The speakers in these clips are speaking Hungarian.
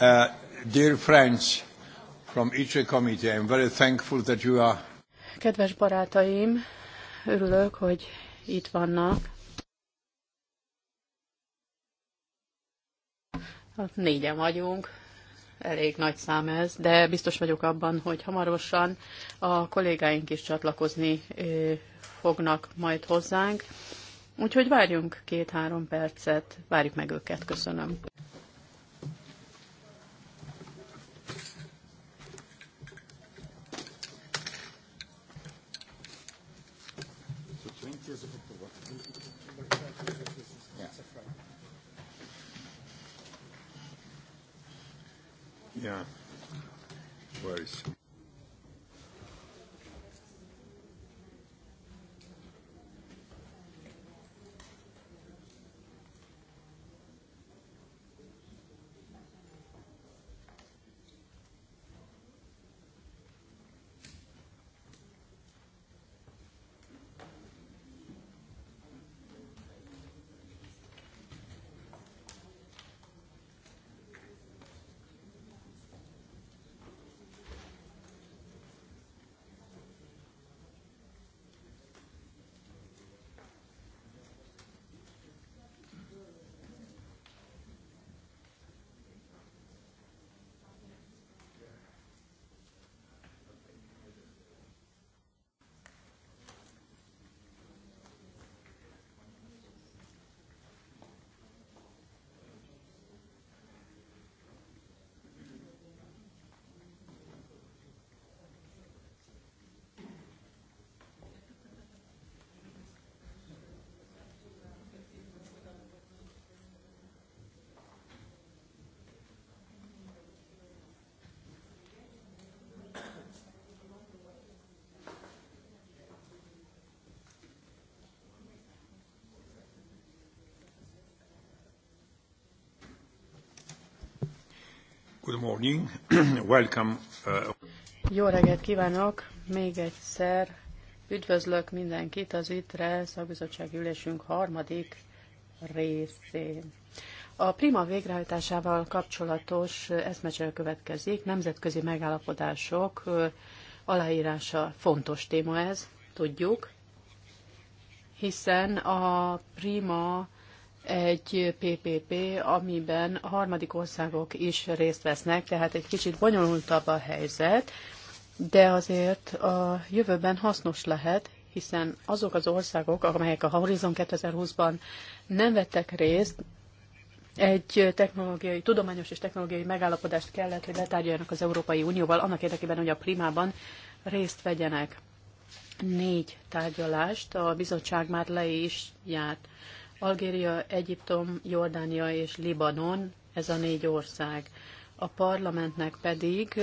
Uh, dear friends from committee, I'm very thankful that you are. Kedves barátaim, örülök, hogy itt vannak. Hát négyen vagyunk, elég nagy szám ez, de biztos vagyok abban, hogy hamarosan a kollégáink is csatlakozni fognak majd hozzánk. Úgyhogy várjunk két-három percet, várjuk meg őket, köszönöm. Uh, Jó reggelt kívánok! Még egyszer üdvözlök mindenkit az ITRE szakbizottsági ülésünk harmadik részén. A Prima végrehajtásával kapcsolatos eszmecsere következik, nemzetközi megállapodások aláírása fontos téma ez, tudjuk, hiszen a Prima egy PPP, amiben a harmadik országok is részt vesznek, tehát egy kicsit bonyolultabb a helyzet, de azért a jövőben hasznos lehet, hiszen azok az országok, amelyek a Horizon 2020-ban nem vettek részt, egy technológiai, tudományos és technológiai megállapodást kellett, hogy letárgyaljanak az Európai Unióval, annak érdekében, hogy a primában részt vegyenek. Négy tárgyalást a bizottság már le is járt. Algéria, Egyiptom, Jordánia és Libanon, ez a négy ország. A parlamentnek pedig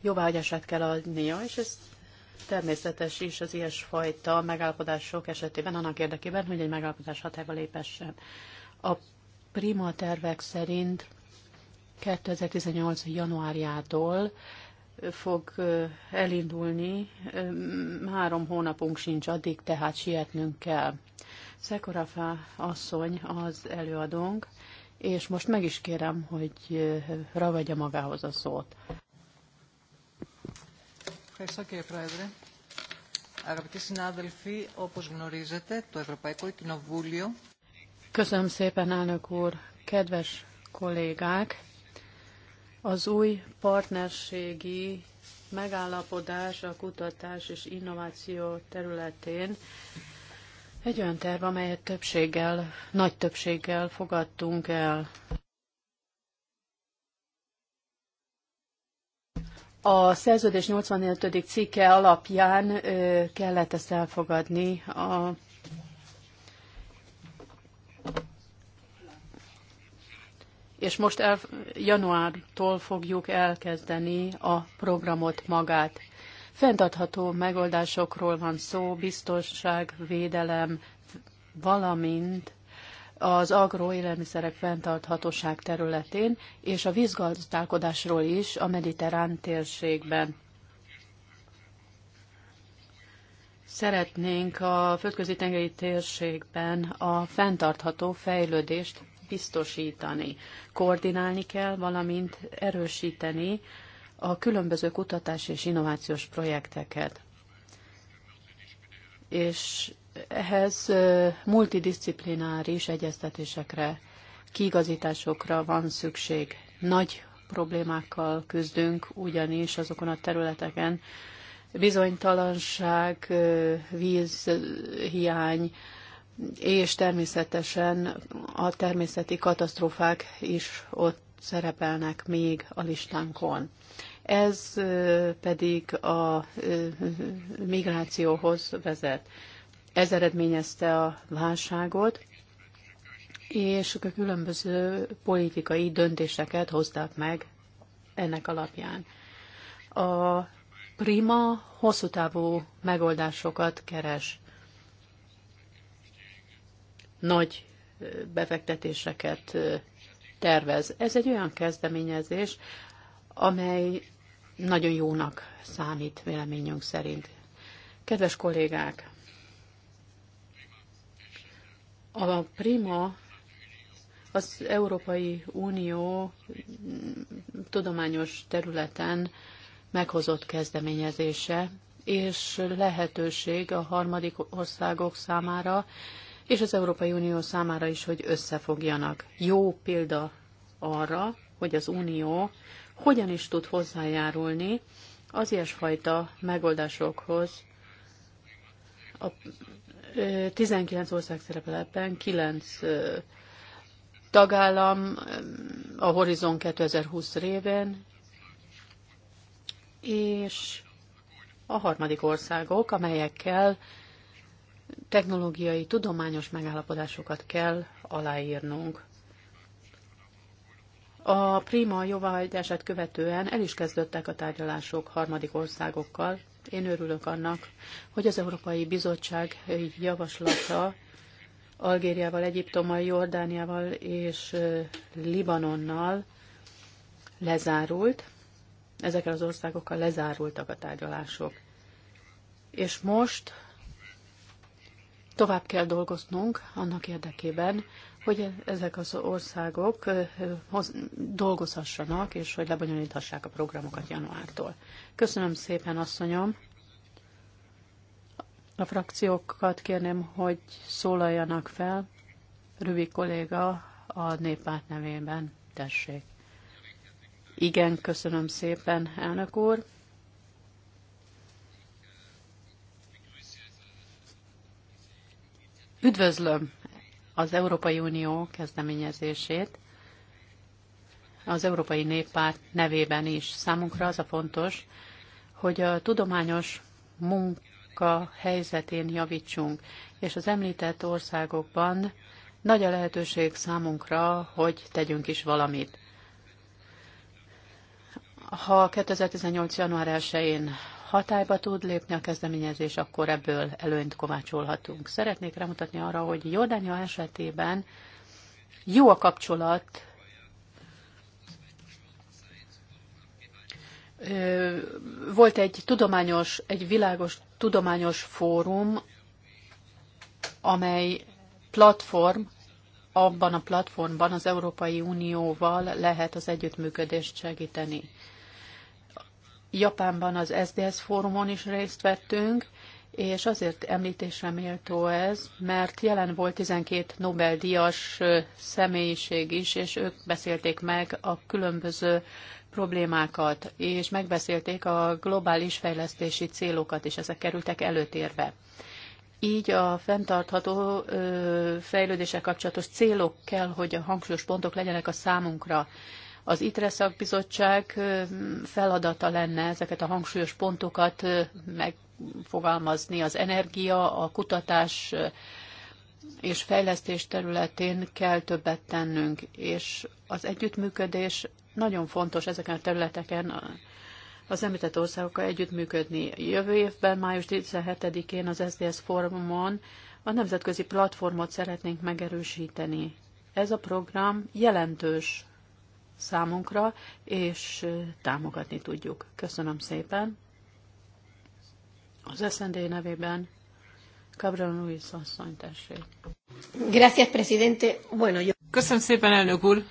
jóváhagyását kell adnia, és ez természetes is az ilyesfajta megállapodások esetében, annak érdekében, hogy egy megállapodás hatába lépessen. A prima tervek szerint 2018. januárjától fog elindulni, három hónapunk sincs addig, tehát sietnünk kell. Szekorafa asszony az előadónk, és most meg is kérem, hogy ravagyja magához a szót. Ευχαριστώ κύριε Πρόεδρε. Αγαπητοί συνάδελφοι, όπως γνωρίζετε, το Ευρωπαϊκό Κοινοβούλιο... Köszönöm szépen, elnök úr! Kedves kollégák! Az új partnerségi megállapodás a kutatás és innováció területén egy olyan terv, amelyet többséggel, nagy többséggel fogadtunk el. A szerződés 85. cikke alapján kellett ezt elfogadni. A és most el, januártól fogjuk elkezdeni a programot magát. Fenntartható megoldásokról van szó, biztonság, védelem, valamint az agroélelmiszerek fenntarthatóság területén, és a vízgazdálkodásról is a mediterrán térségben. Szeretnénk a földközi tengeri térségben a fenntartható fejlődést biztosítani. Koordinálni kell, valamint erősíteni a különböző kutatás és innovációs projekteket. És ehhez multidisciplináris egyeztetésekre, kiigazításokra van szükség. Nagy problémákkal küzdünk, ugyanis azokon a területeken bizonytalanság, vízhiány, és természetesen a természeti katasztrófák is ott szerepelnek még a listánkon ez pedig a migrációhoz vezet. Ez eredményezte a válságot, és a különböző politikai döntéseket hozták meg ennek alapján. A Prima hosszú távú megoldásokat keres. Nagy befektetéseket tervez. Ez egy olyan kezdeményezés, amely nagyon jónak számít véleményünk szerint. Kedves kollégák, a Prima az Európai Unió tudományos területen meghozott kezdeményezése, és lehetőség a harmadik országok számára, és az Európai Unió számára is, hogy összefogjanak. Jó példa arra, hogy az Unió hogyan is tud hozzájárulni az ilyesfajta megoldásokhoz. A 19 ország szerepel ebben, 9 tagállam a Horizon 2020 révén, és a harmadik országok, amelyekkel technológiai, tudományos megállapodásokat kell aláírnunk. A Prima jóváhagyását követően el is kezdődtek a tárgyalások harmadik országokkal. Én örülök annak, hogy az Európai Bizottság javaslata Algériával, Egyiptommal, Jordániával és Libanonnal lezárult. Ezekkel az országokkal lezárultak a tárgyalások. És most tovább kell dolgoznunk annak érdekében, hogy ezek az országok dolgozhassanak, és hogy lebonyolíthassák a programokat januártól. Köszönöm szépen, asszonyom! A frakciókat kérném, hogy szólaljanak fel. Rübi kolléga a néppárt nevében. Tessék. Igen, köszönöm szépen, elnök úr. Üdvözlöm az Európai Unió kezdeményezését az Európai Néppárt nevében is. Számunkra az a fontos, hogy a tudományos munka helyzetén javítsunk, és az említett országokban nagy a lehetőség számunkra, hogy tegyünk is valamit. Ha 2018. január 1-én hatályba tud lépni a kezdeményezés, akkor ebből előnyt kovácsolhatunk. Szeretnék rámutatni arra, hogy Jordánia esetében jó a kapcsolat volt egy tudományos, egy világos tudományos fórum, amely platform, abban a platformban az Európai Unióval lehet az együttműködést segíteni. Japánban az SDS fórumon is részt vettünk, és azért említésre méltó ez, mert jelen volt 12 Nobel-díjas személyiség is, és ők beszélték meg a különböző problémákat, és megbeszélték a globális fejlesztési célokat, és ezek kerültek előtérbe. Így a fenntartható fejlődése kapcsolatos célok kell, hogy a hangsúlyos pontok legyenek a számunkra. Az ITRE szakbizottság feladata lenne ezeket a hangsúlyos pontokat megfogalmazni az energia, a kutatás és fejlesztés területén kell többet tennünk, és az együttműködés nagyon fontos ezeken a területeken az említett országokkal együttműködni. Jövő évben, május 17-én az SDS Forumon a nemzetközi platformot szeretnénk megerősíteni. Ez a program jelentős számunkra, és támogatni tudjuk. Köszönöm szépen. Az SND nevében Cabral Luis asszony, tessék. Gracias, presidente. Bueno, yo... Köszönöm szépen, elnök úr.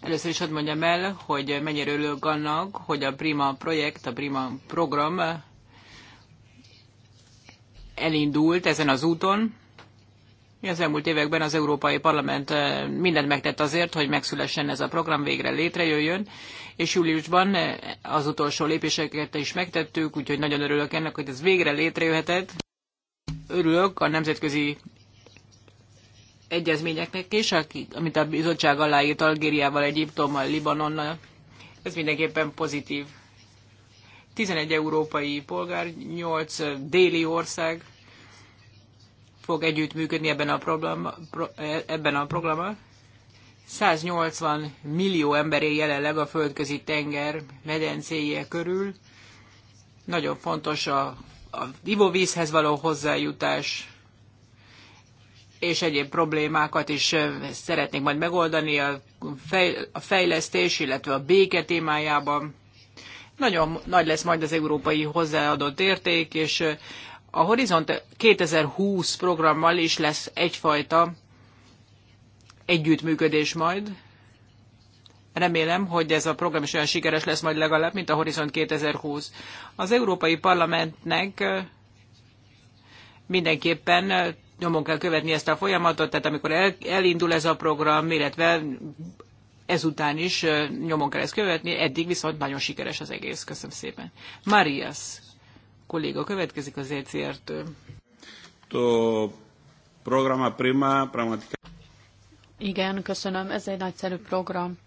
Először is ott mondjam el, hogy mennyire örülök annak, hogy a Prima projekt, a Prima program elindult ezen az úton. Az elmúlt években az Európai Parlament eh, mindent megtett azért, hogy megszülessen ez a program, végre létrejöjjön, és júliusban eh, az utolsó lépéseket is megtettük, úgyhogy nagyon örülök ennek, hogy ez végre létrejöhetett. Örülök a nemzetközi egyezményeknek is, amit a bizottság aláírt Algériával, Egyiptommal, Libanonnal. Ez mindenképpen pozitív. 11 európai polgár, 8 déli ország fog együttműködni ebben a, program, e, ebben a programban. 180 millió emberé jelenleg a földközi tenger medencéje körül. Nagyon fontos a, a ivóvízhez való hozzájutás, és egyéb problémákat is e, szeretnék majd megoldani a, fej, a fejlesztés, illetve a béke témájában. Nagyon nagy lesz majd az európai hozzáadott érték, és e, a Horizont 2020 programmal is lesz egyfajta együttműködés majd. Remélem, hogy ez a program is olyan sikeres lesz majd legalább, mint a Horizont 2020. Az Európai Parlamentnek mindenképpen nyomon kell követni ezt a folyamatot, tehát amikor el, elindul ez a program, illetve ezután is nyomon kell ezt követni, eddig viszont nagyon sikeres az egész. Köszönöm szépen. Marias kolléga következik az ECR-től. Igen, köszönöm. Ez egy nagyszerű program.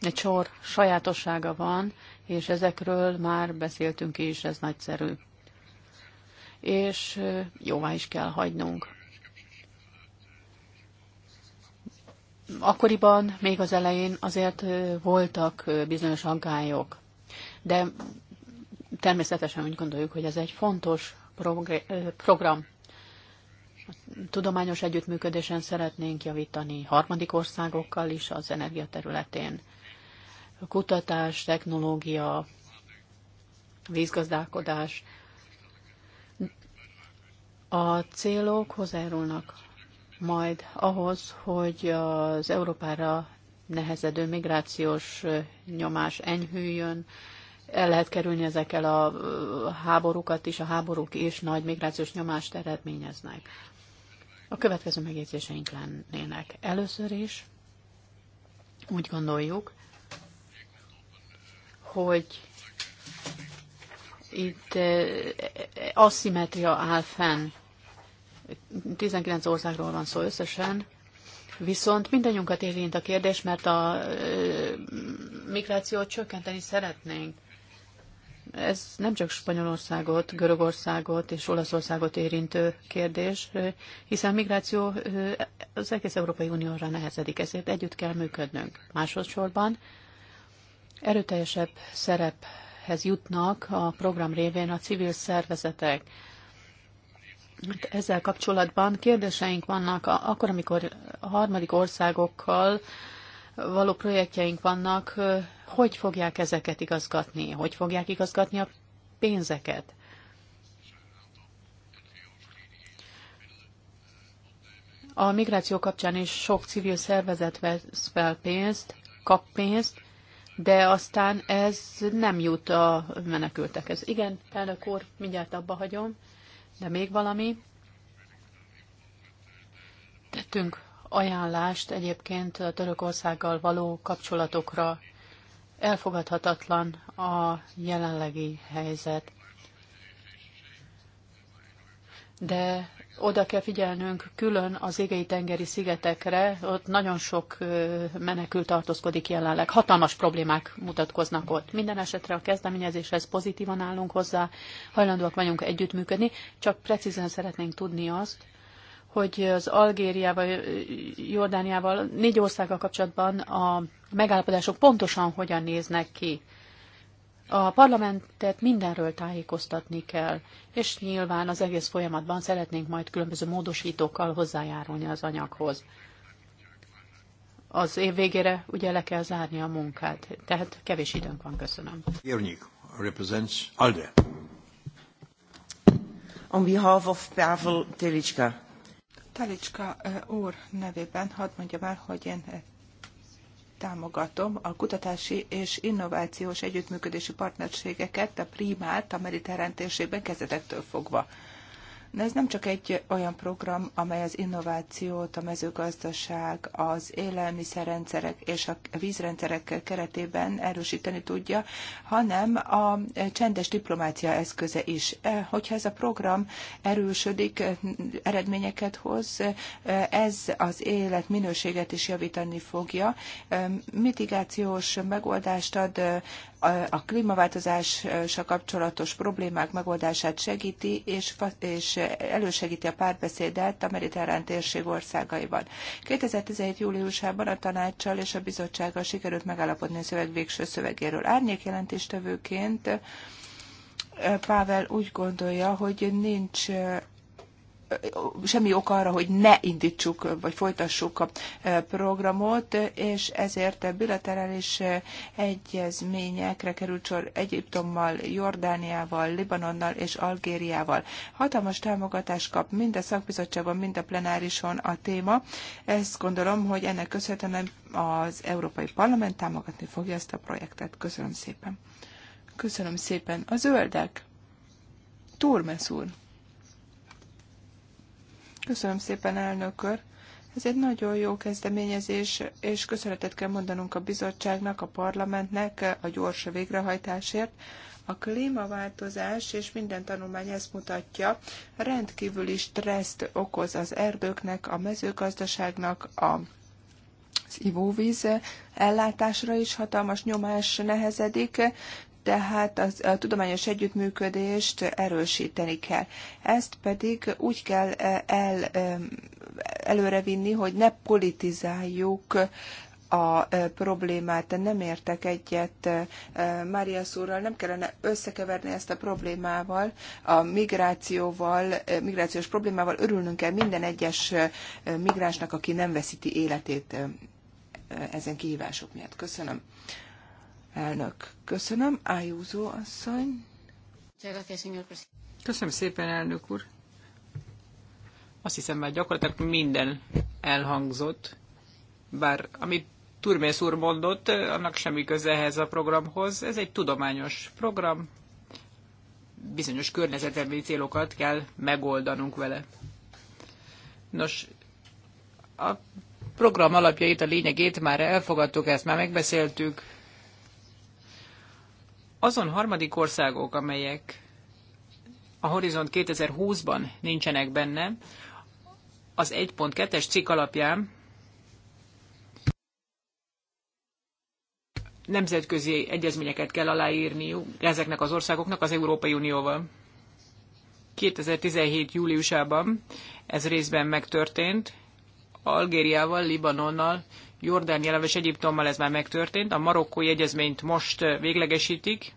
Egy sor sajátossága van, és ezekről már beszéltünk is, ez nagyszerű. És jóvá is kell hagynunk. akkoriban, még az elején azért voltak bizonyos aggályok, de természetesen úgy gondoljuk, hogy ez egy fontos program. tudományos együttműködésen szeretnénk javítani harmadik országokkal is az energia területén. kutatás, technológia, vízgazdálkodás. A célok hozzájárulnak majd ahhoz, hogy az Európára nehezedő migrációs nyomás enyhüljön, el lehet kerülni ezekkel a háborúkat is, a háborúk is nagy migrációs nyomást eredményeznek. A következő megjegyzéseink lennének. Először is úgy gondoljuk, hogy itt eh, eh, eh, asszimetria áll fenn 19 országról van szó összesen, viszont mindannyiunkat érint a kérdés, mert a migrációt csökkenteni szeretnénk. Ez nem csak Spanyolországot, Görögországot és Olaszországot érintő kérdés, hiszen migráció az egész Európai Unióra nehezedik, ezért együtt kell működnünk. Másodszorban erőteljesebb szerephez jutnak a program révén a civil szervezetek, ezzel kapcsolatban kérdéseink vannak, akkor, amikor a harmadik országokkal való projektjeink vannak, hogy fogják ezeket igazgatni, hogy fogják igazgatni a pénzeket. A migráció kapcsán is sok civil szervezet vesz fel pénzt, kap pénzt, de aztán ez nem jut a menekültekhez. Igen, elnök úr, mindjárt abba hagyom. De még valami? Tettünk ajánlást egyébként a Törökországgal való kapcsolatokra. Elfogadhatatlan a jelenlegi helyzet. De oda kell figyelnünk külön az égei tengeri szigetekre, ott nagyon sok menekült tartózkodik jelenleg. Hatalmas problémák mutatkoznak ott. Minden esetre a kezdeményezéshez pozitívan állunk hozzá, hajlandóak vagyunk együttműködni, csak precízen szeretnénk tudni azt, hogy az Algériával, Jordániával, négy országgal kapcsolatban a megállapodások pontosan hogyan néznek ki. A parlamentet mindenről tájékoztatni kell, és nyilván az egész folyamatban szeretnénk majd különböző módosítókkal hozzájárulni az anyaghoz. Az év végére ugye le kell zárni a munkát, tehát kevés időnk van, köszönöm. Érnyik represents ALDE. On behalf of Pavel Telicska. Telicska úr nevében hadd mondjam el, hogy én támogatom a kutatási és innovációs együttműködési partnerségeket, a primát a mediterrán térségben kezdetektől fogva. Ez nem csak egy olyan program, amely az innovációt, a mezőgazdaság, az élelmiszerrendszerek és a vízrendszerek keretében erősíteni tudja, hanem a csendes diplomácia eszköze is. E, hogyha ez a program erősödik, eredményeket hoz, ez az élet minőséget is javítani fogja, e, mitigációs megoldást ad, e, a klímaváltozással kapcsolatos problémák megoldását segíti, és, és elősegíti a párbeszédet a mediterrán térség országaiban. 2017. júliusában a tanácssal és a bizottsággal sikerült megállapodni a szöveg végső szövegéről. Árnyék jelentéstevőként Pável úgy gondolja, hogy nincs semmi ok arra, hogy ne indítsuk, vagy folytassuk a e, programot, és ezért bilaterális e, egyezményekre került sor Egyiptommal, Jordániával, Libanonnal és Algériával. Hatalmas támogatást kap mind a szakbizottságban, mind a plenárison a téma. Ezt gondolom, hogy ennek köszönhetően az Európai Parlament támogatni fogja ezt a projektet. Köszönöm szépen. Köszönöm szépen. A zöldek. Turmes úr. Köszönöm szépen, elnökör. Ez egy nagyon jó kezdeményezés, és köszönetet kell mondanunk a bizottságnak, a parlamentnek a gyors végrehajtásért. A klímaváltozás, és minden tanulmány ezt mutatja, rendkívüli stresszt okoz az erdőknek, a mezőgazdaságnak, a az ivóvíz ellátásra is hatalmas nyomás nehezedik, tehát az, a tudományos együttműködést erősíteni kell. Ezt pedig úgy kell e, el, e, előrevinni, hogy ne politizáljuk a e, problémát. De nem értek egyet Mária szóral, nem kellene összekeverni ezt a problémával, a migrációval, migrációs problémával. Örülnünk kell minden egyes migránsnak, aki nem veszíti életét ezen kihívások miatt. Köszönöm. Elnök, köszönöm. Ájúzó asszony. Köszönöm szépen, elnök úr. Azt hiszem már gyakorlatilag minden elhangzott, bár amit Turmész úr mondott, annak semmi köze ehhez a programhoz. Ez egy tudományos program, bizonyos környezetvédelmi célokat kell megoldanunk vele. Nos, a program alapjait, a lényegét már elfogadtuk, ezt már megbeszéltük, azon harmadik országok, amelyek a Horizont 2020-ban nincsenek benne, az 1.2-es cikk alapján nemzetközi egyezményeket kell aláírniuk ezeknek az országoknak az Európai Unióval. 2017. júliusában ez részben megtörtént, Algériával, Libanonnal Jordániával és Egyiptommal ez már megtörtént. A marokkói egyezményt most véglegesítik.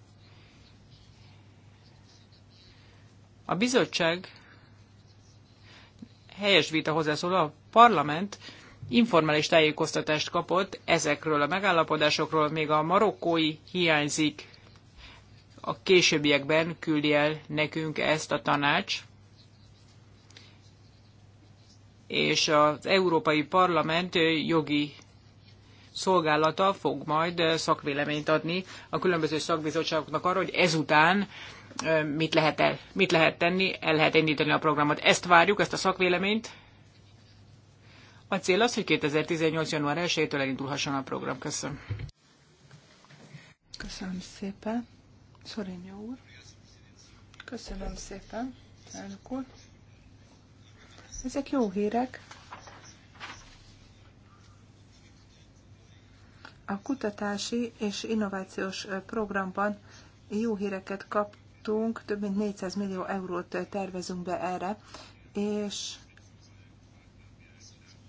A bizottság helyes vita hozzászól, a parlament informális tájékoztatást kapott ezekről a megállapodásokról, még a marokkói hiányzik. A későbbiekben küldi el nekünk ezt a tanács és az Európai Parlament jogi szolgálata fog majd szakvéleményt adni a különböző szakbizottságoknak arra, hogy ezután mit lehet, el, mit lehet tenni, el lehet indítani a programot. Ezt várjuk, ezt a szakvéleményt. A cél az, hogy 2018. január 1-től elindulhasson a program. Köszönöm. Köszönöm szépen. Szorinja úr. Köszönöm szépen, elnök úr. Ezek jó hírek. A kutatási és innovációs programban jó híreket kaptunk, több mint 400 millió eurót tervezünk be erre, és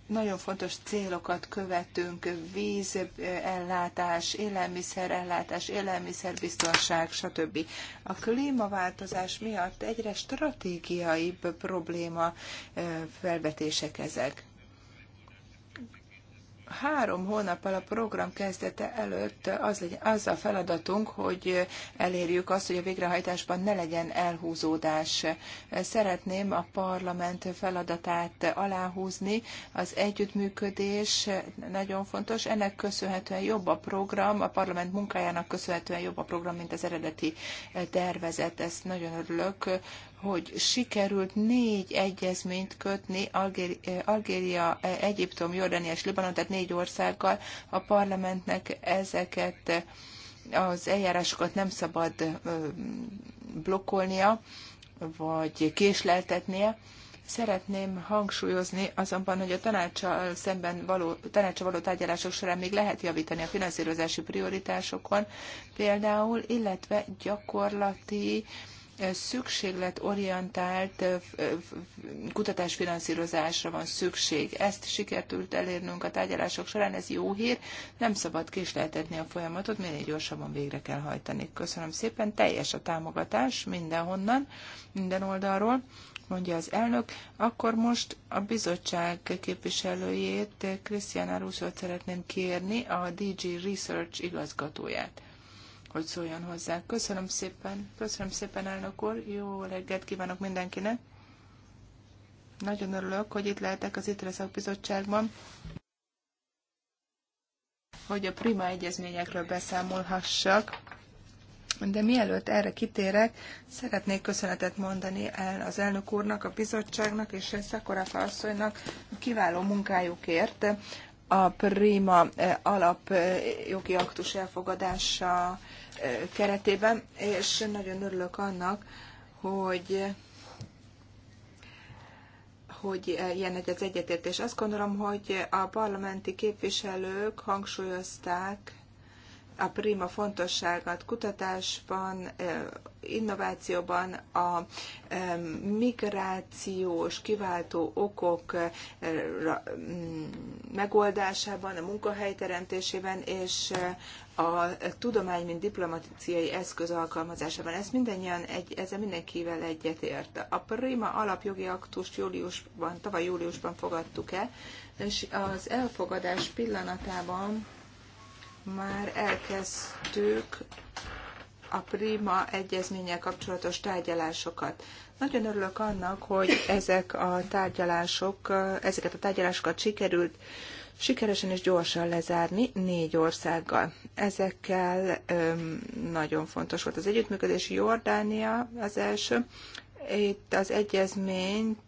nagyon fontos célokat követünk, vízellátás, élelmiszerellátás, élelmiszerbiztonság, stb. A klímaváltozás miatt egyre stratégiaibb probléma felvetések ezek három hónappal a program kezdete előtt az, legyen, az a feladatunk, hogy elérjük azt, hogy a végrehajtásban ne legyen elhúzódás. Szeretném a parlament feladatát aláhúzni. Az együttműködés nagyon fontos. Ennek köszönhetően jobb a program, a parlament munkájának köszönhetően jobb a program, mint az eredeti tervezet. Ezt nagyon örülök, hogy sikerült négy egyezményt kötni eh, Algéria, eh, Egyiptom, Jordánia és Libanon, tehát négy országgal a parlamentnek ezeket eh, az eljárásokat nem szabad blokkolnia, vagy késleltetnie. Szeretném hangsúlyozni azonban, hogy a tanácssal szemben való, tanácsa való tárgyalások során még lehet javítani a finanszírozási prioritásokon, például, illetve gyakorlati uh, szükségletorientált kutatásfinanszírozásra van szükség. Ezt sikertült elérnünk a tárgyalások során, ez jó hír, nem szabad késleltetni a folyamatot, minél gyorsabban végre kell hajtani. Köszönöm szépen, teljes a támogatás mindenhonnan, minden oldalról mondja az elnök. Akkor most a bizottság képviselőjét, Krisztián Aruszot szeretném kérni, a DG Research igazgatóját hogy szóljon hozzá. Köszönöm szépen, köszönöm szépen, elnök úr, jó reggelt kívánok mindenkinek. Nagyon örülök, hogy itt lehetek az ITRE szakbizottságban, hogy a prima egyezményekről beszámolhassak. De mielőtt erre kitérek, szeretnék köszönetet mondani el az elnök úrnak, a bizottságnak és Szakorafa asszonynak a kiváló munkájukért. A Prima eh, alapjogi aktus elfogadása keretében, és nagyon örülök annak, hogy hogy ilyen egy az egyetértés. Azt gondolom, hogy a parlamenti képviselők hangsúlyozták a prima fontosságát kutatásban, innovációban, a migrációs kiváltó okok mm, megoldásában, a munkahelyteremtésében, és a tudomány, mint diplomáciai eszköz alkalmazásában. Ez mindannyian egy, ezzel mindenkivel egyetért. A Prima alapjogi aktust júliusban, tavaly júliusban fogadtuk el, és az elfogadás pillanatában már elkezdtük a Prima egyezménnyel kapcsolatos tárgyalásokat. Nagyon örülök annak, hogy ezek a tárgyalások, ezeket a tárgyalásokat sikerült sikeresen és gyorsan lezárni négy országgal. Ezekkel öm, nagyon fontos volt az együttműködés. Jordánia az első. Itt az egyezményt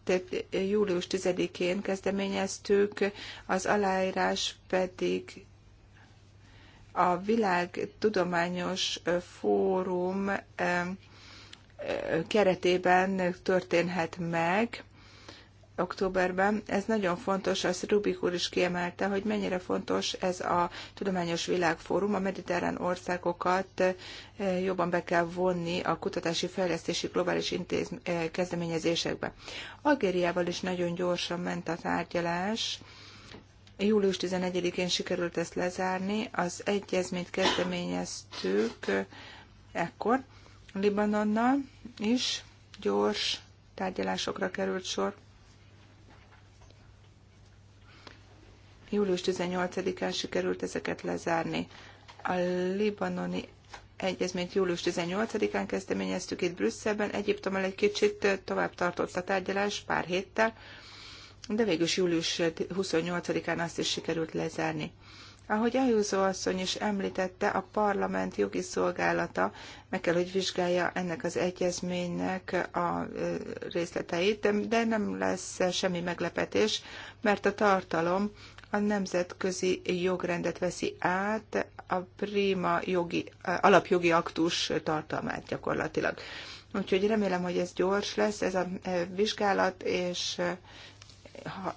július 10-én kezdeményeztük, az aláírás pedig a Világ Tudományos Fórum keretében történhet meg októberben. Ez nagyon fontos, azt Rubik úr is kiemelte, hogy mennyire fontos ez a Tudományos Világfórum, a mediterrán országokat eh, jobban be kell vonni a kutatási fejlesztési globális intéz, eh, kezdeményezésekbe. Algériával is nagyon gyorsan ment a tárgyalás. Július 11-én sikerült ezt lezárni, az egyezményt kezdeményeztük eh, ekkor Libanonnal is, gyors tárgyalásokra került sor. Július 18-án sikerült ezeket lezárni. A libanoni egyezményt július 18-án kezdeményeztük itt Brüsszelben, Egyiptommal egy kicsit tovább tartott a tárgyalás pár héttel, de végül július 28-án azt is sikerült lezárni. Ahogy Ajúzó asszony is említette, a parlament jogi szolgálata meg kell, hogy vizsgálja ennek az egyezménynek a részleteit, de nem lesz semmi meglepetés, mert a tartalom a nemzetközi jogrendet veszi át, a prima jogi, alapjogi aktus tartalmát gyakorlatilag. Úgyhogy remélem, hogy ez gyors lesz, ez a e, vizsgálat, és e, ha,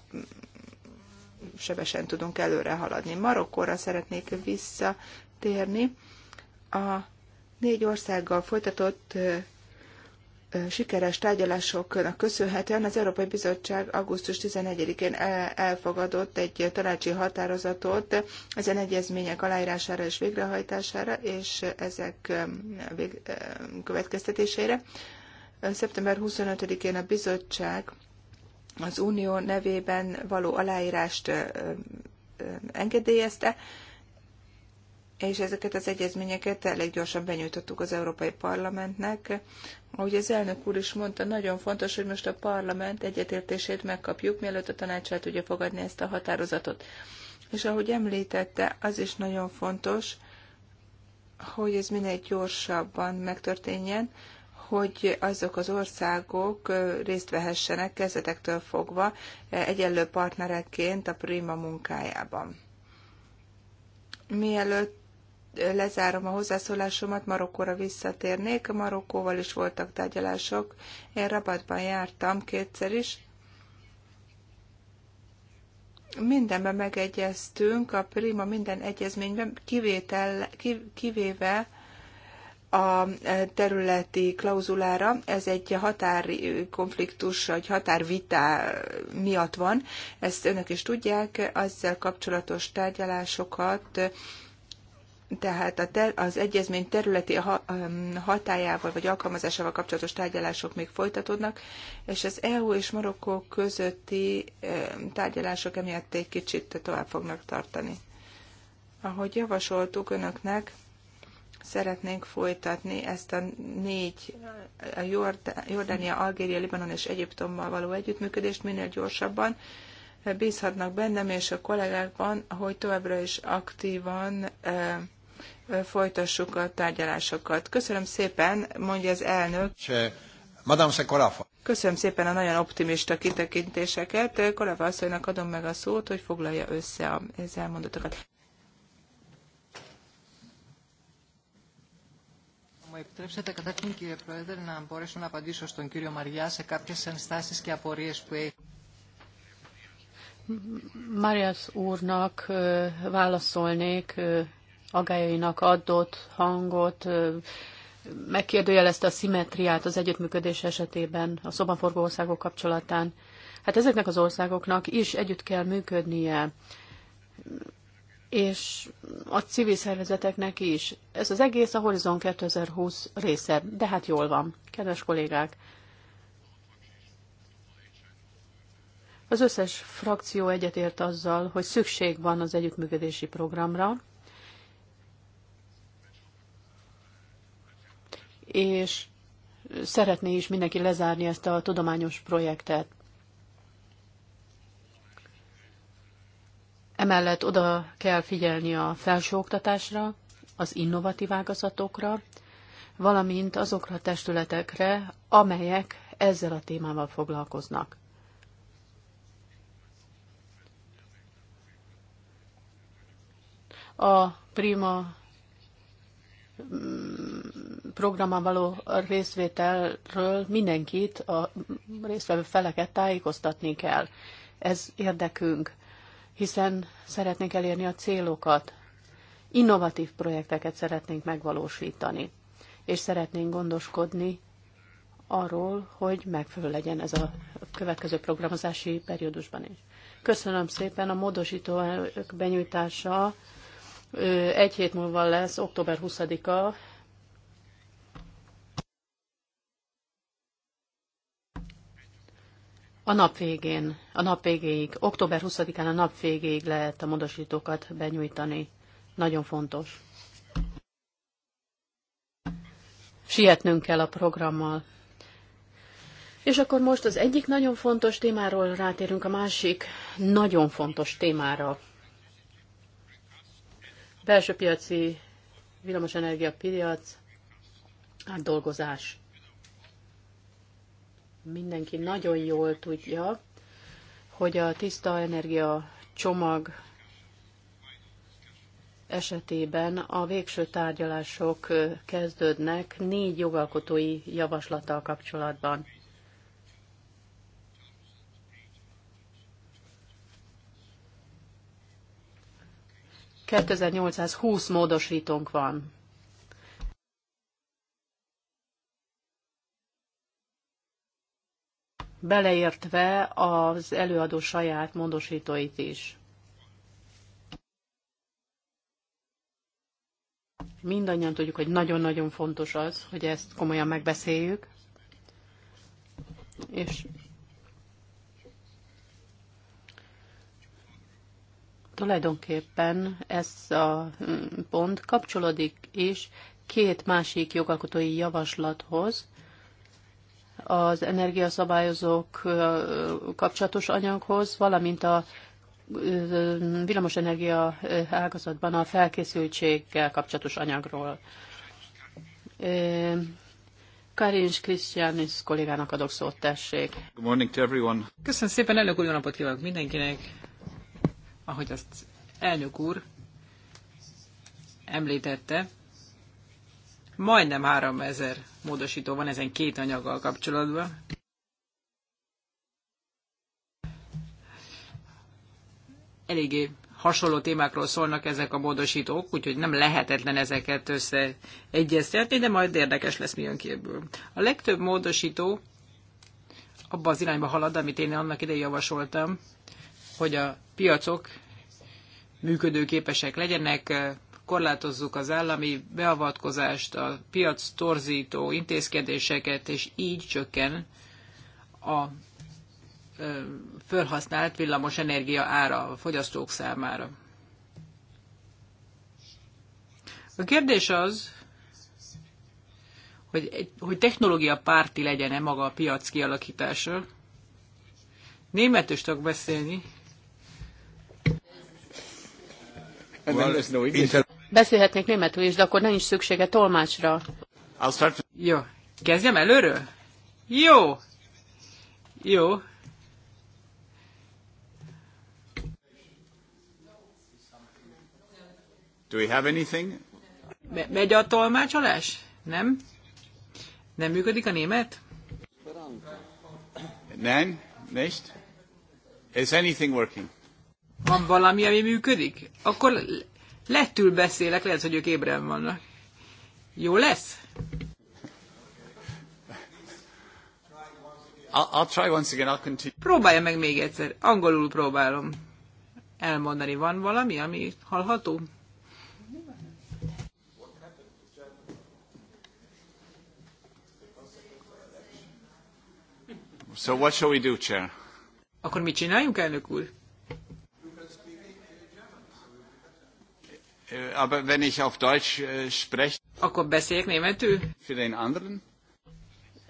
sebesen tudunk előre haladni. Marokkóra szeretnék visszatérni. A négy országgal folytatott e, sikeres tárgyalásoknak köszönhetően az Európai Bizottság augusztus 11-én elfogadott egy tanácsi határozatot ezen egyezmények aláírására és végrehajtására, és ezek következtetéseire. Szeptember 25-én a bizottság az unió nevében való aláírást engedélyezte, és ezeket az egyezményeket elég gyorsan benyújtottuk az Európai Parlamentnek. Ahogy az elnök úr is mondta, nagyon fontos, hogy most a parlament egyetértését megkapjuk, mielőtt a tanács el tudja fogadni ezt a határozatot. És ahogy említette, az is nagyon fontos, hogy ez minél gyorsabban megtörténjen, hogy azok az országok részt vehessenek kezdetektől fogva egyenlő partnerekként a Prima munkájában. Mielőtt lezárom a hozzászólásomat, Marokkóra visszatérnék. Marokkóval is voltak tárgyalások. Én Rabatban jártam kétszer is. Mindenben megegyeztünk, a Prima minden egyezményben, kivétel, kivéve a e, területi klauzulára, ez egy határi konfliktus, vagy határvita miatt van, ezt önök is tudják, ezzel kapcsolatos tárgyalásokat tehát az egyezmény területi hatájával vagy alkalmazásával kapcsolatos tárgyalások még folytatódnak, és az EU és Marokkó közötti tárgyalások emiatt egy kicsit tovább fognak tartani. Ahogy javasoltuk önöknek, szeretnénk folytatni ezt a négy, a Jordánia, Algéria, Libanon és Egyiptommal való együttműködést minél gyorsabban. Bízhatnak bennem és a kollégákban, hogy továbbra is aktívan folytassuk a tárgyalásokat. Köszönöm szépen, mondja az elnök. Madame Köszönöm szépen a nagyon optimista kitekintéseket. Korafa asszonynak adom meg a szót, hogy foglalja össze az elmondottakat. Μου επιτρέψετε καταρχήν κύριε Πρόεδρε να μπορέσω να απαντήσω στον κύριο Μαριά σε κάποιες ενστάσεις και απορίες που έχει. Marias úrnak válaszolnék agályainak adott hangot, megkérdőjelezte a szimetriát az együttműködés esetében, a szobaforgó országok kapcsolatán. Hát ezeknek az országoknak is együtt kell működnie, és a civil szervezeteknek is. Ez az egész a Horizon 2020 része, de hát jól van, kedves kollégák. Az összes frakció egyetért azzal, hogy szükség van az együttműködési programra, és szeretné is mindenki lezárni ezt a tudományos projektet. Emellett oda kell figyelni a felsőoktatásra, az innovatív ágazatokra, valamint azokra a testületekre, amelyek ezzel a témával foglalkoznak. A prima mm, programban való részvételről mindenkit, a résztvevő feleket tájékoztatni kell. Ez érdekünk, hiszen szeretnénk elérni a célokat. Innovatív projekteket szeretnénk megvalósítani, és szeretnénk gondoskodni arról, hogy megfelelő legyen ez a következő programozási periódusban is. Köszönöm szépen a módosító benyújtása. Egy hét múlva lesz, október 20-a, A nap végén, a nap végéig, október 20-án a nap végéig lehet a módosítókat benyújtani. Nagyon fontos. Sietnünk kell a programmal. És akkor most az egyik nagyon fontos témáról rátérünk a másik nagyon fontos témára. Belső piaci villamosenergia piac, átdolgozás mindenki nagyon jól tudja, hogy a tiszta energia csomag esetében a végső tárgyalások kezdődnek négy jogalkotói javaslattal kapcsolatban. ...2820 módosítónk van. beleértve az előadó saját módosítóit is. Mindannyian tudjuk, hogy nagyon-nagyon fontos az, hogy ezt komolyan megbeszéljük, és tulajdonképpen ez a mm, pont kapcsolódik is két másik jogalkotói javaslathoz, az energiaszabályozók kapcsolatos anyaghoz, valamint a villamosenergia ágazatban a felkészültséggel kapcsolatos anyagról. Karins Krisztiánis kollégának adok szót, tessék. Good morning to everyone. Köszönöm szépen, elnök úr, jó napot kívánok mindenkinek. Ahogy azt elnök úr említette, majdnem 3000 módosító van ezen két anyaggal kapcsolatban. Eléggé hasonló témákról szólnak ezek a módosítók, úgyhogy nem lehetetlen ezeket összeegyeztetni, de majd érdekes lesz, mi jön ki ebből. A legtöbb módosító abba az irányba halad, amit én annak idején javasoltam, hogy a piacok működőképesek legyenek, korlátozzuk az állami beavatkozást, a piac torzító intézkedéseket, és így csökken a fölhasznált villamos energia ára a fogyasztók számára. A kérdés az, hogy, hogy technológia párti legyen-e maga a piac kialakítása. Németül tudok beszélni. Well, no Beszélhetnék németül is, de akkor nem is szüksége tolmácsra. Jó. Kezdjem előről? Jó. Jó. Do we have anything? Me- megy a tolmácsolás? Nem? Nem működik a német? Nem? Nicht? Is anything working? Van valami, ami működik? Akkor lettül beszélek, lehet, hogy ők ébren vannak. Jó lesz? I'll, I'll try once again, I'll continue. Próbálja meg még egyszer. Angolul próbálom elmondani. Van valami, ami hallható? So what shall we do, Chair? Akkor mit csináljunk, elnök úr? Äh, aber wenn ich auf Deutsch äh, spreche, akkor beszéljek németül? Für den anderen?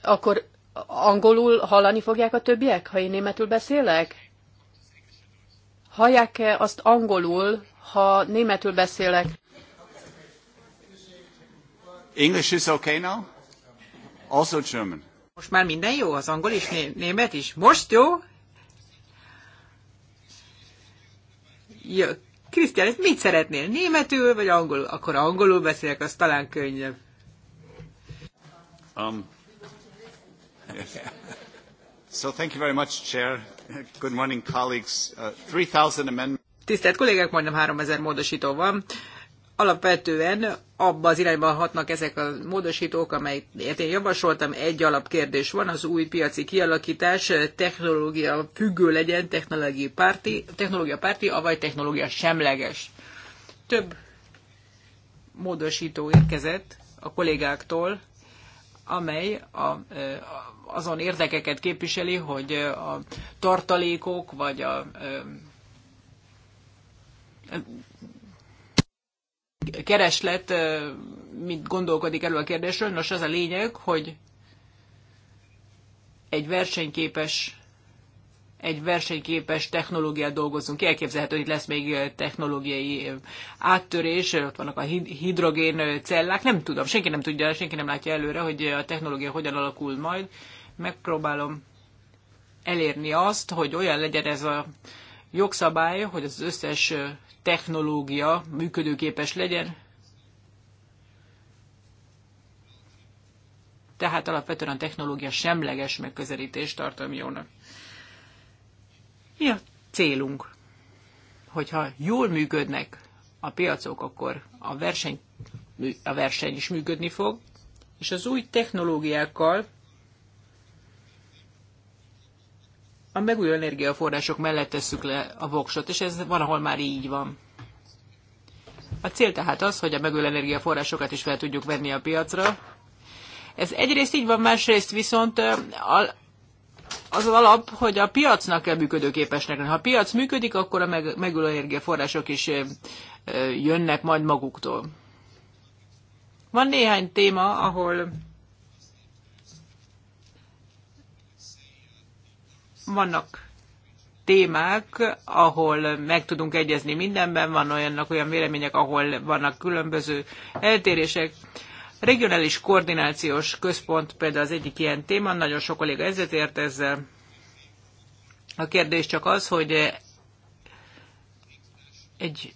Akkor angolul hallani fogják a többiek, ha én németül beszélek? Hallják-e azt angolul, ha németül beszélek? English is okay now? Also German. Most már minden jó, az angol is, német is. Most jó? Jött Krisztián, ezt mit szeretnél? Németül vagy angolul? Akkor angolul beszélek, az talán könnyebb. Um. So thank you very much, Chair. Good morning, colleagues. Uh, 3000 amendments. Tisztelt kollégák, majdnem 3000 módosító van alapvetően abba az irányba hatnak ezek a módosítók, amelyet én javasoltam. Egy alapkérdés van, az új piaci kialakítás technológia függő legyen, technológia párti, technológia párti avagy technológia semleges. Több módosító érkezett a kollégáktól, amely a, eh, azon érdekeket képviseli, hogy eh, a tartalékok vagy a eh, kereslet mit gondolkodik elő a kérdésről. Nos, az a lényeg, hogy egy versenyképes egy versenyképes technológiát dolgozunk Elképzelhető, hogy lesz még technológiai áttörés, ott vannak a hidrogén cellák, nem tudom, senki nem tudja, senki nem látja előre, hogy a technológia hogyan alakul majd. Megpróbálom elérni azt, hogy olyan legyen ez a jogszabály, hogy az összes technológia működőképes legyen. Tehát alapvetően a technológia semleges megközelítést tartom jónak. Mi a célunk? Hogyha jól működnek a piacok, akkor a verseny, a verseny is működni fog, és az új technológiákkal a megújuló energiaforrások mellett tesszük le a voksot, és ez van, ahol már így van. A cél tehát az, hogy a megújuló energiaforrásokat is fel tudjuk venni a piacra. Ez egyrészt így van, másrészt viszont az alap, hogy a piacnak kell működőképesnek lenni. Ha a piac működik, akkor a megújuló energiaforrások is jönnek majd maguktól. Van néhány téma, ahol Vannak témák, ahol meg tudunk egyezni mindenben, van olyannak olyan vélemények, ahol vannak különböző eltérések. Regionális koordinációs központ például az egyik ilyen téma, nagyon sok kolléga ezért ért ezzel. A kérdés csak az, hogy egy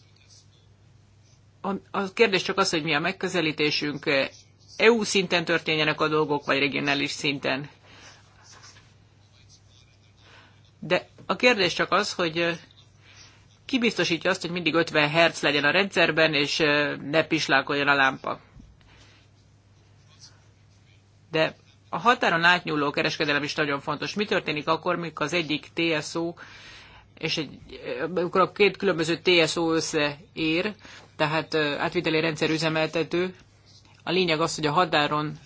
a kérdés csak az, hogy mi a megközelítésünk, EU szinten történjenek a dolgok, vagy regionális szinten. De a kérdés csak az, hogy ki biztosítja azt, hogy mindig 50 Hz legyen a rendszerben, és ne pislákoljon a lámpa. De a határon átnyúló kereskedelem is nagyon fontos. Mi történik akkor, mikor az egyik TSO és egy, amikor a két különböző TSO összeér, tehát átviteli rendszer üzemeltető, a lényeg az, hogy a határon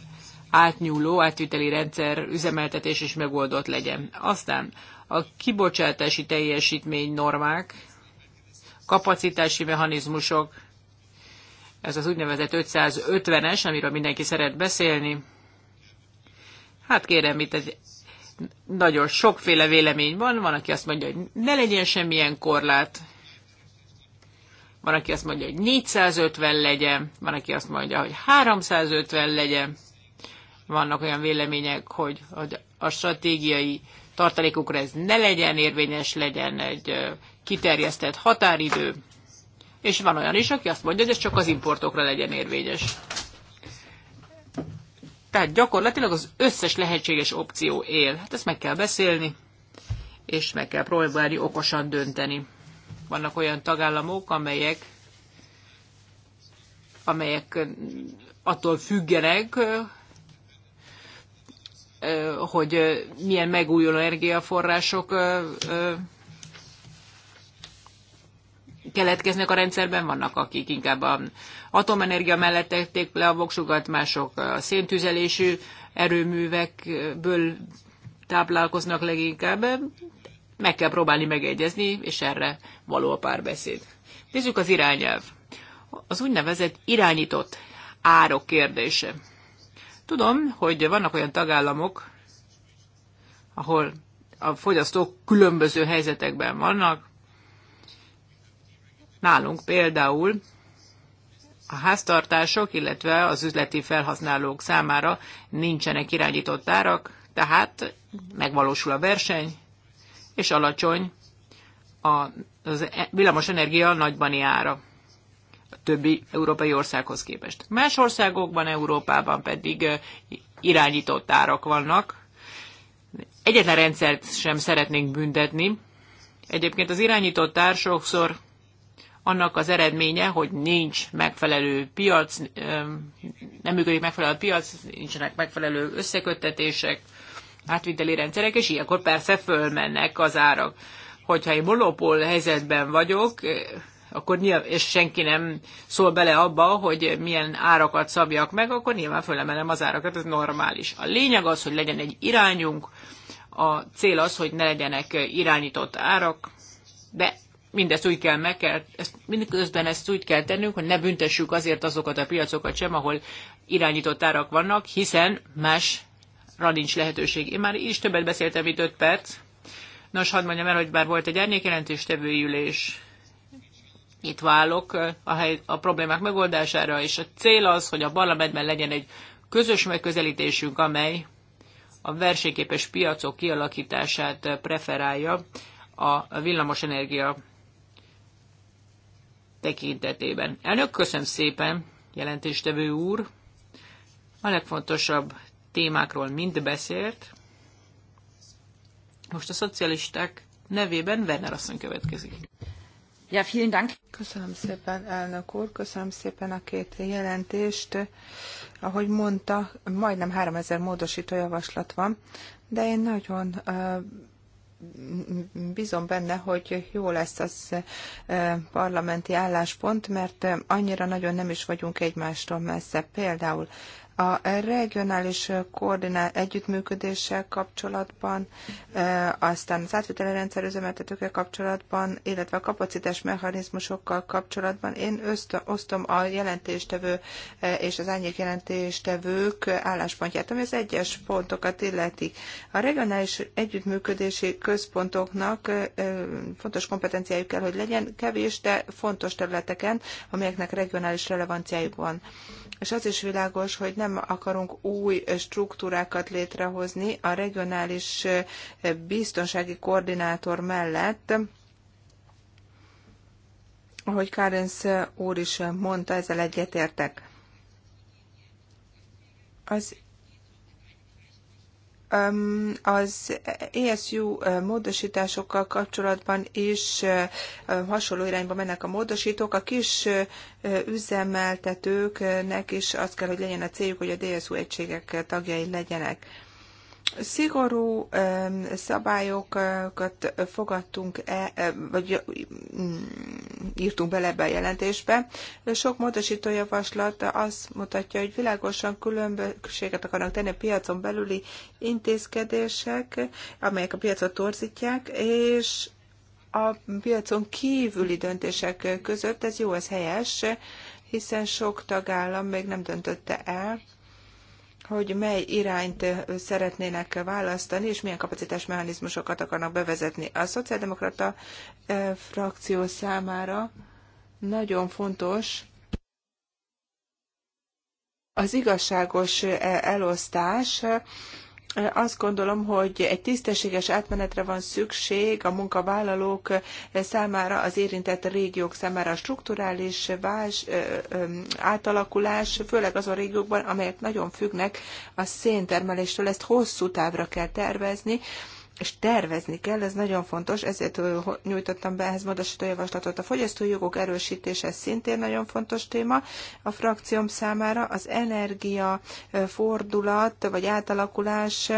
átnyúló átviteli rendszer üzemeltetés is megoldott legyen. Aztán a kibocsátási teljesítmény normák, kapacitási mechanizmusok, ez az úgynevezett 550-es, amiről mindenki szeret beszélni. Hát kérem, itt egy nagyon sokféle vélemény van, van, aki azt mondja, hogy ne legyen semmilyen korlát, van, aki azt mondja, hogy 450 legyen, van, aki azt mondja, hogy 350 legyen, vannak olyan vélemények, hogy, hogy a stratégiai tartalékukra ez ne legyen érvényes, legyen egy kiterjesztett határidő, és van olyan is, aki azt mondja, hogy ez csak az importokra legyen érvényes. Tehát gyakorlatilag az összes lehetséges opció él. Hát ezt meg kell beszélni, és meg kell próbálni okosan dönteni. Vannak olyan tagállamok, amelyek amelyek attól függenek, hogy milyen megújuló energiaforrások keletkeznek a rendszerben, vannak akik inkább a atomenergia mellett tették le a voksukat, mások a széntüzelésű erőművekből táplálkoznak leginkább. Meg kell próbálni megegyezni, és erre való a párbeszéd. Nézzük az irányelv. Az úgynevezett irányított árok kérdése. Tudom, hogy vannak olyan tagállamok, ahol a fogyasztók különböző helyzetekben vannak. Nálunk például a háztartások, illetve az üzleti felhasználók számára nincsenek irányított árak, tehát megvalósul a verseny, és alacsony a, e- villamosenergia nagybani ára többi európai országhoz képest. Más országokban, Európában pedig irányított árak vannak. Egyetlen rendszert sem szeretnénk büntetni. Egyébként az irányított ár sokszor annak az eredménye, hogy nincs megfelelő piac, nem működik megfelelő piac, nincsenek megfelelő összeköttetések, átviteli rendszerek, és ilyenkor persze fölmennek az árak. Hogyha én monopól helyzetben vagyok, akkor nyilván, és senki nem szól bele abba, hogy milyen árakat szabjak meg, akkor nyilván fölemelem az árakat, ez normális. A lényeg az, hogy legyen egy irányunk, a cél az, hogy ne legyenek irányított árak, de mindezt úgy kell meg kell, ezt, mindközben ezt úgy kell tennünk, hogy ne büntessük azért azokat a piacokat sem, ahol irányított árak vannak, hiszen másra nincs lehetőség. Én már is többet beszéltem, mint 5 perc. Nos, hadd mondjam el, hogy bár volt egy árnyékjelentéstevői ülés itt válok a, hely, a problémák megoldására, és a cél az, hogy a parlamentben legyen egy közös megközelítésünk, amely a versenyképes piacok kialakítását preferálja a villamosenergia tekintetében. Elnök, köszönöm szépen, jelentéstevő úr. A legfontosabb témákról mind beszélt. Most a szocialisták nevében Werner asszony következik. Ja, vielen Dank. Köszönöm szépen, elnök úr, köszönöm szépen a két jelentést. Ahogy mondta, majdnem 3000 módosító javaslat van, de én nagyon bízom benne, hogy jó lesz az parlamenti álláspont, mert annyira nagyon nem is vagyunk egymástól messze. Például a regionális koordinál együttműködéssel kapcsolatban, aztán az átviteli rendszer üzemeltetőkkel kapcsolatban, illetve a kapacitás mechanizmusokkal kapcsolatban én osztom a jelentéstevő és az árnyék jelentéstevők álláspontját, ami az egyes pontokat illeti. A regionális együttműködési központoknak fontos kompetenciájuk kell, hogy legyen kevés, de fontos területeken, amelyeknek regionális relevanciájuk van. És az is világos, hogy nem nem akarunk új struktúrákat létrehozni a regionális biztonsági koordinátor mellett, ahogy Kárenc úr is mondta, ezzel egyetértek. Az az ESU módosításokkal kapcsolatban is hasonló irányba mennek a módosítók. A kis üzemeltetőknek is az kell, hogy legyen a céljuk, hogy a DSU egységek tagjai legyenek szigorú szabályokat fogadtunk, -e, e vagy mm, írtunk bele ebbe a jelentésbe. Sok módosító javaslat azt mutatja, hogy világosan különbséget akarnak tenni a piacon belüli intézkedések, amelyek a piacot torzítják, és a piacon kívüli döntések között ez jó, ez helyes, hiszen sok tagállam még nem döntötte el, hogy mely irányt szeretnének választani, és milyen kapacitás mechanizmusokat akarnak bevezetni. A szociáldemokrata frakció számára nagyon fontos az igazságos elosztás azt gondolom, hogy egy tisztességes átmenetre van szükség a munkavállalók számára, az érintett régiók számára a strukturális vás, átalakulás, főleg azon régiókban, amelyek nagyon függnek a széntermeléstől. Ezt hosszú távra kell tervezni, és tervezni kell, ez nagyon fontos, ezért nyújtottam be ehhez módosító javaslatot. A fogyasztói jogok erősítése szintén nagyon fontos téma a frakcióm számára. Az energia fordulat vagy átalakulás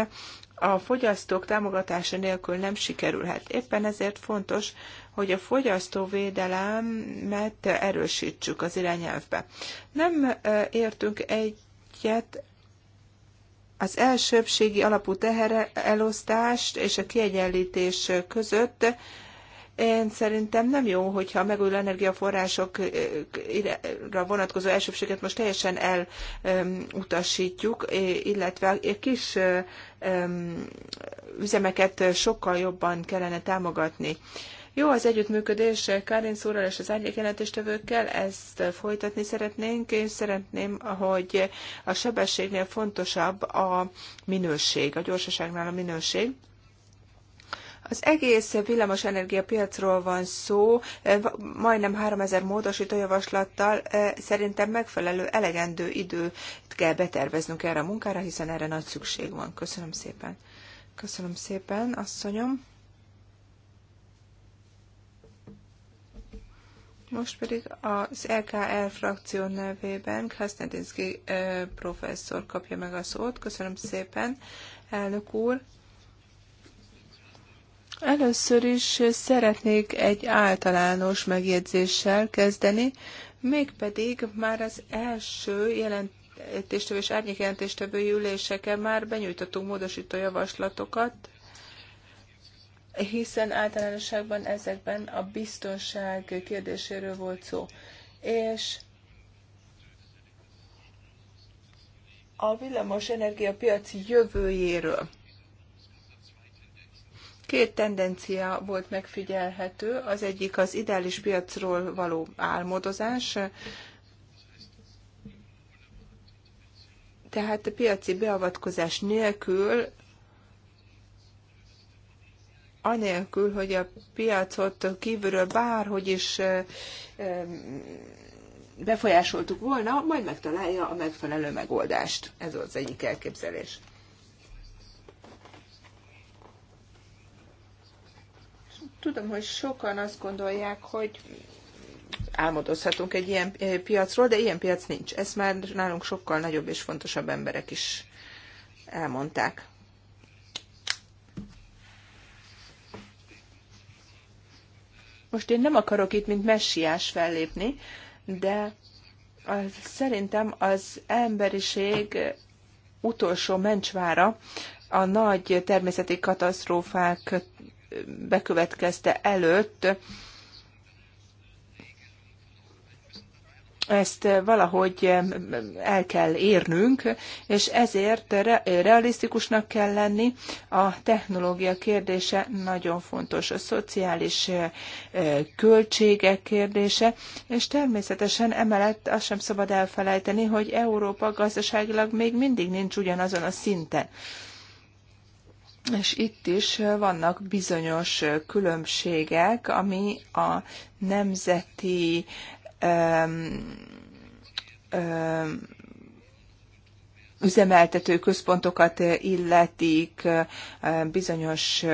a fogyasztók támogatása nélkül nem sikerülhet. Éppen ezért fontos, hogy a fogyasztóvédelemet erősítsük az irányelvbe. Nem értünk egyet az elsőbségi alapú teherelosztást és a kiegyenlítés között én szerintem nem jó, hogyha a megújuló energiaforrásokra vonatkozó elsőbséget most teljesen elutasítjuk, illetve a kis üzemeket sokkal jobban kellene támogatni. Jó az együttműködés Kárin szóral és az árnyék jelentéstevőkkel, ezt folytatni szeretnénk, és szeretném, hogy a sebességnél fontosabb a minőség, a gyorsaságnál a minőség. Az egész villamos energiapiacról van szó, majdnem 3000 módosító javaslattal szerintem megfelelő, elegendő időt kell beterveznünk erre a munkára, hiszen erre nagy szükség van. Köszönöm szépen. Köszönöm szépen, asszonyom. Most pedig az e LKR frakció nevében Krasznedinszki professzor kapja meg a szót. Köszönöm szépen, elnök úr. Először is szeretnék egy általános megjegyzéssel kezdeni, mégpedig már az első jelentéstevő és árnyékjelentéstevő üléseken már benyújtottunk módosító javaslatokat, hiszen általánosságban ezekben a biztonság kérdéséről volt szó. És a villamos energiapiaci jövőjéről. Két tendencia volt megfigyelhető. Az egyik az ideális piacról való álmodozás, tehát a piaci beavatkozás nélkül anélkül, hogy a piacot kívülről bárhogy is befolyásoltuk volna, majd megtalálja a megfelelő megoldást. Ez az egyik elképzelés. Tudom, hogy sokan azt gondolják, hogy álmodozhatunk egy ilyen piacról, de ilyen piac nincs. Ezt már nálunk sokkal nagyobb és fontosabb emberek is elmondták. Most én nem akarok itt, mint messiás fellépni, de az, szerintem az emberiség utolsó mencsvára a nagy természeti katasztrófák bekövetkezte előtt ezt valahogy el kell érnünk, és ezért realisztikusnak kell lenni. A technológia kérdése nagyon fontos, a szociális eh, költségek kérdése, és természetesen emellett azt sem szabad elfelejteni, hogy Európa gazdaságilag még mindig nincs ugyanazon a szinten. És itt is vannak bizonyos különbségek, ami a nemzeti üzemeltető központokat illetik, bizonyos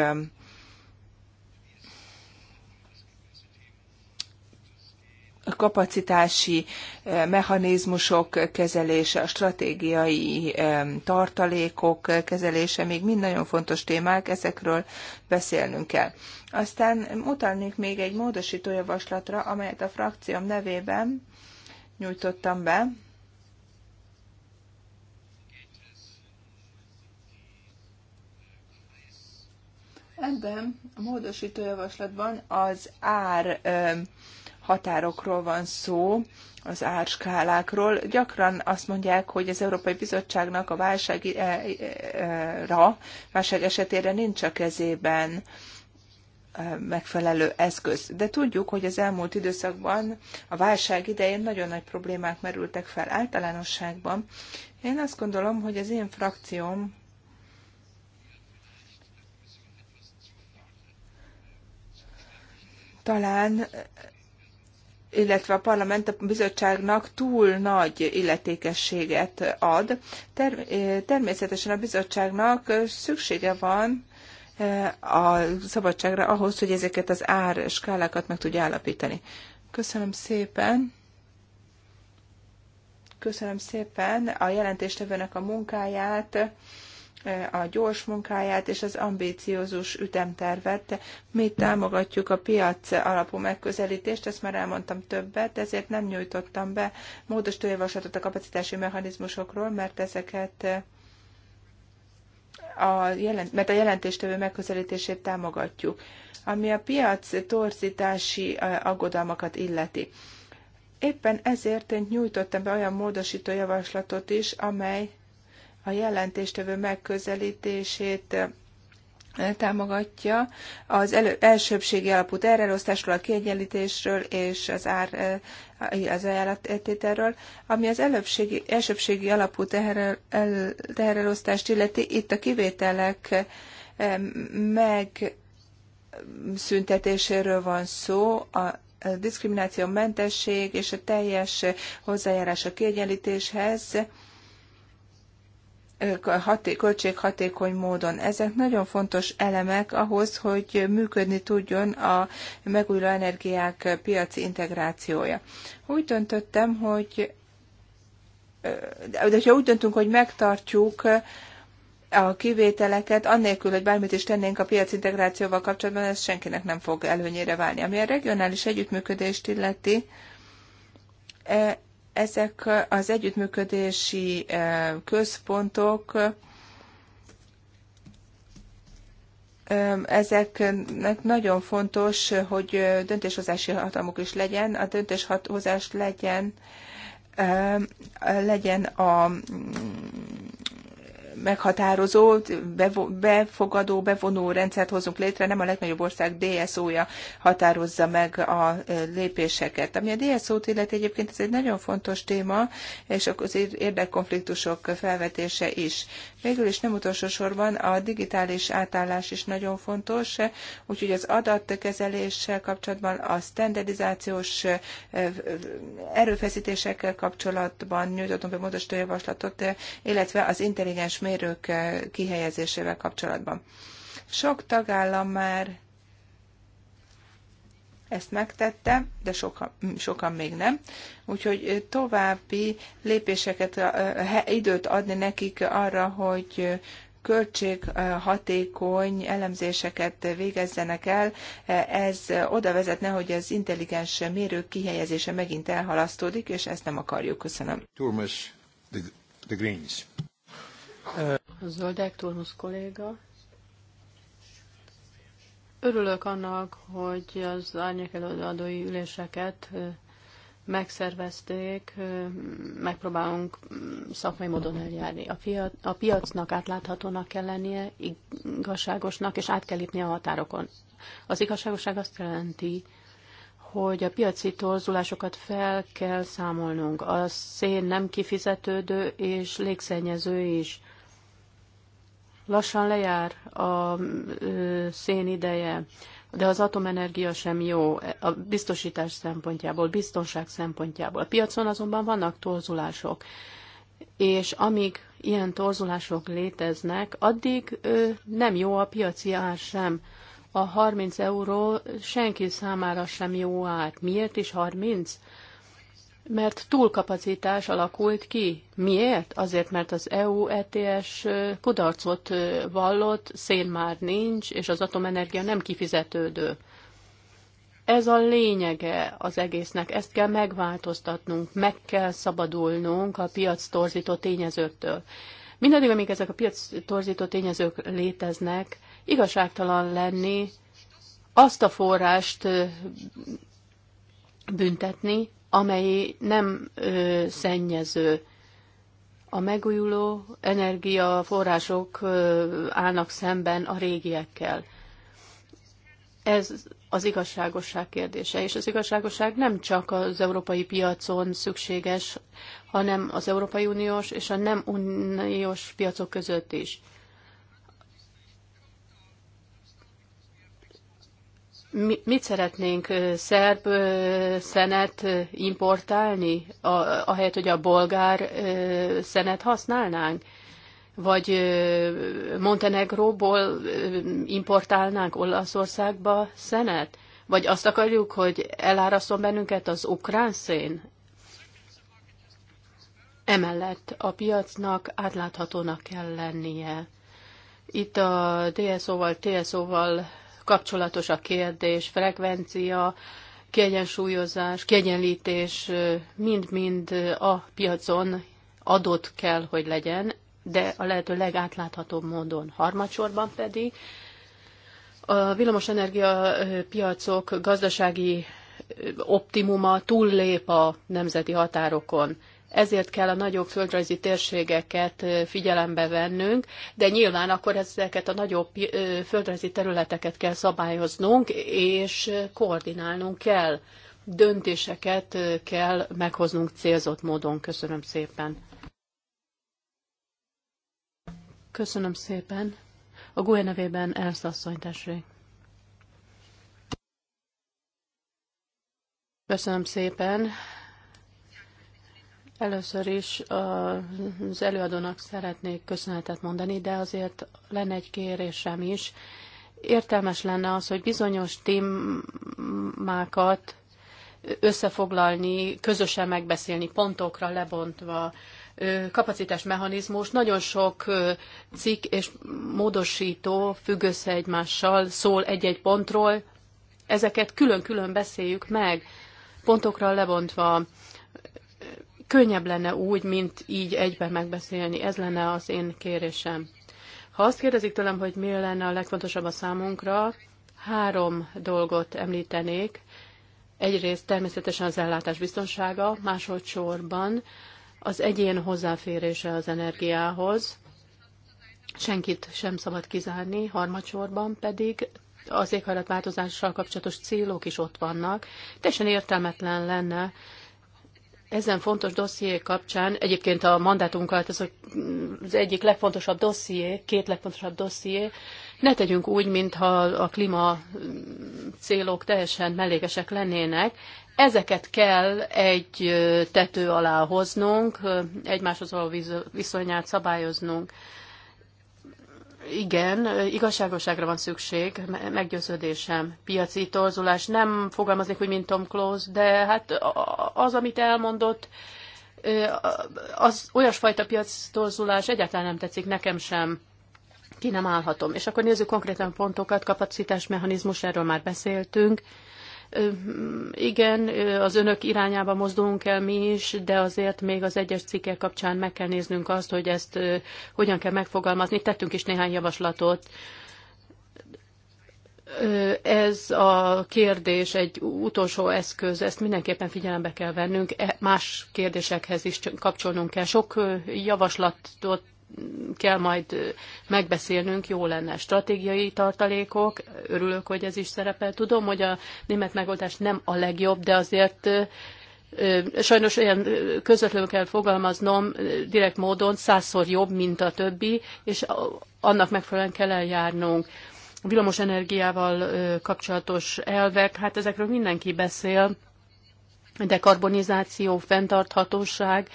kapacitási eh, mechanizmusok kezelése, a stratégiai eh, tartalékok kezelése, még mind nagyon fontos témák, ezekről beszélnünk kell. Aztán utalnék még egy módosító javaslatra, amelyet a frakcióm nevében nyújtottam be. Ebben a módosító javaslatban az ár eh, határokról van szó, az árskálákról. Gyakran azt mondják, hogy az Európai Bizottságnak a válságra, eh, eh, eh, válság esetére nincs a kezében megfelelő eszköz. De tudjuk, hogy az elmúlt időszakban, a válság idején nagyon nagy problémák merültek fel általánosságban. Én azt gondolom, hogy az én frakcióm talán illetve a parlament a bizottságnak túl nagy illetékességet ad. Eh, természetesen a bizottságnak szüksége van eh, a szabadságra ahhoz, hogy ezeket az árskálákat meg tudja állapítani. Köszönöm szépen! Köszönöm szépen a jelentéstevőnek a munkáját, a gyors munkáját és az ambíciózus ütemtervet. Mi támogatjuk a piac alapú megközelítést, ezt már elmondtam többet, ezért nem nyújtottam be módosító javaslatot a kapacitási mechanizmusokról, mert ezeket a jelent, mert a jelentéstevő megközelítését támogatjuk, ami a piac torzítási aggodalmakat illeti. Éppen ezért nyújtottam be olyan módosító javaslatot is, amely a jelentéstevő megközelítését eh, támogatja az elő, elsőbségi alapú terrelosztásról, a kiegyenlítésről és az ár eh, az ajánlattételről, ami az előbségi, elsőbségi alapú terrelosztást illeti, itt a kivételek eh, megszüntetéséről van szó, a diszkrimináció mentesség és a teljes hozzájárás a kiegyenlítéshez, haté, költséghatékony módon. Ezek nagyon fontos elemek ahhoz, hogy működni tudjon a megújuló energiák piaci integrációja. Úgy döntöttem, hogy de ha úgy döntünk, hogy megtartjuk a kivételeket, annélkül, hogy bármit is tennénk a piac integrációval kapcsolatban, ez senkinek nem fog előnyére válni. Ami a regionális együttműködést illeti, e, ezek az együttműködési eh, központok eh, ezeknek nagyon fontos, hogy döntéshozási hatalmuk is legyen, a döntéshozás legyen eh, legyen a meghatározó, befogadó, bevonó rendszert hozunk létre, nem a legnagyobb ország DSO-ja határozza meg a lépéseket. Ami a DSO-t illeti egyébként ez egy nagyon fontos téma, és az érdekkonfliktusok felvetése is. Végül is nem utolsó sorban a digitális átállás is nagyon fontos, úgyhogy az adatkezeléssel kapcsolatban, a standardizációs erőfeszítésekkel kapcsolatban nyújtottunk be módosító javaslatot, illetve az intelligens mérők kihelyezésével kapcsolatban. Sok tagállam már ezt megtette, de sokan, sokan még nem. Úgyhogy további lépéseket, időt adni nekik arra, hogy költséghatékony elemzéseket végezzenek el, ez oda vezetne, hogy az intelligens mérők kihelyezése megint elhalasztódik, és ezt nem akarjuk. Köszönöm. Turmus, the, the Greens. A zöldek, Turmus kolléga. Örülök annak, hogy az előadói üléseket megszervezték, megpróbálunk mm, szakmai módon eljárni. A, fiat, a piacnak átláthatónak kell lennie, igazságosnak, és át kell lépni a határokon. Az igazságosság azt jelenti, hogy a piaci torzulásokat fel kell számolnunk. A szén nem kifizetődő és légszennyező is lassan lejár a szén ideje, de az atomenergia sem jó a biztosítás szempontjából, biztonság szempontjából. A piacon azonban vannak torzulások, és amíg ilyen torzulások léteznek, addig nem jó a piaci ár sem. A 30 euró senki számára sem jó ár. Miért is 30? mert túlkapacitás alakult ki. Miért? Azért, mert az EU ETS kudarcot vallott, szén már nincs, és az atomenergia nem kifizetődő. Ez a lényege az egésznek, ezt kell megváltoztatnunk, meg kell szabadulnunk a piac torzító tényezőktől. Mindaddig, amíg ezek a piac torzító tényezők léteznek, igazságtalan lenni, azt a forrást büntetni, amely nem ö, szennyező. A megújuló energiaforrások ö, állnak szemben a régiekkel. Ez az igazságosság kérdése, és az igazságosság nem csak az európai piacon szükséges, hanem az Európai Uniós és a nem uniós piacok között is. mi, mit szeretnénk szerb szenet importálni, ahelyett, hogy a bolgár szenet használnánk? Vagy Montenegróból importálnánk Olaszországba szenet? Vagy azt akarjuk, hogy eláraszon bennünket az ukrán szén? Emellett a piacnak átláthatónak kell lennie. Itt a DSO-val, TSO-val kapcsolatos a kérdés, frekvencia, kiegyensúlyozás, kiegyenlítés, mind-mind a piacon adott kell, hogy legyen, de a lehető legátláthatóbb módon. Harmadsorban pedig a villamosenergia piacok gazdasági optimuma túllép a nemzeti határokon ezért kell a nagyobb földrajzi térségeket figyelembe vennünk, de nyilván akkor ezeket a nagyobb földrajzi területeket kell szabályoznunk, és koordinálnunk kell. Döntéseket kell meghoznunk célzott módon. Köszönöm szépen. Köszönöm szépen. A GUE nevében Ernst asszony, tessék. Köszönöm szépen. Először is az előadónak szeretnék köszönetet mondani, de azért lenne egy kérésem is. Értelmes lenne az, hogy bizonyos témákat összefoglalni, közösen megbeszélni, pontokra lebontva, kapacitásmechanizmus, nagyon sok cikk és módosító függ össze egymással, szól egy-egy pontról, ezeket külön-külön beszéljük meg, pontokra lebontva, könnyebb lenne úgy, mint így egyben megbeszélni. Ez lenne az én kérésem. Ha azt kérdezik tőlem, hogy mi lenne a legfontosabb a számunkra, három dolgot említenék. Egyrészt természetesen az ellátás biztonsága, másodszorban az egyén hozzáférése az energiához, senkit sem szabad kizárni, harmadsorban pedig az éghajlatváltozással kapcsolatos célok is ott vannak. Teljesen értelmetlen lenne ezen fontos dosszié kapcsán, egyébként a alatt az, az egyik legfontosabb dosszié, két legfontosabb dosszié, ne tegyünk úgy, mintha a klíma mm, célok teljesen mellékesek lennének. Ezeket kell egy tető alá hoznunk, egymáshoz való viszonyát szabályoznunk igen, igazságoságra van szükség, meggyőződésem. Piaci torzulás, nem fogalmaznék hogy mint Tom Close, de hát az, amit elmondott, az olyasfajta piaci torzulás egyáltalán nem tetszik, nekem sem ki nem állhatom. És akkor nézzük konkrétan pontokat, kapacitásmechanizmus, erről már beszéltünk. Igen, az önök irányába mozdulunk el mi is, de azért még az egyes cikkek kapcsán meg kell néznünk azt, hogy ezt hogyan kell megfogalmazni. Tettünk is néhány javaslatot. Ez a kérdés egy utolsó eszköz, ezt mindenképpen figyelembe kell vennünk, e, más kérdésekhez is kapcsolnunk kell. Sok javaslatot kell majd megbeszélnünk, jó lenne stratégiai tartalékok, örülök, hogy ez is szerepel. Tudom, hogy a német megoldás nem a legjobb, de azért sajnos olyan közvetlenül kell fogalmaznom, direkt módon százszor jobb, mint a többi, és annak megfelelően kell eljárnunk. A villamos energiával kapcsolatos elvek, hát ezekről mindenki beszél, dekarbonizáció, fenntarthatóság,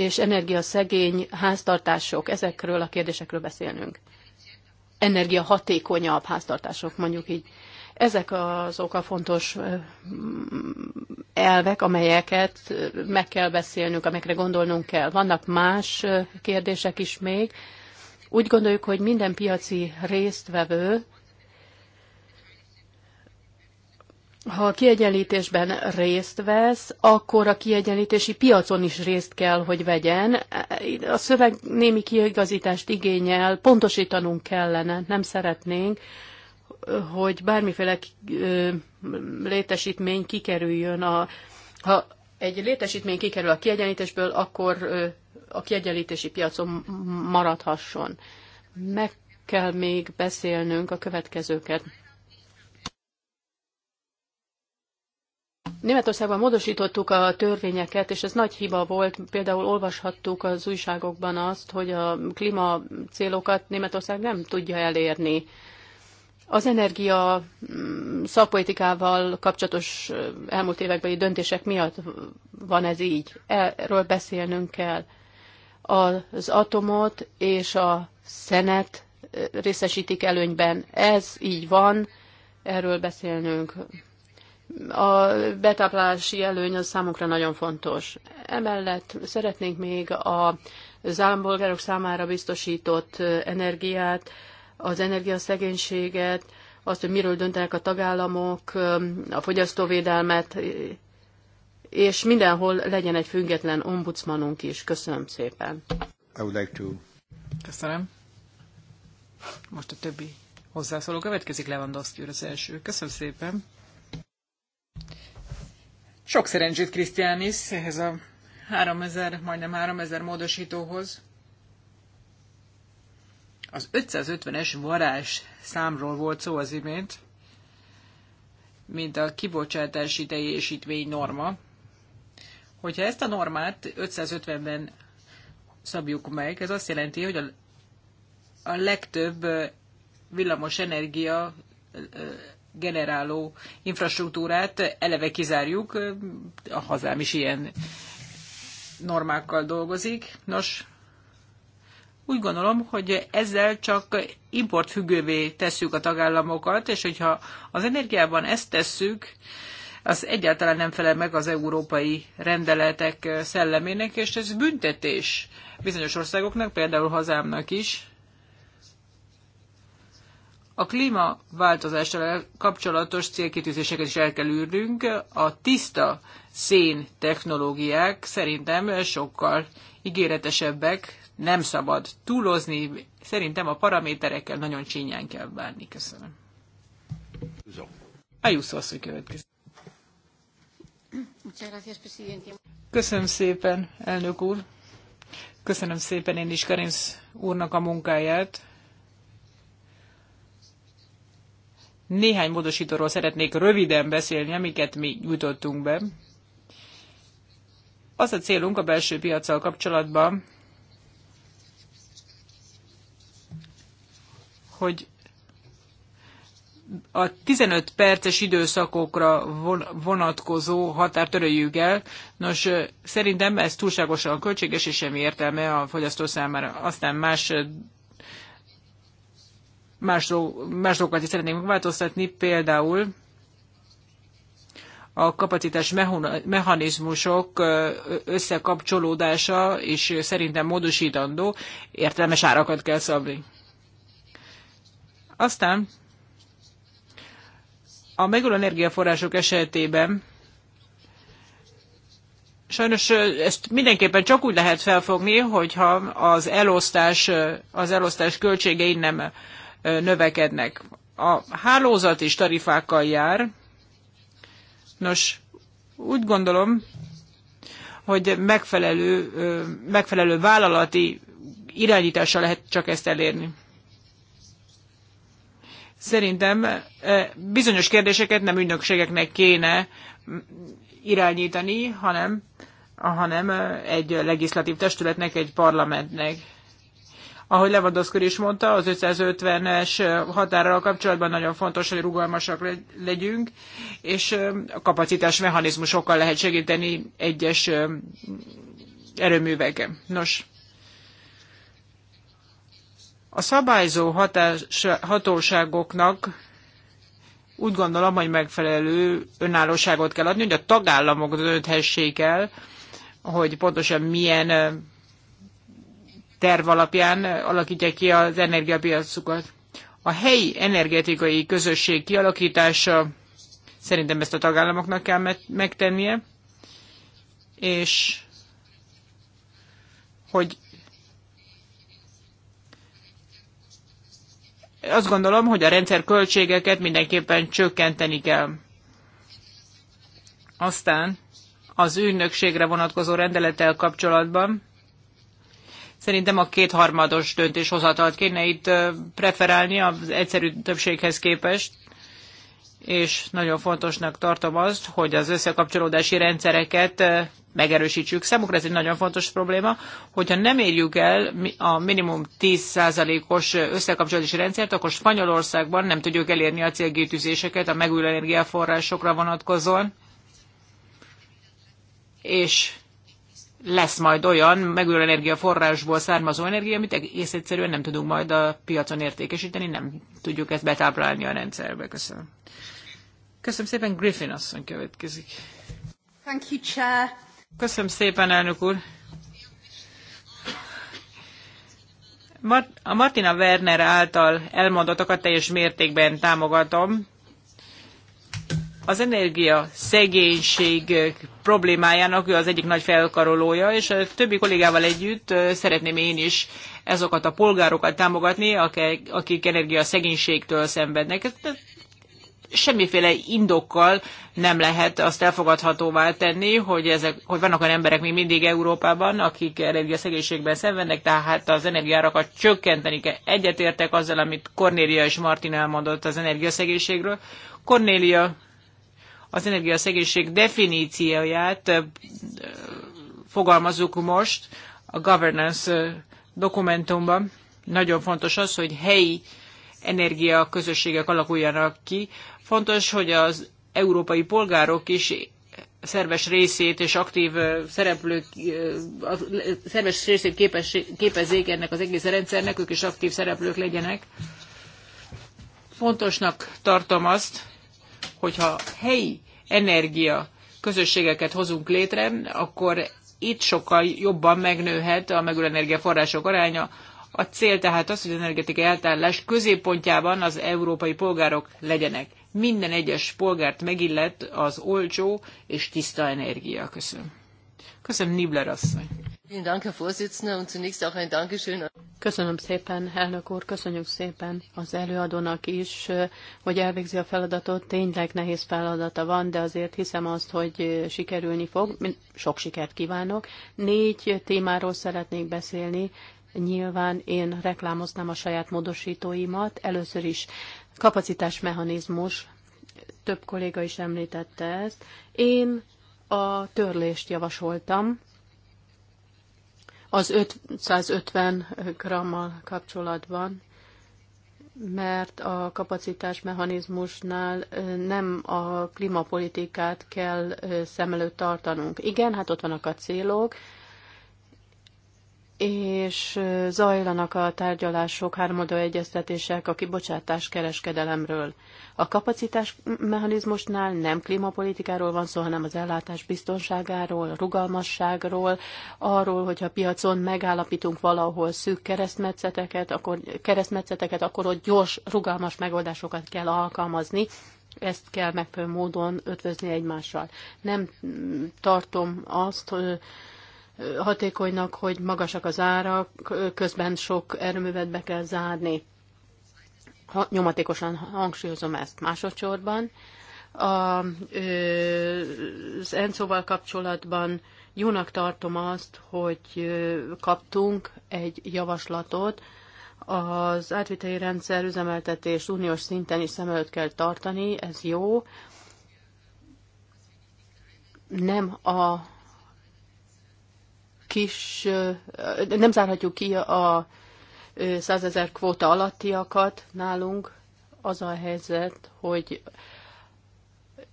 és energiaszegény háztartások, ezekről a kérdésekről beszélnünk. Energiahatékonyabb háztartások, mondjuk így. Ezek azok a fontos mm, elvek, amelyeket meg kell beszélnünk, amelyekre gondolnunk kell. Vannak más kérdések is még. Úgy gondoljuk, hogy minden piaci résztvevő ha a kiegyenlítésben részt vesz, akkor a kiegyenlítési piacon is részt kell, hogy vegyen. A szöveg némi kiigazítást igényel, pontosítanunk kellene, nem szeretnénk, hogy bármiféle létesítmény kikerüljön a... Ha egy létesítmény kikerül a kiegyenlítésből, akkor a kiegyenlítési piacon maradhasson. Meg kell még beszélnünk a következőket. Németországban módosítottuk a törvényeket, és ez nagy hiba volt. Például olvashattuk az újságokban azt, hogy a klíma célokat Németország nem tudja elérni. Az energia mm, szakpolitikával kapcsolatos elmúlt évekbeli döntések miatt van ez így. Erről beszélnünk kell. Az atomot és a szenet részesítik előnyben. Ez így van, erről beszélnünk a betáplálási előny az számunkra nagyon fontos. Emellett szeretnénk még a, az állampolgárok számára biztosított energiát, az energiaszegénységet, azt, hogy miről döntenek a tagállamok, a fogyasztóvédelmet, és mindenhol legyen egy független ombudsmanunk is. Köszönöm szépen. I would like to... Köszönöm. Most a többi hozzászóló következik, Lewandowski úr az első. Köszönöm szépen. Sok szerencsét, Krisztiánis, ehhez a 3000, majdnem 3000 módosítóhoz. Az 550-es varázs számról volt szó az imént, mint a kibocsátási teljesítmény norma. Hogyha ezt a normát 550-ben szabjuk meg, ez azt jelenti, hogy a, a legtöbb villamos energia generáló infrastruktúrát eleve kizárjuk, a hazám is ilyen normákkal dolgozik. Nos, úgy gondolom, hogy ezzel csak importfüggővé tesszük a tagállamokat, és hogyha az energiában ezt tesszük, az egyáltalán nem felel meg az európai rendeletek szellemének, és ez büntetés bizonyos országoknak, például hazámnak is. A klímaváltozással kapcsolatos célkitűzéseket is el kell űrnünk. A tiszta szén technológiák szerintem sokkal ígéretesebbek, nem szabad túlozni, szerintem a paraméterekkel nagyon csínyán kell bánni. Köszönöm. Ayuso asszony következik. Köszönöm szépen, elnök úr. Köszönöm szépen én is Karinsz úrnak a munkáját. Néhány módosítóról szeretnék röviden beszélni, amiket mi nyújtottunk be. Az a célunk a belső piacsal kapcsolatban, hogy a 15 perces időszakokra vonatkozó határ töröljük el. Nos, szerintem ez túlságosan költséges, és semmi értelme a fogyasztó számára. Aztán más más, más dolgokat is szeretnénk változtatni, például a kapacitás mechanizmusok összekapcsolódása és szerintem módosítandó, értelmes árakat kell szabni. Aztán a megújuló energiaforrások esetében sajnos ezt mindenképpen csak úgy lehet felfogni, hogyha az elosztás, az elosztás költségei nem növekednek. A hálózat is tarifákkal jár. Nos, úgy gondolom, hogy megfelelő, megfelelő vállalati irányítással lehet csak ezt elérni. Szerintem bizonyos kérdéseket nem ügynökségeknek kéne irányítani, hanem, hanem egy legislatív testületnek, egy parlamentnek. Ahogy Lewandowski is mondta, az 550-es határral kapcsolatban nagyon fontos, hogy rugalmasak legyünk, és a kapacitás mechanizmusokkal lehet segíteni egyes erőműveken. Nos, a szabályzó hatás, hatóságoknak úgy gondolom, hogy megfelelő önállóságot kell adni, hogy a tagállamok dönthessék el, hogy pontosan milyen terv alapján alakítják ki az energiapiacukat. A helyi energetikai közösség kialakítása szerintem ezt a tagállamoknak kell megtennie, és hogy azt gondolom, hogy a rendszer költségeket mindenképpen csökkenteni kell. Aztán az ügynökségre vonatkozó rendelettel kapcsolatban Szerintem a kétharmados döntéshozatalt kéne itt preferálni az egyszerű többséghez képest, és nagyon fontosnak tartom azt, hogy az összekapcsolódási rendszereket megerősítsük. Számukra ez egy nagyon fontos probléma, hogyha nem érjük el a minimum 10%-os összekapcsolódási rendszert, akkor Spanyolországban nem tudjuk elérni a célgétűzéseket a megújuló energiaforrásokra vonatkozóan, és lesz majd olyan megújuló energiaforrásból származó energia, amit egész egyszerűen nem tudunk majd a piacon értékesíteni, nem tudjuk ezt betáplálni a rendszerbe. Köszönöm. Köszönöm szépen, Griffin asszony következik. Thank you, Chair. Köszönöm szépen, elnök úr. A Martina Werner által elmondottakat teljes mértékben támogatom. Az energia szegénység problémájának ő az egyik nagy felkarolója, és a többi kollégával együtt szeretném én is ezokat a polgárokat támogatni, akik energia szegénységtől szenvednek. semmiféle indokkal nem lehet azt elfogadhatóvá tenni, hogy, ezek, hogy vannak olyan emberek még mindig Európában, akik energia szegénységben szenvednek, tehát az energiárakat csökkenteni kell. Egyetértek azzal, amit Cornélia és Martin elmondott az energia szegénységről. Cornélia, az energiaszegénység definícióját fogalmazzuk most a governance dokumentumban. Nagyon fontos az, hogy helyi energiaközösségek alakuljanak ki. Fontos, hogy az európai polgárok is szerves részét és aktív szereplők, szerves részét képes, képezzék ennek az egész rendszernek, ők is aktív szereplők legyenek. Fontosnak tartom azt, hogyha helyi energia közösségeket hozunk létre, akkor itt sokkal jobban megnőhet a megülő energiaforrások aránya. A cél tehát az, hogy az energetikai eltállás középpontjában az európai polgárok legyenek. Minden egyes polgárt megillet az olcsó és tiszta energia. Köszönöm. Köszönöm, Nibler asszony. Köszönöm szépen, elnök úr, köszönjük szépen az előadónak is, hogy elvégzi a feladatot. Tényleg nehéz feladata van, de azért hiszem azt, hogy sikerülni fog. Sok sikert kívánok. Négy témáról szeretnék beszélni. Nyilván én reklámoznám a saját módosítóimat. Először is kapacitásmechanizmus. Több kolléga is említette ezt. Én a törlést javasoltam, az 550 grammal kapcsolatban, mert a kapacitás mechanizmusnál nem a klímapolitikát kell szem előtt tartanunk. Igen, hát ott vannak a célok, és zajlanak a tárgyalások, háromoldal egyeztetések a kibocsátás kereskedelemről. A kapacitás mechanizmusnál nem klímapolitikáról van szó, hanem az ellátás biztonságáról, rugalmasságról, arról, hogyha piacon megállapítunk valahol szűk keresztmetszeteket, akkor, keresztmetszeteket, akkor ott gyors, rugalmas megoldásokat kell alkalmazni, ezt kell megfelelő módon ötvözni egymással. Nem tartom azt, hatékonynak, hogy magasak az árak, közben sok erőművet be kell zárni. Ha, nyomatékosan hangsúlyozom ezt másodszorban. A, az Encóval kapcsolatban jónak tartom azt, hogy kaptunk egy javaslatot, az átviteli rendszer üzemeltetést uniós szinten is szem előtt kell tartani, ez jó. Nem a kis, nem zárhatjuk ki a százezer kvóta alattiakat nálunk. Az a helyzet, hogy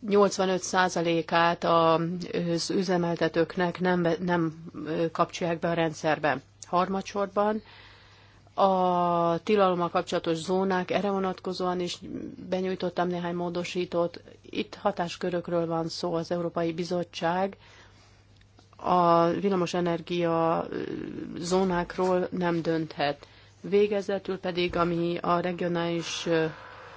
85%-át az üzemeltetőknek nem, nem kapcsolják be a rendszerbe. Harmadsorban a tilalommal kapcsolatos zónák, erre vonatkozóan is benyújtottam néhány módosítót. Itt hatáskörökről van szó az Európai Bizottság, a villamosenergia zónákról nem dönthet. Végezetül pedig, ami a regionális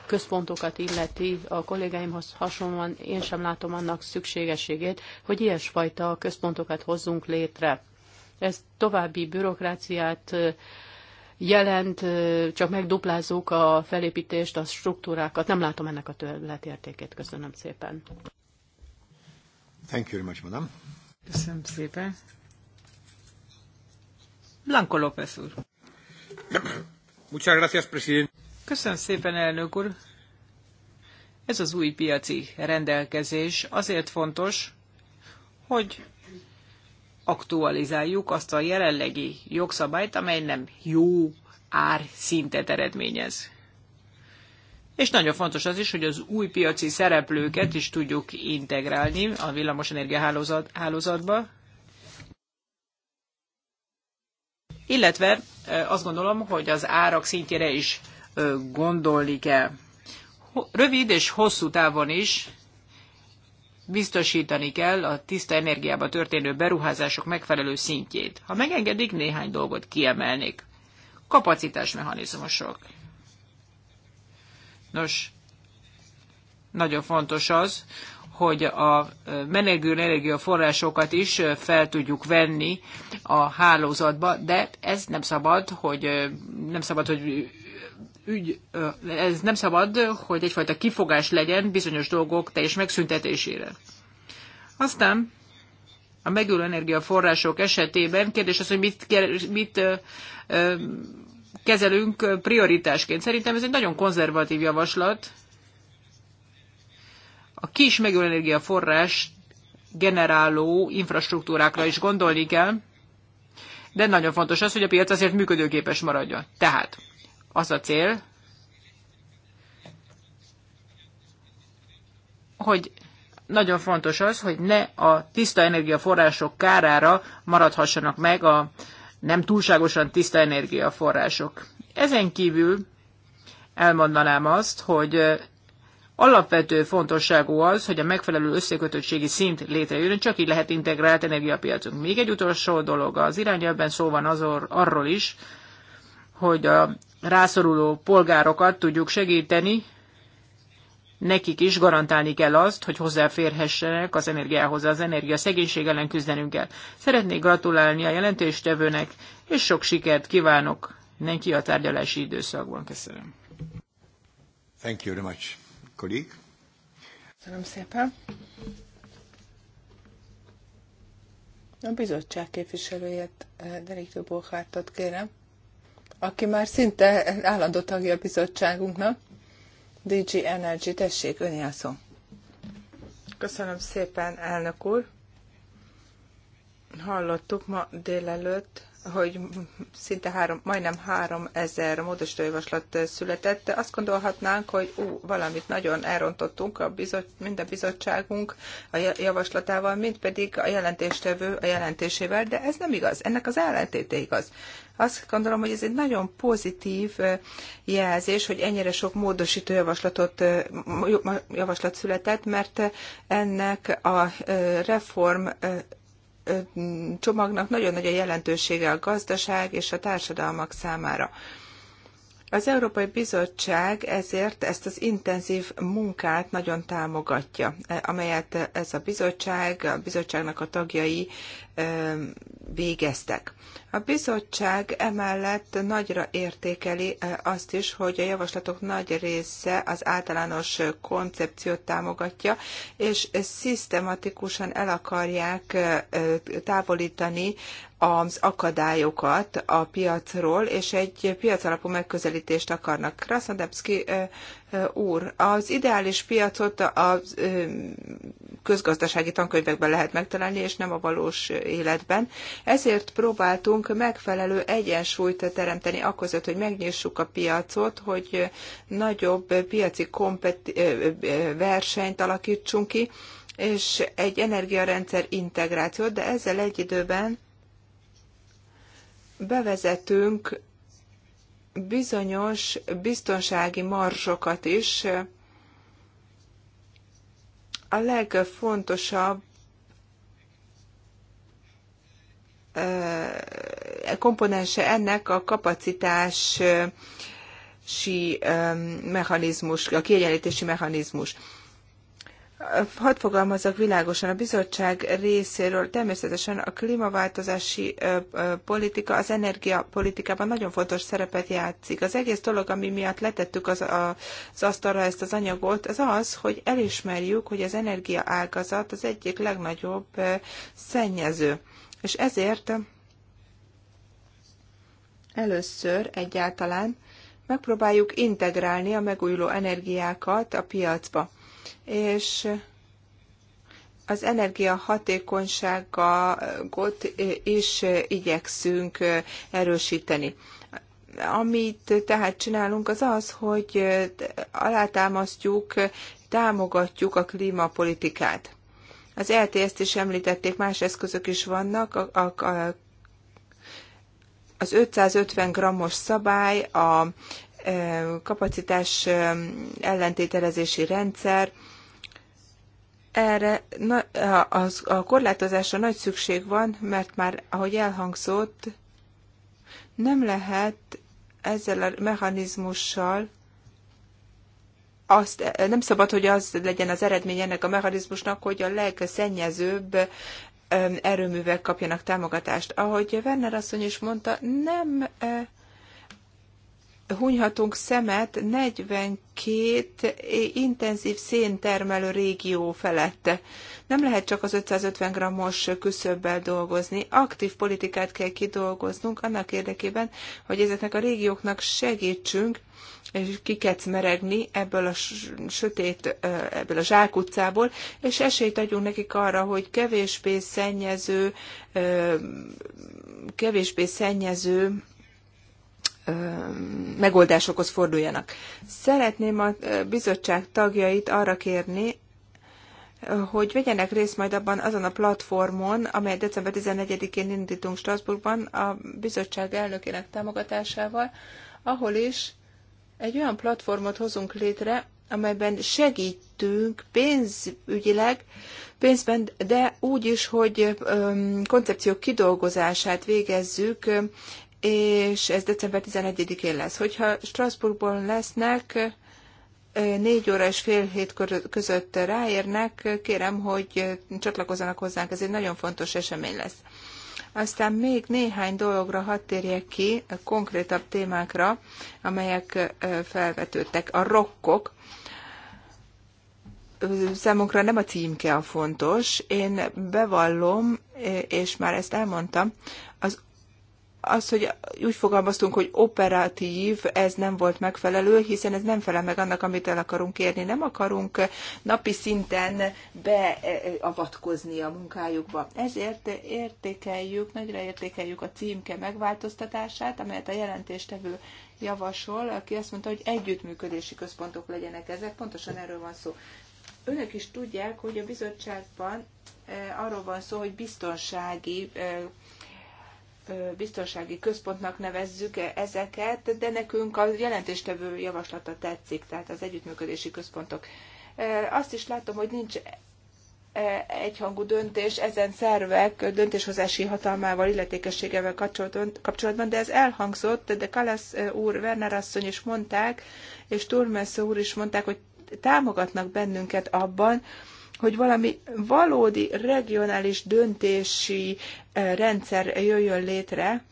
központokat illeti, a kollégáimhoz hasonlóan én sem látom annak szükségességét, hogy ilyesfajta központokat hozzunk létre. Ez további bürokráciát jelent, csak megduplázzuk a felépítést, a struktúrákat. Nem látom ennek a többletértékét. Köszönöm szépen. Thank you very much, madam. Köszönöm szépen. Blanco López úr. Muchas gracias, president. Köszönöm szépen, elnök úr. Ez az új piaci rendelkezés azért fontos, hogy aktualizáljuk azt a jelenlegi jogszabályt, amely nem jó R-szintet eredményez és nagyon fontos az is, hogy az új piaci szereplőket is tudjuk integrálni a villamosenergia hálózat, hálózatba, illetve azt gondolom, hogy az árak szintjére is gondolni kell. Rövid és hosszú távon is biztosítani kell a tiszta energiába történő beruházások megfelelő szintjét. Ha megengedik, néhány dolgot kiemelnék. Kapacitásmechanizmusok. Nos, nagyon fontos az, hogy a menekül energiaforrásokat is fel tudjuk venni a hálózatba, de ez nem szabad, hogy nem szabad, hogy ügy, ez nem szabad, hogy egyfajta kifogás legyen bizonyos dolgok teljes megszüntetésére. Aztán a megülő energiaforrások esetében kérdés az, hogy mit, mit kezelünk prioritásként. Szerintem ez egy nagyon konzervatív javaslat. A kis megőlenergia forrás generáló infrastruktúrákra is gondolni kell, de nagyon fontos az, hogy a piac azért működőképes maradjon. Tehát az a cél, hogy nagyon fontos az, hogy ne a tiszta energiaforrások kárára maradhassanak meg a, nem túlságosan tiszta energiaforrások. Ezen kívül elmondanám azt, hogy alapvető fontosságú az, hogy a megfelelő összekötöttségi szint létrejön, csak így lehet integrált energiapiacunk. Még egy utolsó dolog, az irányelben szó van azor, arról is, hogy a rászoruló polgárokat tudjuk segíteni, nekik is garantálni kell azt, hogy hozzáférhessenek az energiához, az energia szegénység ellen küzdenünk kell. Szeretnék gratulálni a jelentéstevőnek, és sok sikert kívánok neki a tárgyalási időszakban. Köszönöm. Thank you very much, colleague. Köszönöm szépen. A bizottság képviselőjét, eh, Derek Dubohártot kérem, aki már szinte állandó tagja a bizottságunknak. DG Energy, tessék, öné a Köszönöm szépen, elnök úr. Hallottuk ma délelőtt, hogy szinte három, majdnem három ezer módosítójavaslat született, azt gondolhatnánk, hogy ú, valamit nagyon elrontottunk, a bizot, mind a bizottságunk a javaslatával, mind pedig a jelentéstevő a jelentésével, de ez nem igaz, ennek az ellentéte igaz. Azt gondolom, hogy ez egy nagyon pozitív jelzés, hogy ennyire sok módosító javaslatot, javaslat született, mert ennek a reform csomagnak nagyon nagy a jelentősége a gazdaság és a társadalmak számára. Az Európai Bizottság ezért ezt az intenzív munkát nagyon támogatja, e, amelyet ez a bizottság, a bizottságnak a tagjai végeztek. A bizottság emellett nagyra értékeli eh, azt is, hogy a javaslatok nagy része az általános koncepciót támogatja, és szisztematikusan el akarják eh, eh, távolítani az akadályokat a piacról, és egy piacalapú megközelítést akarnak. Krasnodebski úr, az ideális piacot a közgazdasági tankönyvekben lehet megtalálni, és nem a valós életben. Ezért próbáltunk megfelelő egyensúlyt teremteni aközött, hogy megnyissuk a piacot, hogy nagyobb piaci kompeti- versenyt alakítsunk ki, és egy energiarendszer integrációt, de ezzel egy időben bevezetünk bizonyos biztonsági marzsokat is a legfontosabb eh, komponense ennek a kapacitási eh, mechanizmus, a kiegyenlítési mechanizmus. Hadd fogalmazzak világosan, a bizottság részéről természetesen a klímaváltozási politika, az energiapolitikában nagyon fontos szerepet játszik. Az egész dolog, ami miatt letettük az, az asztalra ezt az anyagot, az az, hogy elismerjük, hogy az energiaágazat az egyik legnagyobb szennyező. És ezért először egyáltalán megpróbáljuk integrálni a megújuló energiákat a piacba és az energiahatékonyságot is igyekszünk erősíteni. Amit tehát csinálunk, az az, hogy alátámasztjuk, támogatjuk a klímapolitikát. Az LTS-t e is említették, más eszközök is vannak, a, a, a az 550 grammos szabály, a kapacitás ellentételezési rendszer, erre a korlátozásra nagy szükség van, mert már, ahogy elhangzott, nem lehet ezzel a mechanizmussal azt, nem szabad, hogy az legyen az eredmény ennek a mechanizmusnak, hogy a legszennyezőbb erőművek kapjanak támogatást. Ahogy Werner asszony is mondta, nem hunyhatunk szemet 42 intenzív széntermelő régió felett. Nem lehet csak az 550 g-os küszöbbel dolgozni, aktív politikát kell kidolgoznunk annak érdekében, hogy ezeknek a régióknak segítsünk és meregni ebből a sötét, ebből a zsákutcából, és esélyt adjunk nekik arra, hogy kevésbé szennyező, kevésbé szennyező megoldásokhoz forduljanak. Szeretném a bizottság tagjait arra kérni, hogy vegyenek részt majd abban azon a platformon, amely december 14-én indítunk Strasbourgban a bizottság elnökének támogatásával, ahol is egy olyan platformot hozunk létre, amelyben segítünk pénzügyileg, pénzben, de úgy is, hogy koncepciók kidolgozását végezzük és ez december 11-én lesz. Hogyha Strasbourgban lesznek, négy óra és fél hét között ráérnek, kérem, hogy csatlakozzanak hozzánk, ez egy nagyon fontos esemény lesz. Aztán még néhány dologra hadd térjek ki, konkrétabb témákra, amelyek felvetődtek. A rokkok, számunkra nem a címke a fontos. Én bevallom, és már ezt elmondtam, az, hogy úgy fogalmaztunk, hogy operatív, ez nem volt megfelelő, hiszen ez nem felel meg annak, amit el akarunk érni. Nem akarunk napi szinten beavatkozni a munkájukba. Ezért értékeljük, nagyra értékeljük a címke megváltoztatását, amelyet a jelentéstevő javasol, aki azt mondta, hogy együttműködési központok legyenek ezek. Pontosan erről van szó. Önök is tudják, hogy a bizottságban eh, arról van szó, hogy biztonsági eh, biztonsági központnak nevezzük -e ezeket, de nekünk a jelentéstevő javaslata tetszik, tehát az együttműködési központok. Azt is látom, hogy nincs egyhangú döntés ezen szervek döntéshozási hatalmával, illetékességevel kapcsolatban, de ez elhangzott, de Kalasz úr, Werner asszony is mondták, és Turmes úr is mondták, hogy támogatnak bennünket abban, hogy valami valódi regionális döntési eh, rendszer jöjjön létre,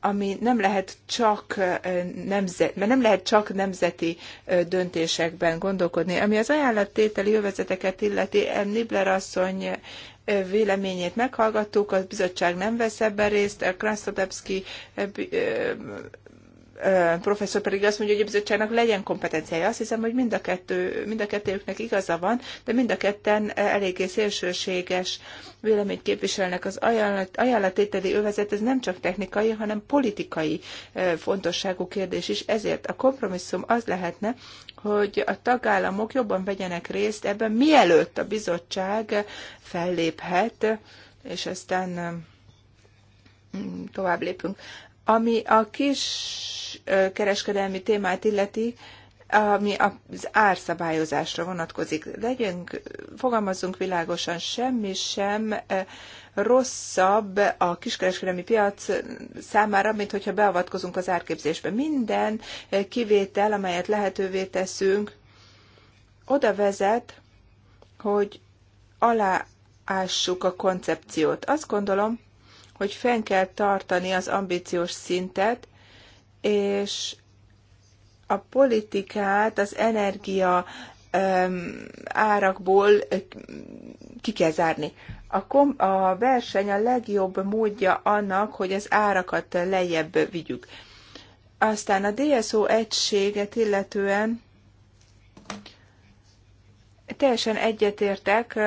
ami nem lehet csak eh, nemzet, mert nem lehet csak nemzeti eh, döntésekben gondolkodni. Ami az ajánlattételi jövezeteket illeti, Nibler asszony véleményét meghallgattuk, a bizottság nem vesz ebben részt, Krasnodebski professzor pedig azt mondja, hogy a bizottságnak legyen kompetenciája. Azt hiszem, hogy mind a, kettő, mind a kettőjüknek igaza van, de mind a ketten eléggé szélsőséges véleményt képviselnek. Az ajánlat, ajánlatételi övezet ez nem csak technikai, hanem politikai fontosságú kérdés is. Ezért a kompromisszum az lehetne, hogy a tagállamok jobban vegyenek részt ebben, mielőtt a bizottság felléphet, és aztán tovább lépünk. Ami a kis kereskedelmi témát illeti, ami az árszabályozásra vonatkozik. Legyünk, fogalmazzunk világosan, semmi sem rosszabb a kiskereskedelmi piac számára, mint hogyha beavatkozunk az árképzésbe. Minden kivétel, amelyet lehetővé teszünk, oda vezet, hogy aláássuk a koncepciót. Azt gondolom, hogy fenn kell tartani az ambíciós szintet, és a politikát az energia árakból ki kell zárni. A, kom- a verseny a legjobb módja annak, hogy az árakat lejjebb vigyük. Aztán a DSO egységet illetően teljesen egyetértek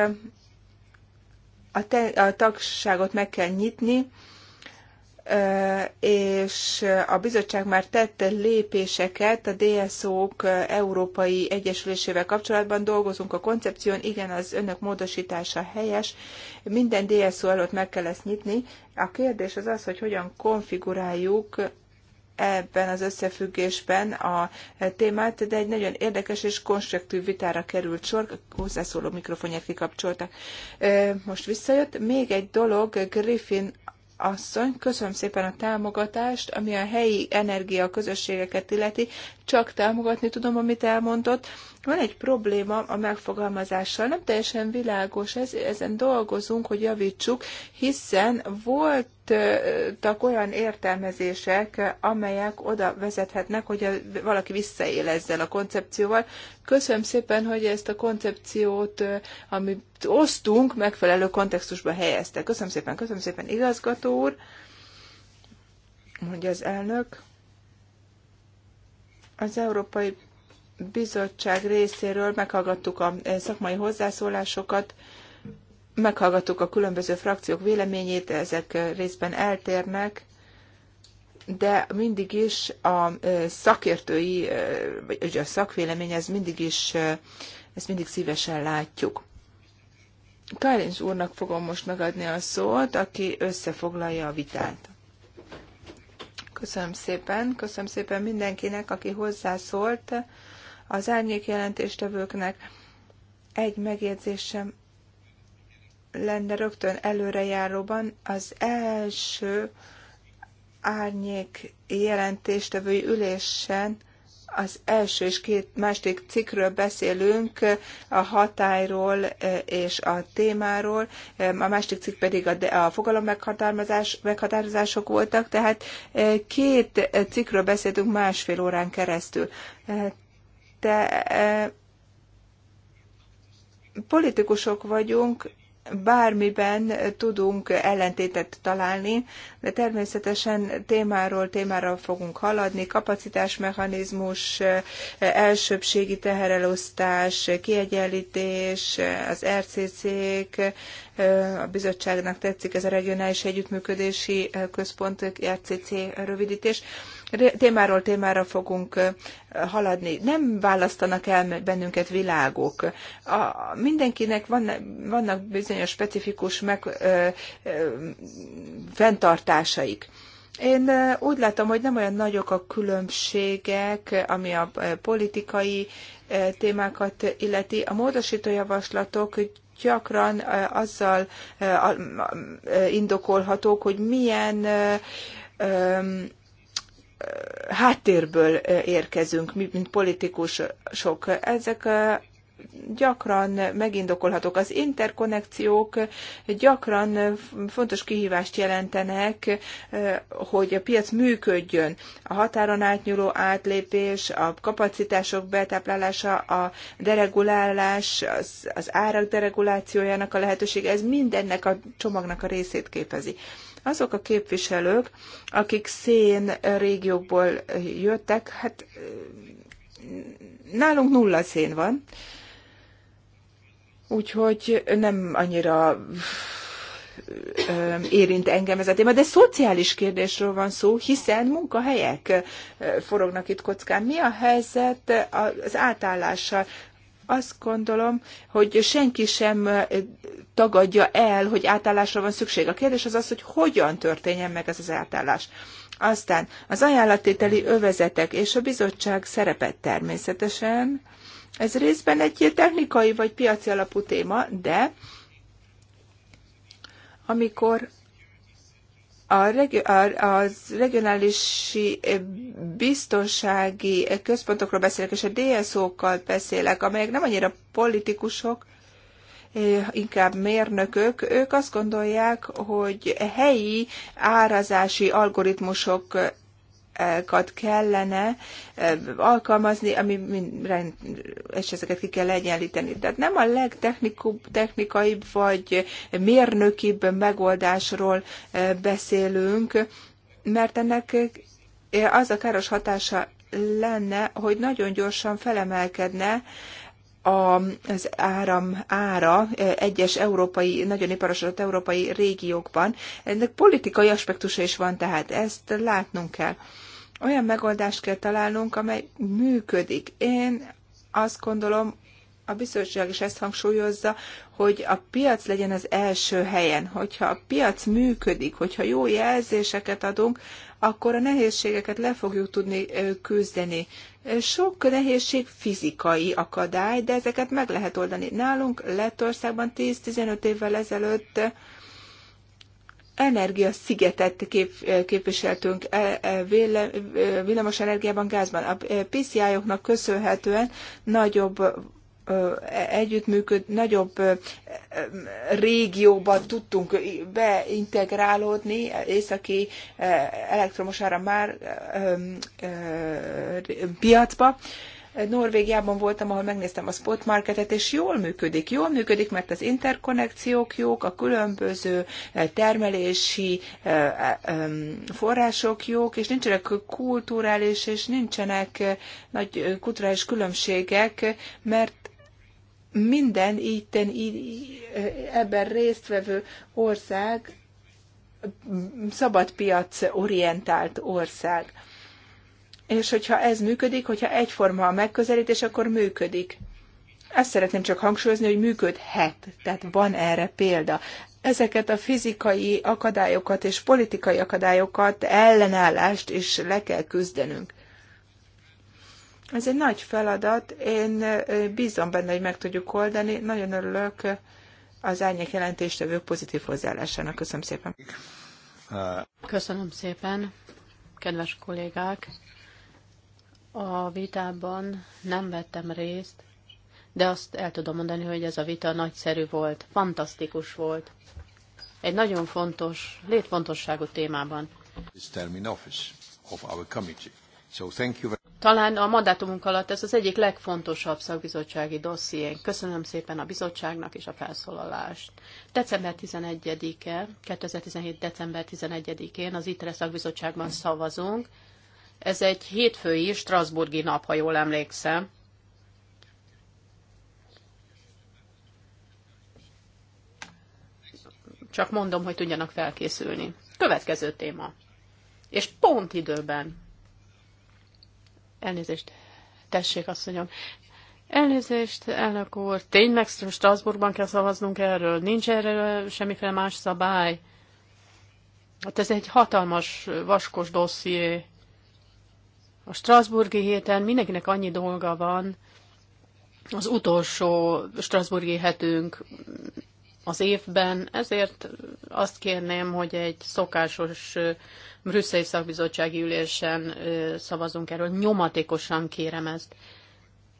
a, te, a tagságot meg kell nyitni, és a bizottság már tette lépéseket a DSO-k Európai Egyesülésével kapcsolatban dolgozunk a koncepción, igen, az önök módosítása helyes, minden DSO előtt meg kell ezt nyitni. A kérdés az az, hogy hogyan konfiguráljuk ebben az összefüggésben a témát, de egy nagyon érdekes és konstruktív vitára került sor, hozzászóló mikrofonját kikapcsoltak. Most visszajött. Még egy dolog, Griffin asszony, köszönöm szépen a támogatást, ami a helyi energia közösségeket illeti csak támogatni tudom, amit elmondott. Van egy probléma a megfogalmazással, nem teljesen világos, ez, ezen dolgozunk, hogy javítsuk, hiszen voltak olyan értelmezések, amelyek oda vezethetnek, hogy valaki visszaél ezzel a koncepcióval. Köszönöm szépen, hogy ezt a koncepciót, amit osztunk, megfelelő kontextusba helyezte. Köszönöm szépen, köszönöm szépen, igazgató úr, mondja az elnök. Az Európai Bizottság részéről meghallgattuk a eh, szakmai hozzászólásokat, meghallgattuk a különböző frakciók véleményét, ezek eh, részben eltérnek, de mindig is a eh, szakértői, vagy a szakvélemény, ez mindig is, ezt mindig szívesen látjuk. Kárincs úrnak fogom most megadni a szót, aki összefoglalja a vitát. Köszönöm szépen, köszönöm szépen mindenkinek, aki hozzászólt, az árnyék jelentéstevőknek. Egy megjegyzésem lenne rögtön előrejáróban. Az első árnyék jelentéstevői ülésen az első és két második cikkről beszélünk, a hatályról e, és a témáról, e, a második cikk pedig a, a fogalom meghatározás, meghatározások voltak, tehát e, két cikkről beszéltünk másfél órán keresztül. Te politikusok vagyunk, bármiben tudunk ellentétet találni, de természetesen témáról témára fogunk haladni, kapacitásmechanizmus, elsőbségi teherelosztás, kiegyenlítés, az RCC-k, a bizottságnak tetszik ez a regionális együttműködési központ, RCC rövidítés témáról témára fogunk haladni. Nem választanak el bennünket világok. A, mindenkinek van, vannak bizonyos specifikus meg, ö, ö, fenntartásaik. Én úgy látom, hogy nem olyan nagyok a különbségek, ami a politikai témákat illeti. A módosító javaslatok gyakran azzal indokolhatók, hogy milyen háttérből érkezünk, mi, mint politikusok. Ezek gyakran megindokolhatók. Az interkonnekciók gyakran fontos kihívást jelentenek, hogy a piac működjön. A határon átnyúló átlépés, a kapacitások betáplálása, a deregulálás, az, az árak deregulációjának a lehetőség, ez mindennek a csomagnak a részét képezi. Azok a képviselők, akik szén régiókból jöttek, hát nálunk nulla szén van, úgyhogy nem annyira érint engem ez a téma, de szociális kérdésről van szó, hiszen munkahelyek forognak itt kockán. Mi a helyzet az átállással? azt gondolom, hogy senki sem tagadja el, hogy átállásra van szükség. A kérdés az az, hogy hogyan történjen meg ez az átállás. Aztán az ajánlattételi övezetek és a bizottság szerepet természetesen. Ez részben egy technikai vagy piaci alapú téma, de amikor a, regi- a, regionális eh, biztonsági eh, központokról beszélek, és a DSO-kkal beszélek, amelyek nem annyira politikusok, eh, inkább mérnökök, ők azt gondolják, hogy helyi árazási algoritmusok kellene alkalmazni, ami mind, és ezeket ki kell egyenlíteni. Tehát nem a legtechnikaibb vagy mérnökibb megoldásról beszélünk, mert ennek az a káros hatása lenne, hogy nagyon gyorsan felemelkedne az áram ára eh, egyes európai, nagyon iparosodott európai régiókban. Ennek politikai aspektusa is van, tehát ezt látnunk kell. Olyan megoldást kell találnunk, amely működik. Én azt gondolom, a bizottság is ezt hangsúlyozza, hogy a piac legyen az első helyen. Hogyha a piac működik, hogyha jó jelzéseket adunk, akkor a nehézségeket le fogjuk tudni eh, küzdeni. Sok nehézség fizikai akadály, de ezeket meg lehet oldani. Nálunk Lettországban 10-15 évvel ezelőtt energiaszigetet kép, képviseltünk e, e, e, villamos energiában, gázban. A PCI-oknak köszönhetően nagyobb E- együttműköd, nagyobb régióba tudtunk beintegrálódni, északi elektromos áram már piacba. Norvégiában voltam, ahol megnéztem a spot marketet, és jól működik. Jól működik, mert az interkonnekciók jók, a különböző termelési források jók, és nincsenek kulturális, és nincsenek nagy kulturális különbségek, mert minden itten ebben résztvevő ország szabadpiac orientált ország. És hogyha ez működik, hogyha egyforma a megközelítés, akkor működik. Ezt szeretném csak hangsúlyozni, hogy működhet, tehát van erre példa. Ezeket a fizikai akadályokat és politikai akadályokat, ellenállást is le kell küzdenünk. Ez egy nagy feladat, én bízom benne, hogy meg tudjuk oldani. Nagyon örülök az árnyék jelentéstevők pozitív hozzáállásának. Köszönöm szépen. Köszönöm szépen, kedves kollégák. A vitában nem vettem részt, de azt el tudom mondani, hogy ez a vita nagyszerű volt, fantasztikus volt. Egy nagyon fontos, létfontosságú témában. This term in office of our committee. So thank you. Talán a mandátumunk alatt ez az egyik legfontosabb szakbizottsági dossziénk. Köszönöm szépen a bizottságnak és a felszólalást. December 11-e, 2017. december 11-én az ITRE szakbizottságban szavazunk. Ez egy hétfői Strasburgi nap, ha jól emlékszem. Csak mondom, hogy tudjanak felkészülni. Következő téma. És pont időben Elnézést, tessék, asszonyom. Elnézést, elnök úr, tényleg Strasbourgban kell szavaznunk erről? Nincs erre semmiféle más szabály? Hát ez egy hatalmas, vaskos dosszié. A Strasburgi héten mindenkinek annyi dolga van, az utolsó Strasburgi hetünk, az évben, ezért azt kérném, hogy egy szokásos brüsszeli szakbizottsági ülésen szavazunk erről. Nyomatékosan kérem ezt.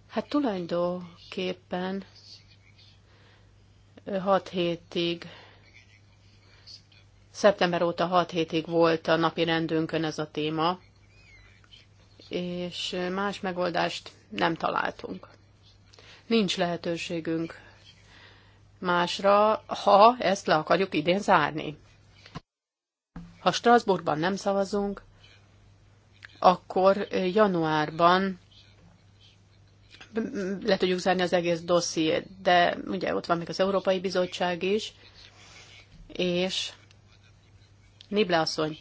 Hát tulajdonképpen 6 hétig, szeptember óta 6 hétig volt a napi rendünkön ez a téma, és más megoldást nem találtunk. Nincs lehetőségünk másra, ha ezt le akarjuk idén zárni. Ha Strasbourgban nem szavazunk, akkor januárban le tudjuk zárni az egész dossziét, de ugye ott van még az Európai Bizottság is, és Nible asszony,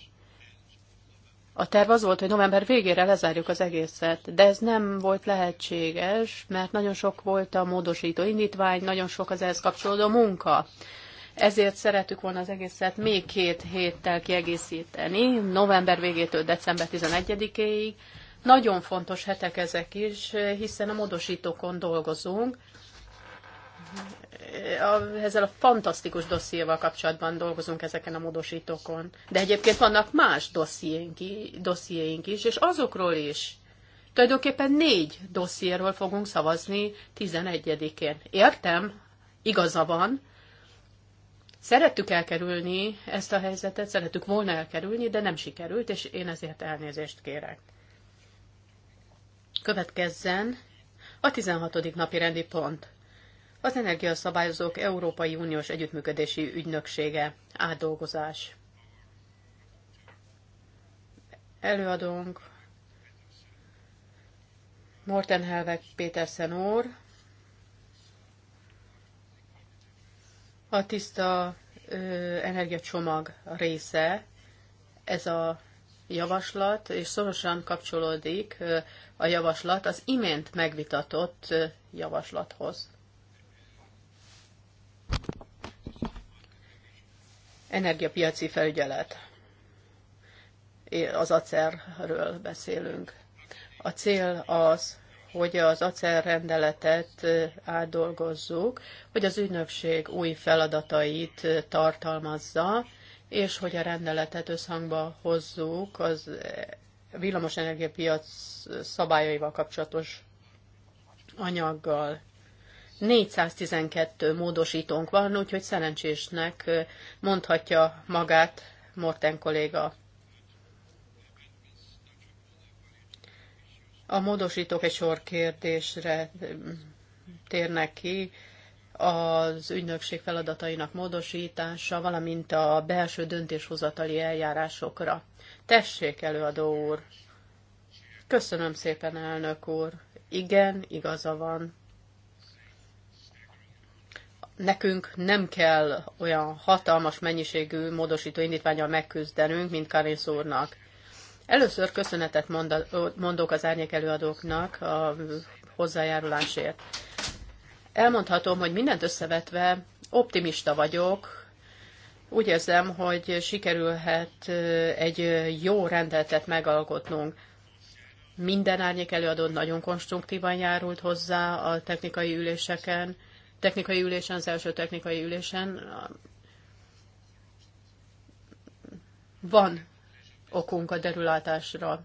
a terv az volt, hogy november végére lezárjuk az egészet, de ez nem volt lehetséges, mert nagyon sok volt a módosító indítvány, nagyon sok az ehhez kapcsolódó munka. Ezért szerettük volna az egészet még két héttel kiegészíteni, november végétől december 11-éig. Nagyon fontos hetek ezek is, hiszen a módosítókon dolgozunk, a, ezzel a fantasztikus dossziéval kapcsolatban dolgozunk ezeken a módosítókon. De egyébként vannak más dossziénk, dossziéink is, és azokról is. Tulajdonképpen négy dossziéről fogunk szavazni 11-én. Értem, igaza van. Szerettük elkerülni ezt a helyzetet, szerettük volna elkerülni, de nem sikerült, és én ezért elnézést kérek. Következzen a 16. napi rendi pont. Az Energiaszabályozók Európai Uniós Együttműködési Ügynöksége átdolgozás. Előadónk Morten Helvek Pétersen úr, a tiszta energiacsomag része, ez a javaslat, és szorosan kapcsolódik a javaslat az imént megvitatott javaslathoz. energiapiaci felügyelet. Az acerről beszélünk. A cél az, hogy az acer rendeletet átdolgozzuk, hogy az ügynökség új feladatait tartalmazza, és hogy a rendeletet összhangba hozzuk az e, villamosenergiapiac szabályaival kapcsolatos anyaggal. 412 módosítónk van, úgyhogy szerencsésnek mondhatja magát Morten kolléga. A módosítók egy sor kérdésre térnek ki, az ügynökség feladatainak módosítása, valamint a belső döntéshozatali eljárásokra. Tessék, előadó úr! Köszönöm szépen, elnök úr! Igen, igaza van nekünk nem kell olyan hatalmas mennyiségű módosító indítványal megküzdenünk, mint Karin szúrnak. Először köszönetet mondok az árnyék előadóknak a hozzájárulásért. Elmondhatom, hogy mindent összevetve optimista vagyok, úgy érzem, hogy sikerülhet egy jó rendeltet megalkotnunk. Minden árnyék előadó nagyon konstruktívan járult hozzá a technikai üléseken, technikai ülésen, az első technikai ülésen van okunk a derülátásra.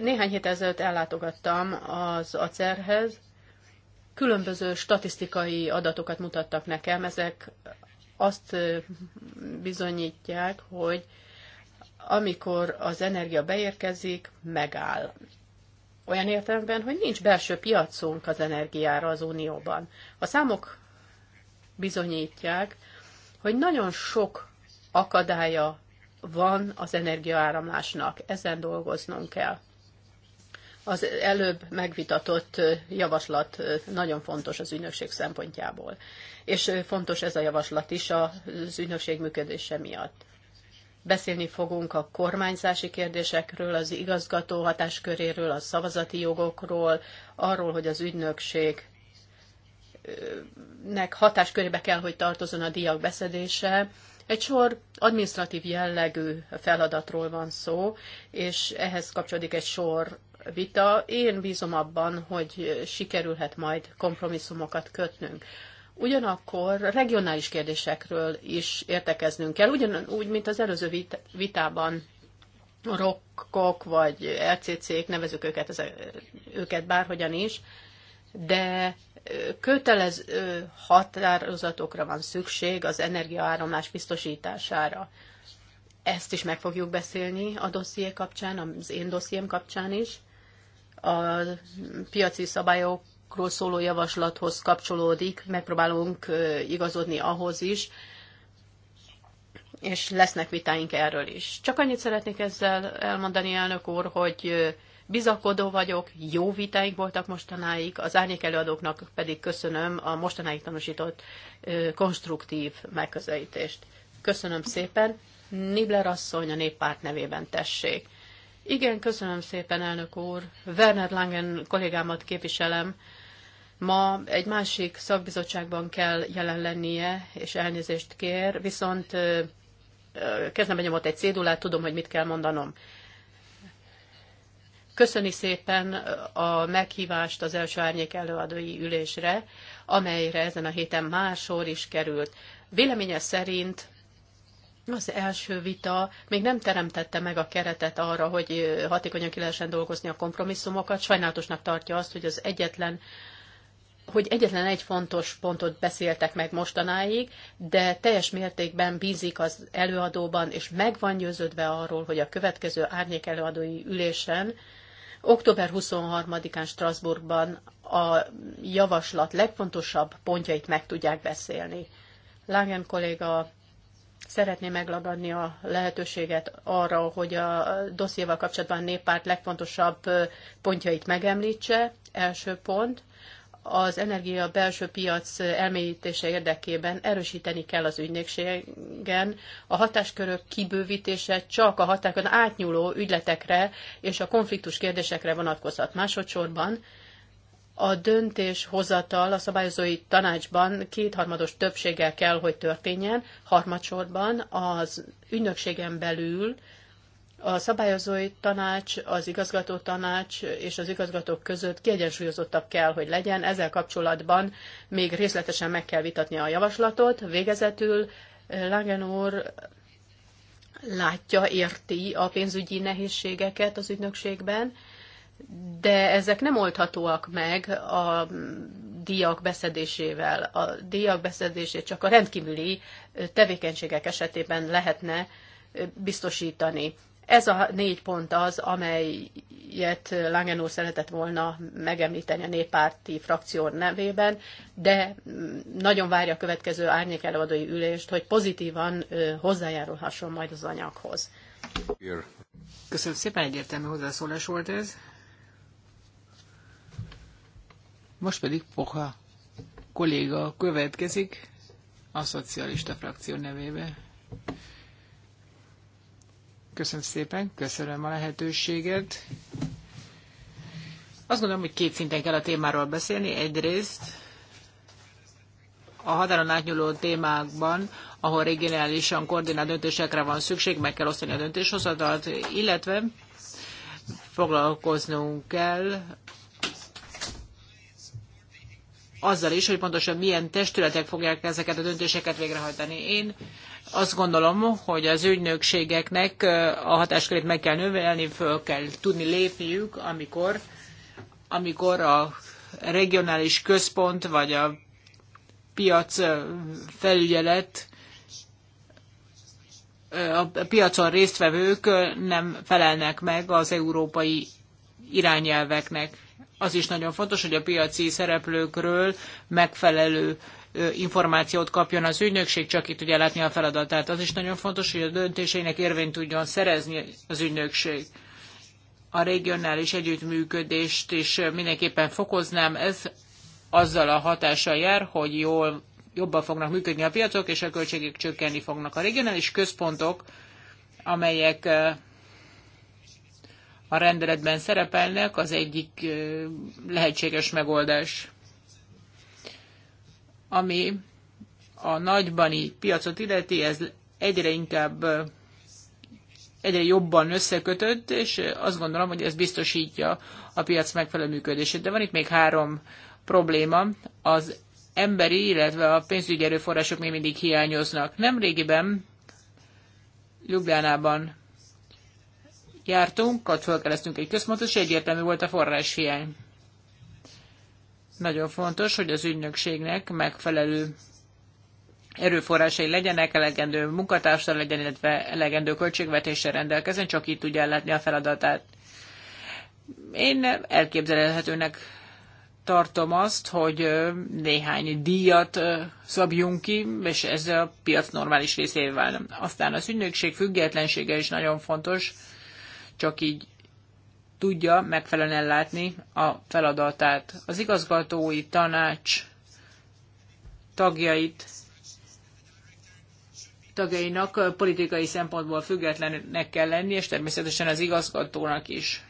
Néhány hét ezelőtt ellátogattam az acerhez, különböző statisztikai adatokat mutattak nekem, ezek azt bizonyítják, hogy amikor az energia beérkezik, megáll. Olyan értelemben, hogy nincs belső piacunk az energiára az Unióban. A számok bizonyítják, hogy nagyon sok akadálya van az energiaáramlásnak. Ezen dolgoznunk kell. Az előbb megvitatott javaslat nagyon fontos az ügynökség szempontjából. És fontos ez a javaslat is az ügynökség működése miatt. Beszélni fogunk a kormányzási kérdésekről, az igazgató hatásköréről, a szavazati jogokról, arról, hogy az ügynökség nek hatáskörébe kell, hogy tartozon a díjak beszedése. Egy sor administratív jellegű feladatról van szó, és ehhez kapcsolódik egy sor vita. Én bízom abban, hogy sikerülhet majd kompromisszumokat kötnünk. Ugyanakkor regionális kérdésekről is értekeznünk kell, ugyanúgy, mint az előző vitában rokkok vagy LCC-k, nevezük őket, ezek, őket bárhogyan is, de kötelező határozatokra van szükség az energiaáramlás biztosítására. Ezt is meg fogjuk beszélni a dosszié kapcsán, az én dossziém kapcsán is. A piaci szabályok bankokról szóló javaslathoz kapcsolódik, megpróbálunk igazodni ahhoz is, és lesznek vitáink erről is. Csak annyit szeretnék ezzel elmondani, elnök úr, hogy bizakodó vagyok, jó vitáink voltak mostanáig, az árnyék előadóknak pedig köszönöm a mostanáig tanúsított konstruktív megközelítést. Köszönöm szépen. Nibler asszony a néppárt nevében tessék. Igen, köszönöm szépen, elnök úr. Werner Langen kollégámat képviselem, Ma egy másik szakbizottságban kell jelen lennie, és elnézést kér, viszont kezdem benyomott egy cédulát, tudom, hogy mit kell mondanom. Köszöni szépen a meghívást az első árnyék előadói ülésre, amelyre ezen a héten már sor is került. Véleménye szerint az első vita még nem teremtette meg a keretet arra, hogy hatékonyan ki lehessen dolgozni a kompromisszumokat. Sajnálatosnak tartja azt, hogy az egyetlen hogy egyetlen egy fontos pontot beszéltek meg mostanáig, de teljes mértékben bízik az előadóban, és meg van győződve arról, hogy a következő árnyék előadói ülésen, október 23-án Strasbourgban a javaslat legfontosabb pontjait meg tudják beszélni. Langen kolléga szeretné meglagadni a lehetőséget arra, hogy a dossziéval kapcsolatban a néppárt legfontosabb pontjait megemlítse. Első pont – az energia belső piac elmélyítése érdekében erősíteni kell az ügynökségen a hatáskörök kibővítése csak a határokon átnyúló ügyletekre és a konfliktus kérdésekre vonatkozhat. Másodszorban a döntéshozatal a szabályozói tanácsban kétharmados többséggel kell, hogy történjen, harmadsorban az ügynökségen belül a szabályozói tanács, az igazgató tanács és az igazgatók között kiegyensúlyozottabb kell, hogy legyen. Ezzel kapcsolatban még részletesen meg kell vitatni a javaslatot. Végezetül eh, Langen úr látja, érti a pénzügyi nehézségeket az ügynökségben, de ezek nem oldhatóak meg a díjak beszedésével. A díjak beszedését csak a rendkívüli tevékenységek esetében lehetne eh, biztosítani. Ez a négy pont az, amelyet Langenó szeretett volna megemlíteni a néppárti frakció nevében, de mm, nagyon várja a következő árnyék előadói ülést, hogy pozitívan hozzájárulhasson majd az anyaghoz. Köszönöm szépen, egyértelmű hozzászólás volt ez. Most pedig Poha kolléga következik a szocialista frakció nevében. Köszönöm szépen, köszönöm a lehetőséget. Azt gondolom, hogy két szinten kell a témáról beszélni. Egyrészt a határon átnyúló témákban, ahol regionálisan koordinált döntésekre van szükség, meg kell osztani a döntéshozatalt, illetve foglalkoznunk kell azzal is, hogy pontosan milyen testületek fogják ezeket a döntéseket végrehajtani. Én azt gondolom, hogy az ügynökségeknek a hatáskörét meg kell növelni, föl kell tudni lépniük, amikor, amikor a regionális központ vagy a piac felügyelet a piacon résztvevők nem felelnek meg az európai irányelveknek. Az is nagyon fontos, hogy a piaci szereplőkről megfelelő információt kapjon az ügynökség, csak itt tudja látni a feladatát. Az is nagyon fontos, hogy a döntéseinek érvényt tudjon szerezni az ügynökség. A regionális együttműködést is mindenképpen fokoznám. Ez azzal a hatással jár, hogy jól, jobban fognak működni a piacok, és a költségek csökkenni fognak. A regionális központok, amelyek a rendeletben szerepelnek, az egyik lehetséges megoldás ami a nagybani piacot illeti, ez egyre inkább egyre jobban összekötött, és azt gondolom, hogy ez biztosítja a piac megfelelő működését. De van itt még három probléma. Az emberi, illetve a pénzügyi erőforrások még mindig hiányoznak. Nemrégiben Ljubljánában jártunk, ott felkeresztünk egy központot, és egyértelmű volt a forráshiány. Nagyon fontos, hogy az ügynökségnek megfelelő erőforrásai legyenek, elegendő munkatársa legyen, illetve elegendő költségvetéssel rendelkezzen, csak így tudja ellátni a feladatát. Én elképzelhetőnek tartom azt, hogy néhány díjat szabjunk ki, és ez a piac normális részévé válna. Aztán az ügynökség függetlensége is nagyon fontos, csak így tudja megfelelően ellátni a feladatát. Az igazgatói tanács tagjait tagjainak politikai szempontból függetlennek kell lenni, és természetesen az igazgatónak is.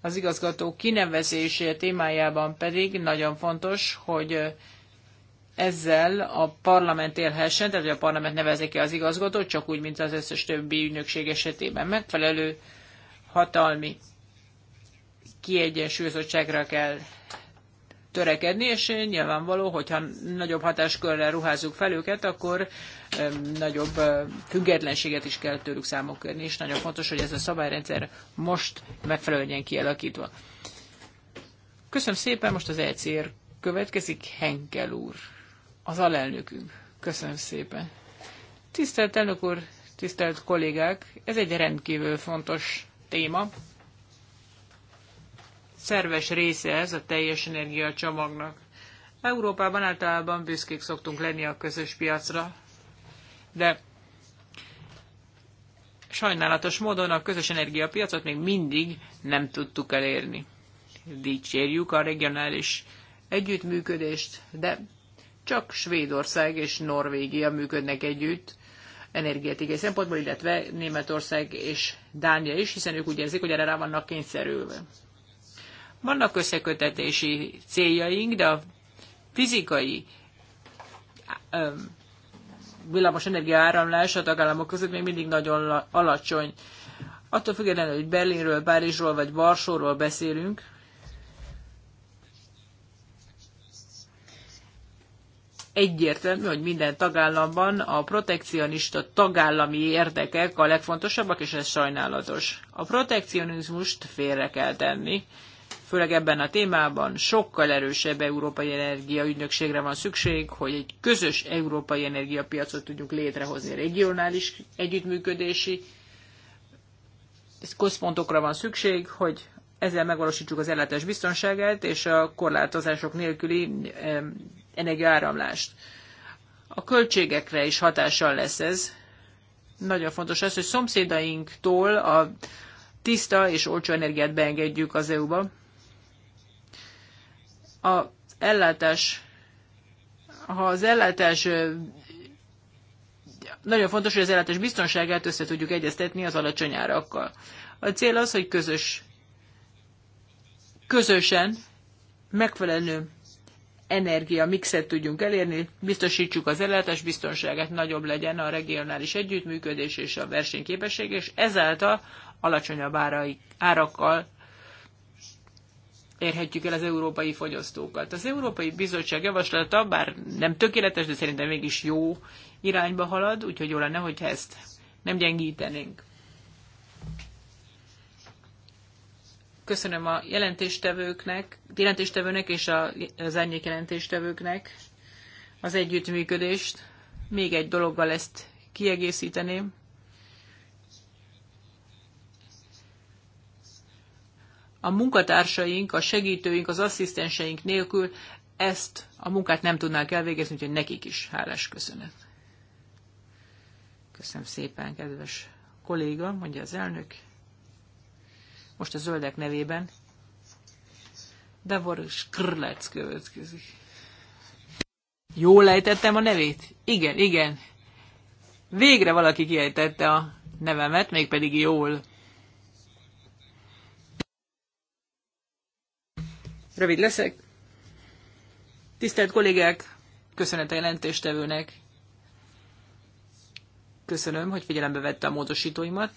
Az igazgató kinevezésé témájában pedig nagyon fontos, hogy ezzel a parlament élhessen, tehát hogy a parlament nevezik ki az igazgatót, csak úgy, mint az összes többi ügynökség esetében megfelelő hatalmi kiegyensúlyozottságra kell törekedni, és nyilvánvaló, hogyha nagyobb hatáskörrel ruházzuk fel őket, akkor nagyobb függetlenséget is kell tőlük számok és nagyon fontos, hogy ez a szabályrendszer most megfelelően kialakítva. Köszönöm szépen, most az ECR következik Henkel úr, az alelnökünk. Köszönöm szépen. Tisztelt elnök úr, tisztelt kollégák, ez egy rendkívül fontos téma. Szerves része ez a teljes energiacsomagnak. Európában általában büszkék szoktunk lenni a közös piacra, de sajnálatos módon a közös energiapiacot még mindig nem tudtuk elérni. Dicsérjük a regionális együttműködést, de csak Svédország és Norvégia működnek együtt, energiatékei szempontból, illetve Németország és Dánia is, hiszen ők úgy érzik, hogy erre rá vannak kényszerülve. Vannak összekötetési céljaink, de a fizikai villamos áramlás a tagállamok között még mindig nagyon alacsony. Attól függetlenül, hogy Berlinről, Párizsról vagy Varsóról beszélünk, egyértelmű, hogy minden tagállamban a protekcionista tagállami érdekek a legfontosabbak, és ez sajnálatos. A protekcionizmust félre kell tenni, főleg ebben a témában sokkal erősebb európai energiaügynökségre van szükség, hogy egy közös európai energiapiacot tudjunk létrehozni. Regionális együttműködési központokra van szükség, hogy ezzel megvalósítsuk az ellátás biztonságát és a korlátozások nélküli energiaáramlást. A költségekre is hatással lesz ez. Nagyon fontos az, hogy szomszédainktól a tiszta és olcsó energiát beengedjük az EU-ba. A ellátás, ha az ellátás nagyon fontos, hogy az ellátás biztonságát össze tudjuk egyeztetni az alacsony árakkal. A cél az, hogy közös, közösen megfelelő energia mixet tudjunk elérni, biztosítsuk az ellátás biztonságát, nagyobb legyen a regionális együttműködés és a versenyképesség, és ezáltal alacsonyabb árai, árakkal érhetjük el az európai fogyasztókat. Az Európai Bizottság javaslata, bár nem tökéletes, de szerintem mégis jó irányba halad, úgyhogy jó lenne, hogyha ezt nem gyengítenénk. köszönöm a jelentéstevőknek, jelentéstevőnek és a, az árnyék jelentéstevőknek az együttműködést. Még egy dologgal ezt kiegészíteném. A munkatársaink, a segítőink, az asszisztenseink nélkül ezt a munkát nem tudnák elvégezni, úgyhogy nekik is hálás köszönet. Köszönöm szépen, kedves kolléga, mondja az elnök. Most a zöldek nevében Devor Skrlec következik. Jól lejtettem a nevét? Igen, igen. Végre valaki kiejtette a nevemet, mégpedig jól. Rövid leszek. Tisztelt kollégák, köszönet a jelentéstevőnek. Köszönöm, hogy figyelembe vette a módosítóimat.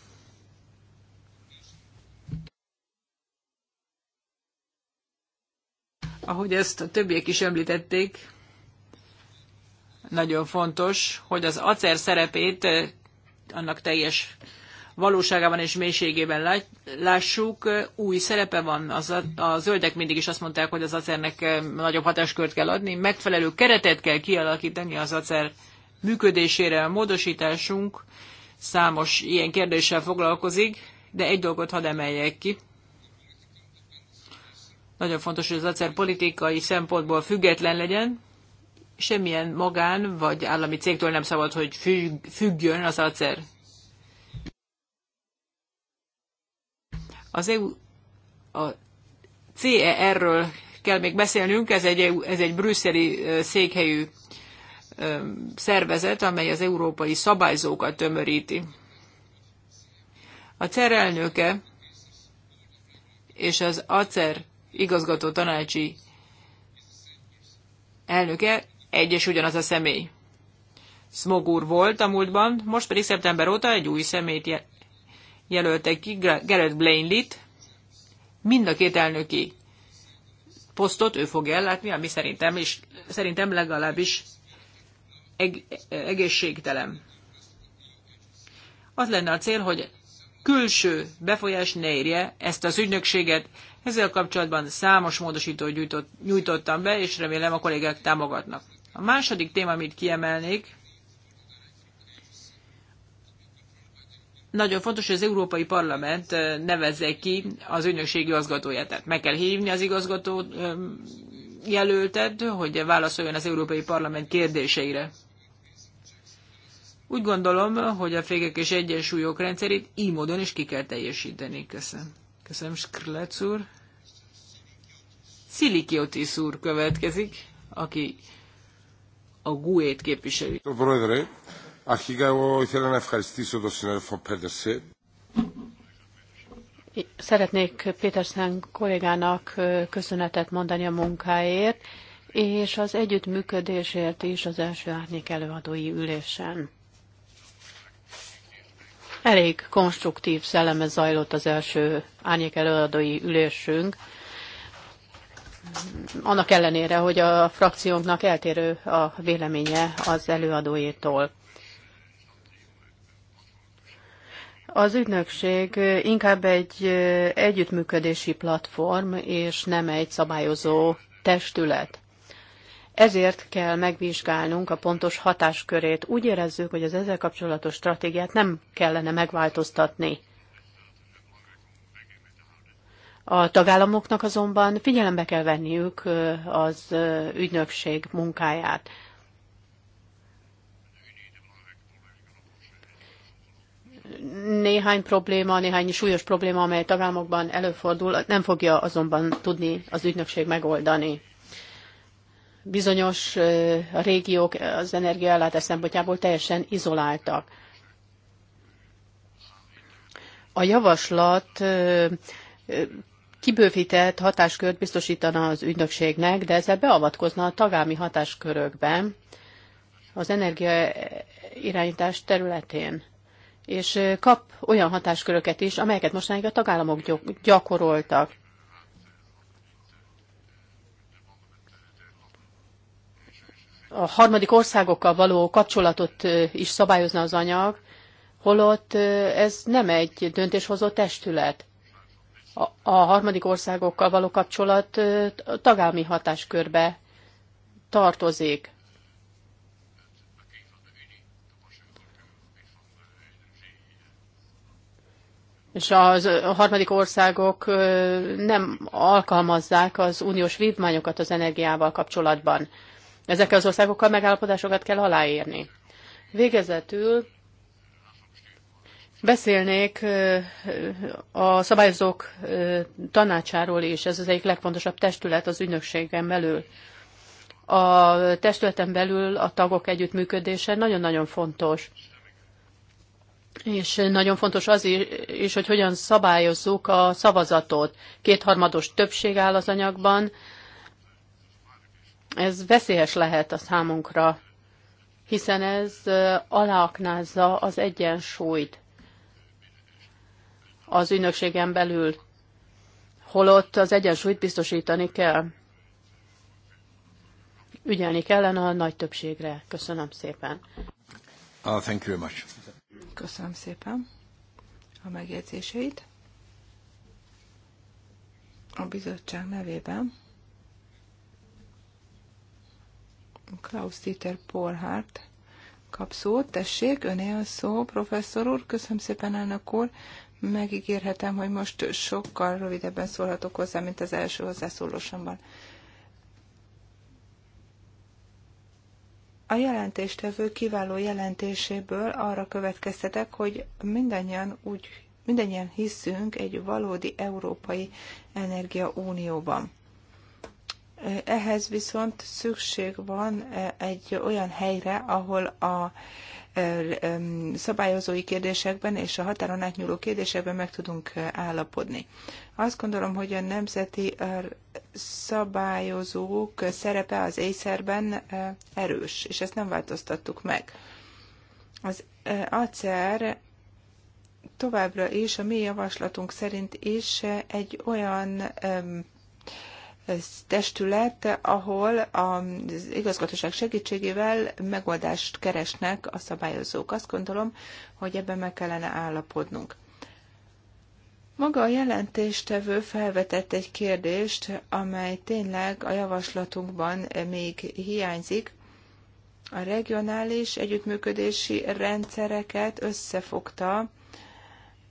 Ahogy ezt a többiek is említették, nagyon fontos, hogy az acer szerepét annak teljes valóságában és mélységében lássuk. Új szerepe van. Az, a zöldek mindig is azt mondták, hogy az acernek nagyobb hatáskört kell adni. Megfelelő keretet kell kialakítani az acer működésére. A módosításunk számos ilyen kérdéssel foglalkozik, de egy dolgot hadd emeljek ki. Nagyon fontos, hogy az acer politikai szempontból független legyen. Semmilyen magán vagy állami cégtől nem szabad, hogy függ, függjön az acer. Az EU, a CER-ről kell még beszélnünk, ez egy, e ez egy brüsszeli székhelyű szervezet, amely az európai szabályzókat tömöríti. A CER elnöke és az ACER igazgató tanácsi elnöke egy és ugyanaz a személy. Smog úr volt a múltban, most pedig szeptember óta egy új szemét jelöltek ki, Blaine Blainlit. Mind a két elnöki posztot ő fogja ellátni, ami szerintem, és szerintem legalábbis egészségtelen. Az lenne a cél, hogy külső befolyás ne érje ezt az ügynökséget. Ezzel kapcsolatban számos módosítót gyújtott, nyújtottam be, és remélem a kollégák támogatnak. A második téma, amit kiemelnék, nagyon fontos, hogy az Európai Parlament nevezze ki az ügynökségi igazgatóját. Tehát meg kell hívni az igazgató jelöltet, hogy válaszoljon az Európai Parlament kérdéseire. Úgy gondolom, hogy a fékek és egyensúlyok rendszerét így módon is ki kell teljesíteni. Köszönöm. Köszönöm, Skrlec úr. Szilikiotis úr következik, aki a GUE-t képviseli. Szeretnék Péterszen kollégának köszönetet mondani a munkáért, és az együttműködésért is az első árnyék előadói ülésen. Elég konstruktív szelleme zajlott az első árnyék előadói ülésünk, annak ellenére, hogy a frakciónknak eltérő a véleménye az előadójétól. Az ügynökség inkább egy eh, együttműködési platform, és nem egy szabályozó testület. Ezért kell megvizsgálnunk a pontos hatáskörét. Úgy érezzük, hogy az ezzel kapcsolatos stratégiát nem kellene megváltoztatni. A tagállamoknak azonban figyelembe kell venniük az ügynökség munkáját. Néhány probléma, néhány súlyos probléma, amely tagállamokban előfordul, nem fogja azonban tudni az ügynökség megoldani bizonyos régiók az energiaellátás szempontjából teljesen izoláltak. A javaslat kibővített hatáskört biztosítana az ügynökségnek, de ezzel beavatkozna a tagámi hatáskörökbe az irányítás területén és kap olyan hatásköröket is, amelyeket mostanáig a tagállamok gyakoroltak. a harmadik országokkal való kapcsolatot is szabályozna az anyag, holott ez nem egy döntéshozó testület. A harmadik országokkal való kapcsolat tagállami hatáskörbe tartozik. és a harmadik országok nem alkalmazzák az uniós vívmányokat az energiával kapcsolatban ezekkel az országokkal megállapodásokat kell aláírni. Végezetül beszélnék a szabályozók tanácsáról is, ez az egyik legfontosabb testület az ügynökségen belül. A testületen belül a tagok együttműködése nagyon-nagyon fontos. És nagyon fontos az is, hogy hogyan szabályozzuk a szavazatot. Kétharmados többség áll az anyagban, ez veszélyes lehet a számunkra, hiszen ez aláaknázza az egyensúlyt az ünökségen belül, holott az egyensúlyt biztosítani kell. Ügyelni kellene a nagy többségre. Köszönöm szépen. Uh, thank you very much. Köszönöm szépen a megjegyzéseit. A bizottság nevében Klaus Dieter Porhárt kap szót. Tessék, öné a szó, professzor úr. Köszönöm szépen, elnök úr. Megígérhetem, hogy most sokkal rövidebben szólhatok hozzá, mint az első hozzászólósomban. A jelentéstevő kiváló jelentéséből arra következtetek, hogy mindannyian úgy mindannyian hiszünk egy valódi európai energiaunióban. Ehhez viszont szükség van e, egy olyan helyre, ahol a e, e, szabályozói kérdésekben és a határon átnyúló kérdésekben meg tudunk állapodni. Azt gondolom, hogy a nemzeti szabályozók szerepe az észerben erős, és ezt nem változtattuk meg. Az ACR továbbra is, a mi javaslatunk szerint is egy olyan testület, ahol az igazgatóság segítségével megoldást keresnek a szabályozók. Azt gondolom, hogy ebben meg kellene állapodnunk. Maga a jelentéstevő felvetett egy kérdést, amely tényleg a javaslatunkban még hiányzik. A regionális együttműködési rendszereket összefogta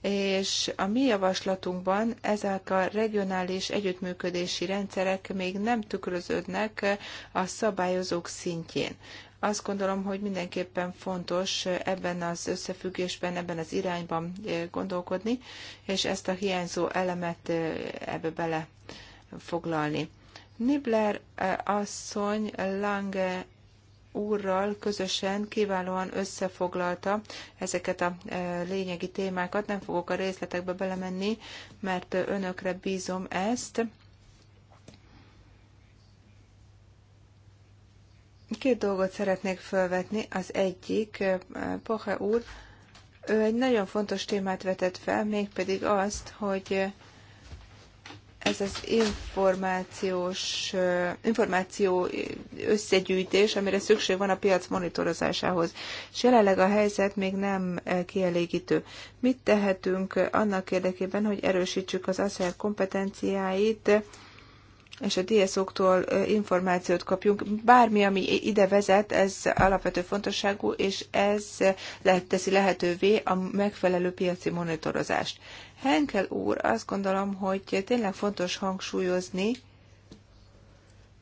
és a mi javaslatunkban ezek a regionális együttműködési rendszerek még nem tükröződnek a szabályozók szintjén. Azt gondolom, hogy mindenképpen fontos ebben az összefüggésben, ebben az irányban eh, gondolkodni, és ezt a hiányzó elemet eh, ebbe belefoglalni. Nibler eh, asszony, Lange úrral közösen kiválóan összefoglalta ezeket a e, lényegi témákat. Nem fogok a részletekbe belemenni, mert önökre bízom ezt. Két dolgot szeretnék felvetni. Az egyik, e, Poche úr, ő egy nagyon fontos témát vetett fel, mégpedig azt, hogy ez az információs, információ összegyűjtés, amire szükség van a piac monitorozásához. És jelenleg a helyzet még nem kielégítő. Mit tehetünk annak érdekében, hogy erősítsük az ASZER kompetenciáit, és a dsz információt kapjunk. Bármi, ami ide vezet, ez alapvető fontosságú, és ez teszi lehetővé a megfelelő piaci monitorozást. Henkel úr, azt gondolom, hogy tényleg fontos hangsúlyozni,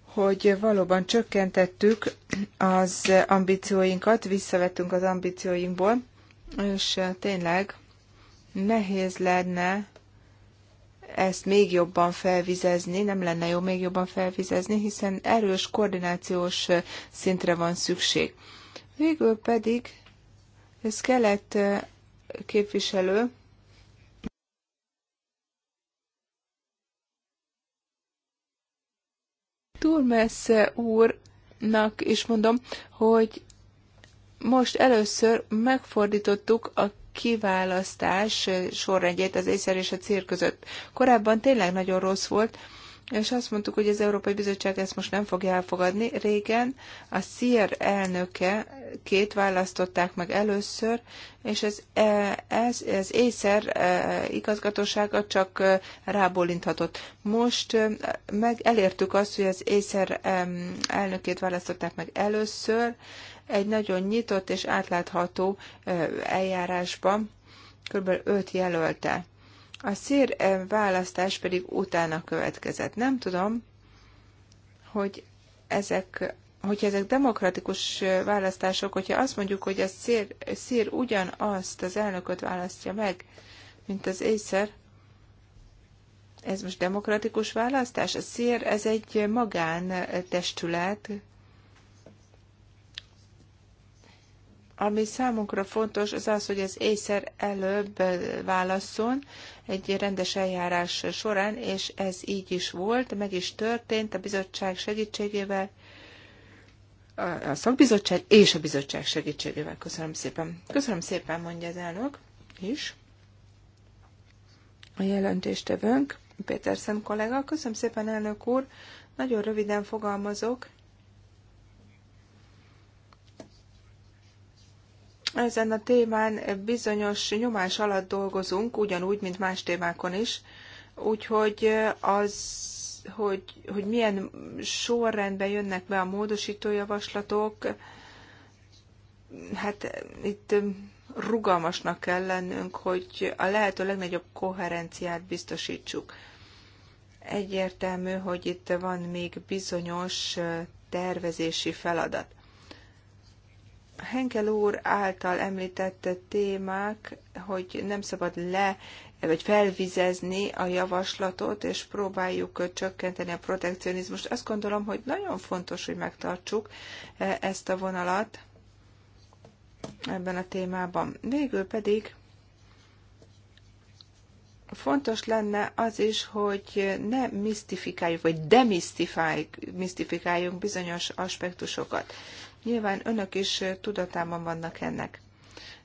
hogy valóban csökkentettük az ambícióinkat, visszavettünk az ambícióinkból, és tényleg nehéz lenne ezt még jobban felvizezni, nem lenne jó még jobban felvizezni, hiszen erős koordinációs szintre van szükség. Végül pedig ez kellett képviselő, Túl messze úrnak is mondom, hogy most először megfordítottuk a kiválasztás sorrendjét az észer és a cél között. Korábban tényleg nagyon rossz volt, és azt mondtuk, hogy az Európai Bizottság ezt most nem fogja elfogadni. Régen a CIR elnöke két választották meg először, és e, ez, ez, ez észer e, igazgatósága csak e, rábólinthatott. Most meg elértük azt, hogy az észer elnökét választották meg először, egy nagyon nyitott és átlátható eljárásban, kb. öt jelöltel. A szír eh, választás pedig utána következett. Nem tudom, hogy ezek, hogyha ezek demokratikus eh, választások, hogyha azt mondjuk, hogy a szír, szír ugyanazt az elnököt választja meg, mint az észer, ez most demokratikus választás? A szír, ez egy magántestület, eh, Ami számunkra fontos, az az, hogy az észer előbb válaszol egy rendes eljárás során, és ez így is volt, meg is történt a bizottság segítségével, a szakbizottság és a bizottság segítségével. Köszönöm szépen. Köszönöm szépen, mondja az elnök is. A jelentéstevőnk, Pétersen kollega. Köszönöm szépen, elnök úr. Nagyon röviden fogalmazok. ezen a témán bizonyos nyomás alatt dolgozunk, ugyanúgy, mint más témákon is, úgyhogy az hogy, hogy milyen sorrendben jönnek be a módosító javaslatok, hát itt rugalmasnak kell lennünk, hogy a lehető legnagyobb koherenciát biztosítsuk. Egyértelmű, hogy itt van még bizonyos tervezési feladat. Henkel úr által említett témák, hogy nem szabad le vagy felvizezni a javaslatot, és próbáljuk csökkenteni a protekcionizmust. Azt gondolom, hogy nagyon fontos, hogy megtartsuk e, ezt a vonalat ebben a témában. Végül pedig fontos lenne az is, hogy ne misztifikáljuk, vagy demisztifikáljunk bizonyos aspektusokat. Nyilván önök is tudatában vannak ennek.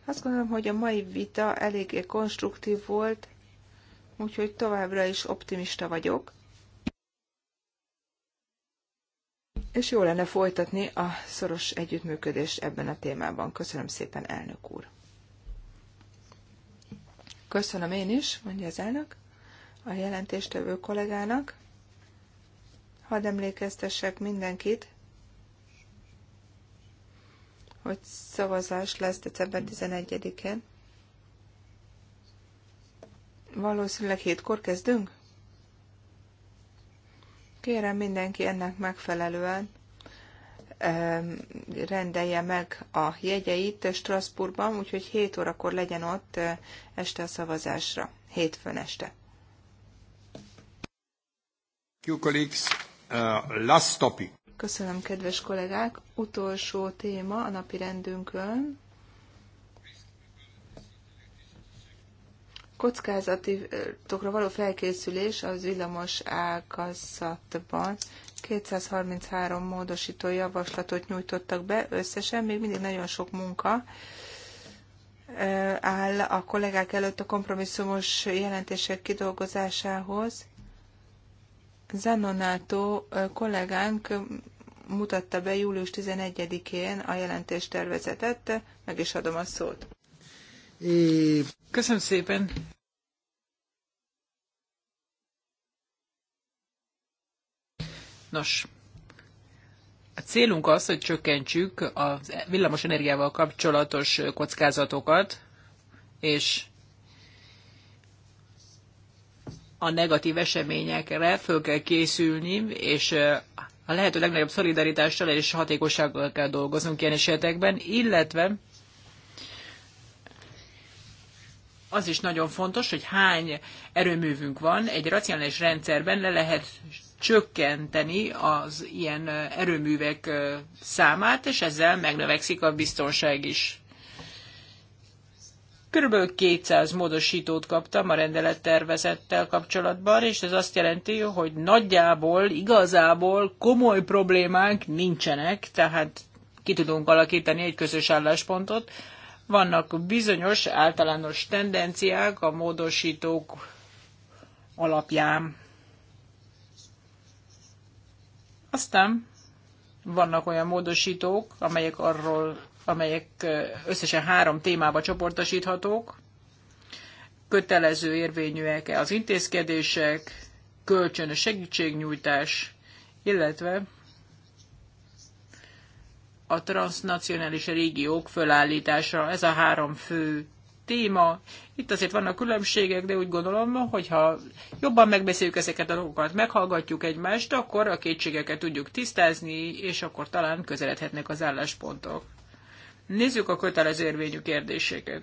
Azt gondolom, hogy a mai vita eléggé konstruktív volt, úgyhogy továbbra is optimista vagyok. És jó lenne folytatni a szoros együttműködést ebben a témában. Köszönöm szépen, elnök úr. Köszönöm én is, mondja az elnök, a jelentéstevő kollégának. Hadd emlékeztessek mindenkit, hogy szavazás lesz december 11 en Valószínűleg hétkor kezdünk? Kérem mindenki ennek megfelelően rendelje meg a jegyeit Strasbourgban, úgyhogy 7 órakor legyen ott este a szavazásra, hétfőn este. Jó, uh, last topic. Köszönöm, kedves kollégák. Utolsó téma a napi rendünkön. Kockázatokra való felkészülés az villamos ágazatban. 233 módosító javaslatot nyújtottak be összesen, még mindig nagyon sok munka eh, áll a kollégák előtt a kompromisszumos jelentések kidolgozásához Zanonato kollégánk mutatta be július 11-én a tervezetet, meg is adom a szót. É... Köszönöm szépen! Nos, a célunk az, hogy csökkentsük a villamos energiával kapcsolatos kockázatokat, és a negatív eseményekre föl kell készülni, és a lehető legnagyobb szolidaritással és hatékossággal kell dolgoznunk ilyen esetekben, illetve az is nagyon fontos, hogy hány erőművünk van, egy racionális rendszerben le lehet csökkenteni az ilyen erőművek számát, és ezzel megnövekszik a biztonság is. Körülbelül 200 módosítót kaptam a rendelettervezettel kapcsolatban, és ez azt jelenti, hogy nagyjából, igazából komoly problémák nincsenek, tehát ki tudunk alakítani egy közös álláspontot. Vannak bizonyos általános tendenciák a módosítók alapján. Aztán vannak olyan módosítók, amelyek arról amelyek összesen három témába csoportosíthatók. Kötelező érvényűek az intézkedések, kölcsönös segítségnyújtás, illetve a transnacionális régiók fölállítása. Ez a három fő téma. Itt azért vannak különbségek, de úgy gondolom, hogyha jobban megbeszéljük ezeket a dolgokat, meghallgatjuk egymást, akkor a kétségeket tudjuk tisztázni, és akkor talán közeledhetnek az álláspontok. Nézzük a kötelező érvényű kérdéseket,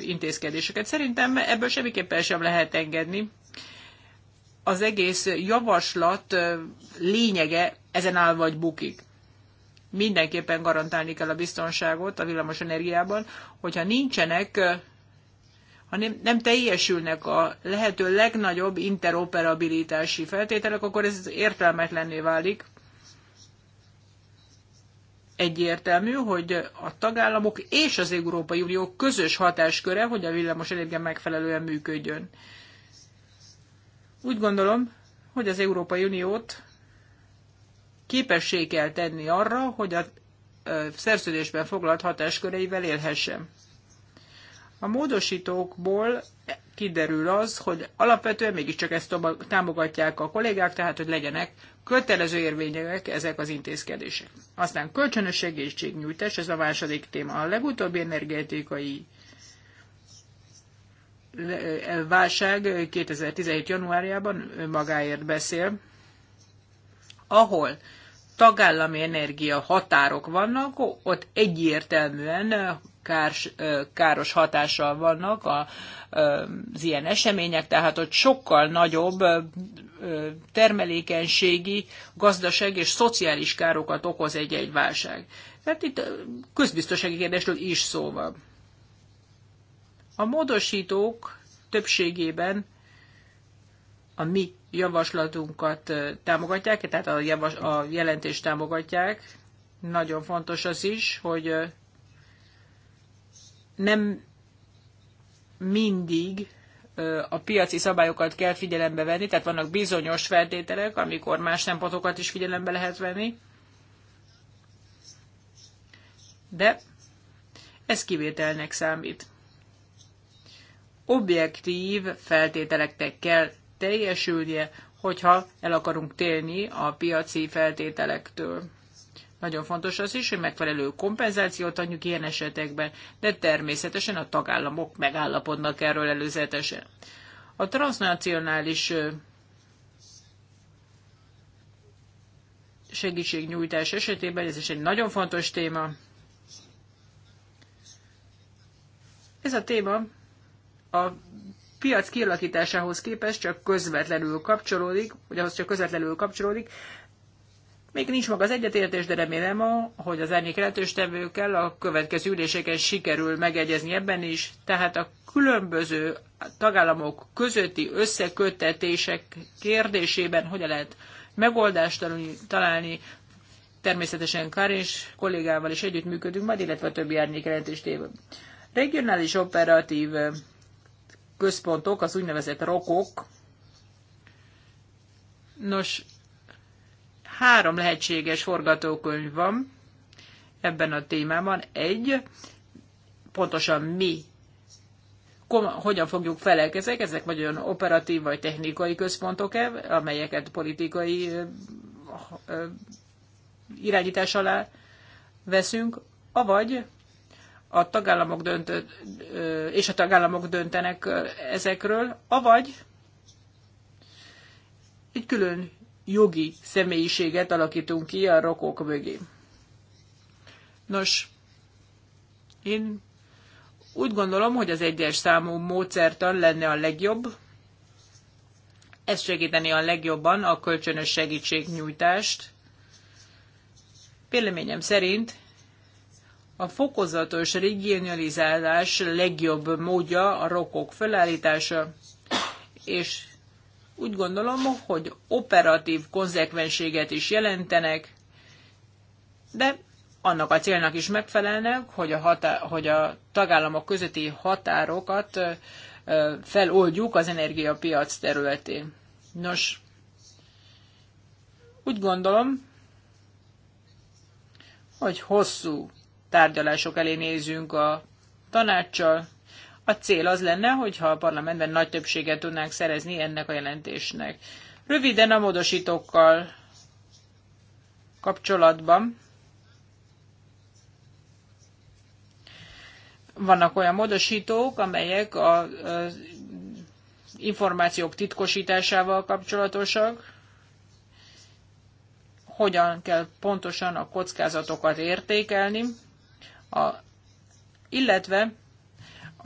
intézkedéseket. Szerintem ebből semmiképpen sem lehet engedni. Az egész javaslat lényege ezen áll vagy bukik. Mindenképpen garantálni kell a biztonságot a villamos energiában, hogyha nincsenek, ha nem, nem teljesülnek a lehető legnagyobb interoperabilitási feltételek, akkor ez értelmetlenné válik egyértelmű, hogy a tagállamok és az Európai Unió közös hatásköre, hogy a villamos energia megfelelően működjön. Úgy gondolom, hogy az Európai Uniót képessé kell tenni arra, hogy a szerződésben foglalt hatásköreivel élhessen. A módosítókból kiderül az, hogy alapvetően mégiscsak ezt támogatják a kollégák, tehát hogy legyenek kötelező érvények ezek az intézkedések. Aztán kölcsönös segítségnyújtás, ez a második téma. A legutóbbi energetikai e, válság 2017. januárjában magáért beszél, ahol tagállami energia határok vannak, ott egyértelműen kárs, káros hatással vannak a, az ilyen események, tehát ott sokkal nagyobb termelékenységi, gazdaság és szociális károkat okoz egy-egy válság. Tehát itt közbiztonsági kérdésről is szó van. A módosítók többségében a mi javaslatunkat támogatják, tehát a, javas, a jelentést támogatják. Nagyon fontos az is, hogy nem mindig a piaci szabályokat kell figyelembe venni, tehát vannak bizonyos feltételek, amikor más szempontokat is figyelembe lehet venni. De ez kivételnek számít. Objektív feltételeknek kell teljesülnie, hogyha el akarunk télni a piaci feltételektől. Nagyon fontos az is, hogy megfelelő kompenzációt adjuk ilyen esetekben, de természetesen a tagállamok megállapodnak erről előzetesen. A transnacionális segítségnyújtás esetében ez is egy nagyon fontos téma. Ez a téma a piac kialakításához képest csak közvetlenül kapcsolódik, vagy ahhoz csak közvetlenül kapcsolódik, még nincs maga az egyetértés, de remélem, hogy az árnyék lehetőstevőkkel a következő üléseken sikerül megegyezni ebben is, tehát a különböző tagállamok közötti összeköttetések kérdésében hogyan lehet megoldást találni, természetesen Karins kollégával is együttműködünk majd, illetve a többi árnyék jelentéstévő. Regionális operatív központok, az úgynevezett rokok. Nos, Három lehetséges forgatókönyv van ebben a témában. Egy, pontosan mi hogyan fogjuk felelkezni, ezek vagy olyan operatív vagy technikai központok, e, amelyeket politikai irányítás alá veszünk, avagy a tagállamok döntő, és a tagállamok döntenek ezekről, avagy egy külön jogi személyiséget alakítunk ki a rokok mögé. Nos, én úgy gondolom, hogy az egyes számú módszertan lenne a legjobb. Ez segíteni a legjobban a kölcsönös segítségnyújtást. Véleményem szerint a fokozatos regionalizálás legjobb módja a rokok felállítása, és úgy gondolom, hogy operatív konzekvenséget is jelentenek, de annak a célnak is megfelelnek, hogy a, hatá- hogy a tagállamok közötti határokat feloldjuk az energiapiac területén. Nos, úgy gondolom, hogy hosszú tárgyalások elé nézünk a tanácssal, a cél az lenne, hogyha a parlamentben nagy többséget tudnánk szerezni ennek a jelentésnek. Röviden a módosítókkal kapcsolatban. Vannak olyan módosítók, amelyek a információk titkosításával kapcsolatosak, hogyan kell pontosan a kockázatokat értékelni, a, illetve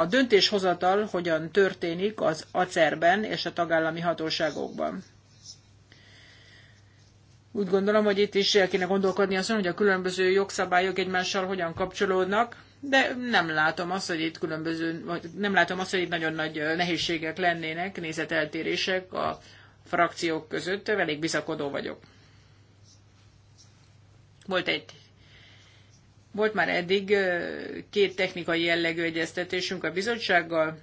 a döntéshozatal hogyan történik az acerben és a tagállami hatóságokban. Úgy gondolom, hogy itt is el kéne gondolkodni azon, hogy a különböző jogszabályok egymással hogyan kapcsolódnak, de nem látom azt, hogy itt különböző, vagy nem látom azt, hogy itt nagyon nagy nehézségek lennének, nézeteltérések a frakciók között, elég bizakodó vagyok. Volt egy volt már eddig két technikai jellegű egyeztetésünk a bizottsággal,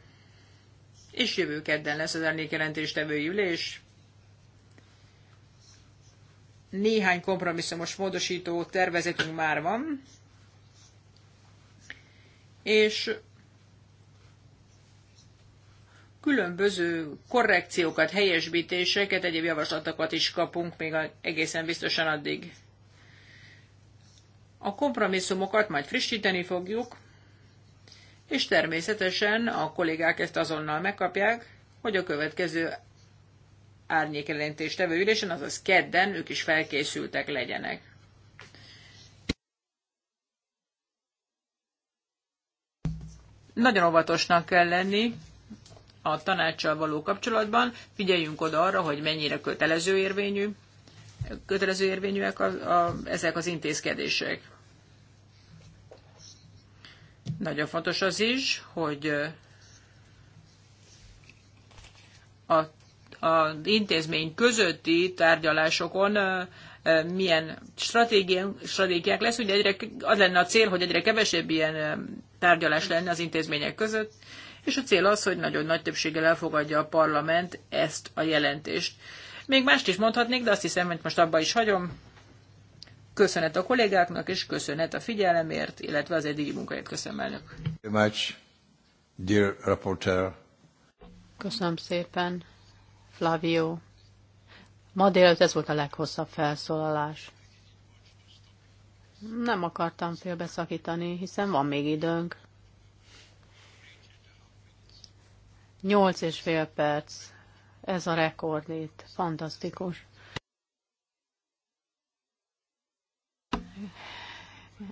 és jövő kedden lesz az emlékjelentéstevői ülés. Néhány kompromisszumos módosító tervezetünk már van, és különböző korrekciókat, helyesbítéseket, egyéb javaslatokat is kapunk még egészen biztosan addig. A kompromisszumokat majd frissíteni fogjuk, és természetesen a kollégák ezt azonnal megkapják, hogy a következő tevő ülésen, azaz kedden ők is felkészültek legyenek. Nagyon óvatosnak kell lenni a tanácssal való kapcsolatban, figyeljünk oda arra, hogy mennyire kötelező érvényű kötelező érvényűek a, a, ezek az intézkedések. Nagyon fontos az is, hogy a, intézmény közötti tárgyalásokon milyen stratégiák lesz. hogy egyre, az lenne a cél, hogy egyre kevesebb ilyen tárgyalás lenne az intézmények között, és a cél az, hogy nagyon nagy többséggel elfogadja a parlament ezt a jelentést. Még mást is mondhatnék, de azt hiszem, hogy most abba is hagyom. Köszönet a kollégáknak, és köszönet a figyelemért, illetve az eddigi munkáért. Köszönöm, elnök. Köszönöm szépen, Flavio. Ma délután ez volt a leghosszabb felszólalás. Nem akartam félbeszakítani, hiszen van még időnk. Nyolc és fél perc ez a rekord itt. Fantasztikus.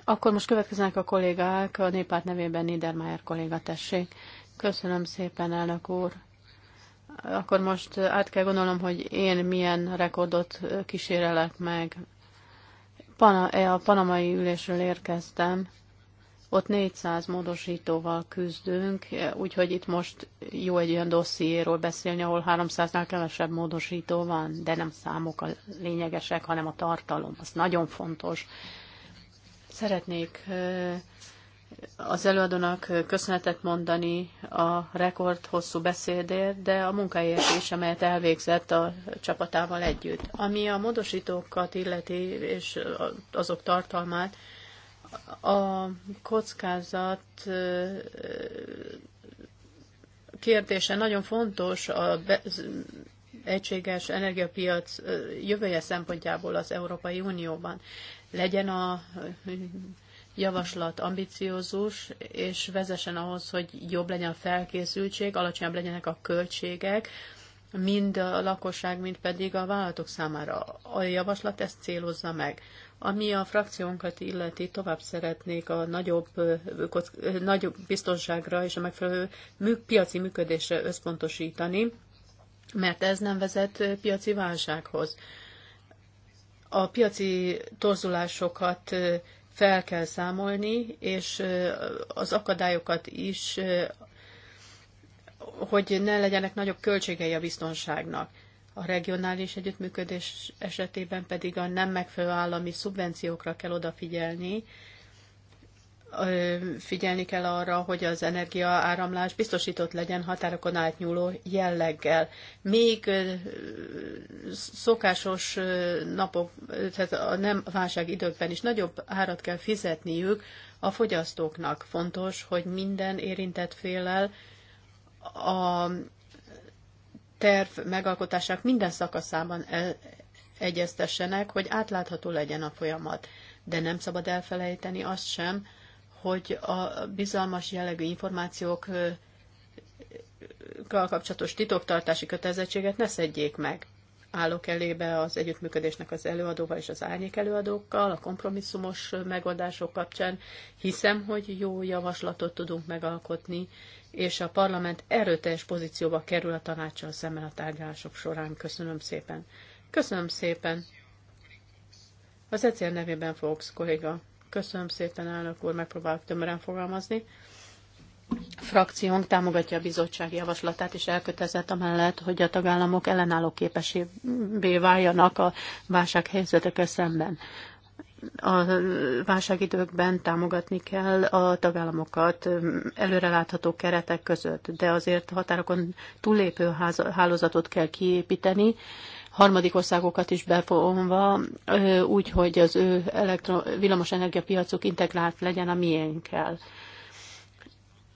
Akkor most következnek a kollégák, a néppárt nevében Niedermayer kolléga tessék. Köszönöm szépen, elnök úr. Akkor most át kell gondolnom, hogy én milyen rekordot kísérelek meg. Pana, a panamai ülésről érkeztem. Ott 400 módosítóval küzdünk, úgyhogy itt most jó egy olyan dossziéről beszélni, ahol 300-nál kevesebb módosító van, de nem számok a lényegesek, hanem a tartalom. Az nagyon fontos. Szeretnék az előadónak köszönetet mondani a rekord hosszú beszédért, de a munkáért is, amelyet elvégzett a csapatával együtt. Ami a módosítókat illeti és azok tartalmát, a kockázat kérdése nagyon fontos a egységes energiapiac jövője szempontjából az Európai Unióban. Legyen a javaslat ambiciózus, és vezessen ahhoz, hogy jobb legyen a felkészültség, alacsonyabb legyenek a költségek, mind a lakosság, mind pedig a vállalatok számára. A javaslat ezt célozza meg. Ami a frakciónkat illeti, tovább szeretnék a nagyobb, nagyobb biztonságra és a megfelelő piaci működésre összpontosítani, mert ez nem vezet piaci válsághoz. A piaci torzulásokat fel kell számolni, és az akadályokat is, hogy ne legyenek nagyobb költségei a biztonságnak a regionális együttműködés esetében pedig a nem megfelelő állami szubvenciókra kell odafigyelni, figyelni kell arra, hogy az energiaáramlás biztosított legyen határokon átnyúló jelleggel. Még szokásos napok, tehát a nem válság időkben is nagyobb árat kell fizetniük a fogyasztóknak. Fontos, hogy minden érintett félel a terv megalkotásának minden szakaszában egyeztessenek, hogy átlátható legyen a folyamat. De nem szabad elfelejteni azt sem, hogy a bizalmas jellegű információkkal kapcsolatos titoktartási kötelezettséget ne szedjék meg állok elébe az együttműködésnek az előadóval és az árnyék előadókkal, a kompromisszumos megoldások kapcsán. Hiszem, hogy jó javaslatot tudunk megalkotni, és a parlament erőteljes pozícióba kerül a tanácssal szemben a tárgyalások során. Köszönöm szépen. Köszönöm szépen. Az ECR nevében fogsz kolléga. Köszönöm szépen, elnök úr, megpróbálok tömören fogalmazni frakciónk támogatja a bizottság javaslatát, és elkötelezett amellett, hogy a tagállamok ellenálló képesébbé váljanak a válsághelyzetekkel szemben. A válságidőkben támogatni kell a tagállamokat előrelátható keretek között, de azért határokon túllépő hálózatot kell kiépíteni, harmadik országokat is bevonva, úgy, hogy az ő elektro- villamosenergiapiacuk integrált legyen a miénkkel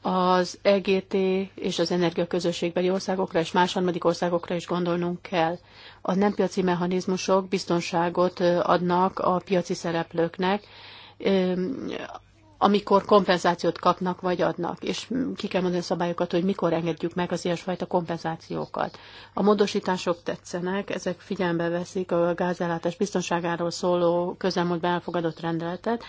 az EGT és az energiaközösségbeli országokra és más harmadik országokra is gondolnunk kell. A nem piaci mechanizmusok biztonságot adnak a piaci szereplőknek, amikor kompenzációt kapnak vagy adnak, és ki kell mondani a szabályokat, hogy mikor engedjük meg az ilyesfajta kompenzációkat. A módosítások tetszenek, ezek figyelembe veszik a gázellátás biztonságáról szóló közelmúltban elfogadott rendeletet.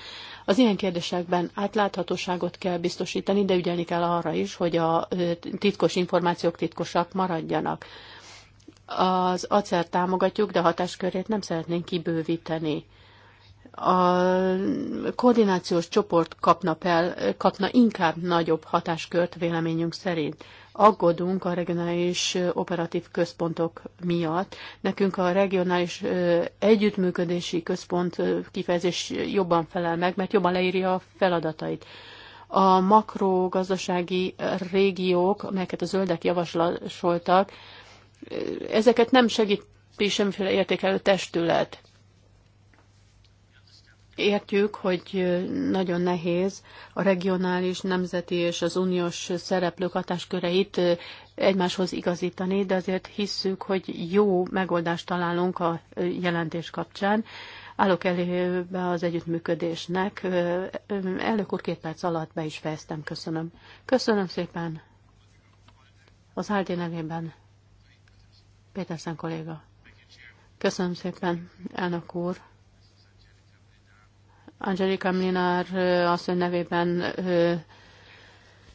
Az ilyen kérdésekben átláthatóságot kell biztosítani, de ügyelni kell arra is, hogy a titkos információk titkosak maradjanak. Az acer támogatjuk, de hatáskörét nem szeretnénk kibővíteni a koordinációs csoport kapna, fel, kapna inkább nagyobb hatáskört véleményünk szerint. Aggódunk a regionális operatív központok miatt. Nekünk a regionális együttműködési központ kifejezés jobban felel meg, mert jobban leírja a feladatait. A makrogazdasági régiók, amelyeket a zöldek javasoltak, ezeket nem segíti semmiféle értékelő testület Értjük, hogy nagyon nehéz a regionális, nemzeti és az uniós szereplők hatásköreit egymáshoz igazítani, de azért hisszük, hogy jó megoldást találunk a jelentés kapcsán. Állok elébe az együttműködésnek. Elnök úr két perc alatt be is fejeztem. Köszönöm. Köszönöm szépen. Az Áldi nevében. Péterszen kolléga. Köszönöm szépen, elnök úr. Angelika Mlinár Ön nevében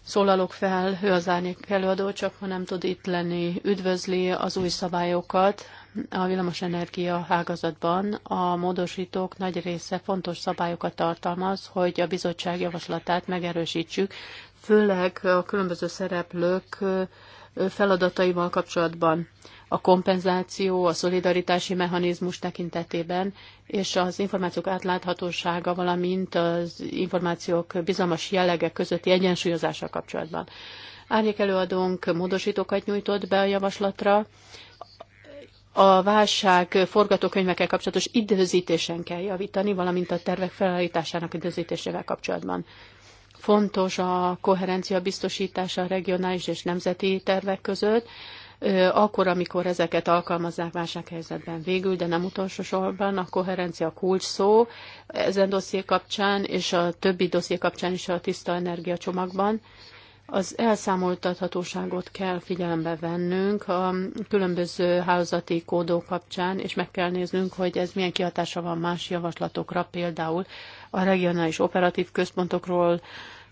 szólalok fel, ő az árnyék előadó, csak ha nem tud itt lenni, üdvözli az új szabályokat a villamosenergia hágazatban. A módosítók nagy része fontos szabályokat tartalmaz, hogy a bizottság javaslatát megerősítsük, főleg a különböző szereplők feladataival kapcsolatban a kompenzáció, a szolidaritási mechanizmus tekintetében, és az információk átláthatósága, valamint az információk bizalmas jellege közötti egyensúlyozása kapcsolatban. Árnyék előadónk módosítókat nyújtott be a javaslatra, a válság forgatókönyvekkel kapcsolatos időzítésen kell javítani, valamint a tervek felállításának időzítésével kapcsolatban. Fontos a koherencia biztosítása a regionális és nemzeti tervek között, akkor, amikor ezeket alkalmazzák válsághelyzetben végül, de nem utolsó sorban, a koherencia kulcs szó ezen dosszié kapcsán és a többi dosszié kapcsán is a tiszta energia csomagban. Az elszámoltathatóságot kell figyelembe vennünk a különböző hálózati kódok kapcsán, és meg kell néznünk, hogy ez milyen kihatása van más javaslatokra, például a regionális operatív központokról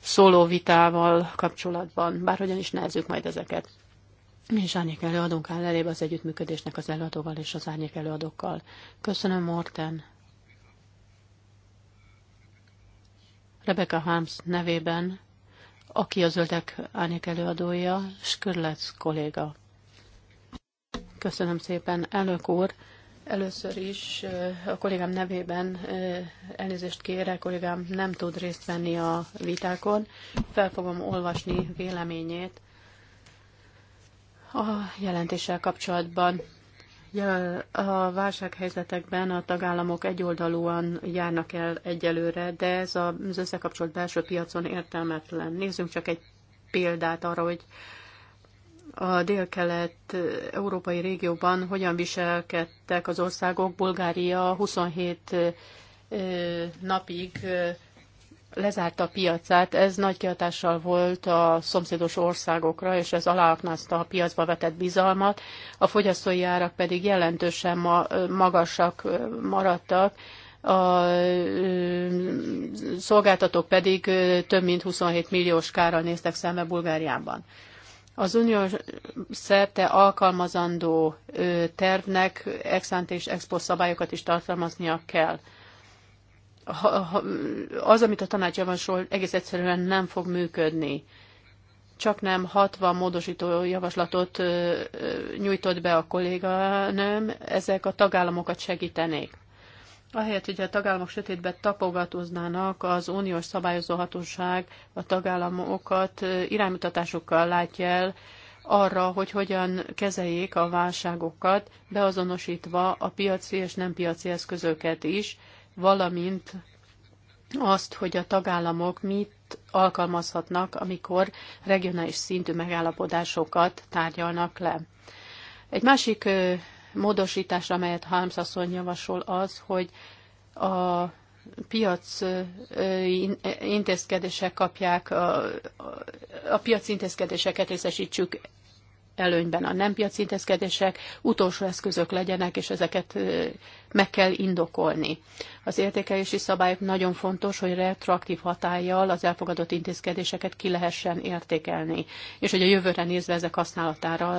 szóló vitával kapcsolatban, bárhogyan is nehezük majd ezeket is árnyék előadónk áll elébe az együttműködésnek az előadóval és az árnyék előadókkal. Köszönöm, Morten. Rebecca Harms nevében, aki a zöldek árnyék előadója, Skörlec kolléga. Köszönöm szépen, elnök úr. Először is a kollégám nevében elnézést kérek, kollégám nem tud részt venni a vitákon. Fel fogom olvasni véleményét a jelentéssel kapcsolatban. A válsághelyzetekben a tagállamok egyoldalúan járnak el egyelőre, de ez az összekapcsolt belső piacon értelmetlen. Nézzünk csak egy példát arra, hogy a délkelet európai régióban hogyan viselkedtek az országok. Bulgária 27 napig lezárta a piacát, ez nagy kihatással volt a szomszédos országokra, és ez aláaknázta a piacba vetett bizalmat, a fogyasztói árak pedig jelentősen ma, magasak maradtak, a szolgáltatók pedig több mint 27 milliós kára néztek szembe Bulgáriában. Az unió szerte alkalmazandó tervnek ex és ex szabályokat is tartalmaznia kell az, amit a tanács javasol, egész egyszerűen nem fog működni. Csak nem 60 módosító javaslatot nyújtott be a kolléganőm, ezek a tagállamokat segítenék. Ahelyett, hogy a tagállamok sötétbe tapogatóznának, az uniós hatóság a tagállamokat iránymutatásokkal látja el arra, hogy hogyan kezeljék a válságokat, beazonosítva a piaci és nem piaci eszközöket is, valamint azt, hogy a tagállamok mit alkalmazhatnak, amikor regionális szintű megállapodásokat tárgyalnak le. Egy másik módosítás, amelyet Harms asszony javasol az, hogy a piac intézkedések kapják, a, a piac intézkedéseket részesítsük előnyben. A nem piac intézkedések utolsó eszközök legyenek, és ezeket meg kell indokolni. Az értékelési szabályok nagyon fontos, hogy retroaktív hatállyal az elfogadott intézkedéseket ki lehessen értékelni, és hogy a jövőre nézve ezek használatára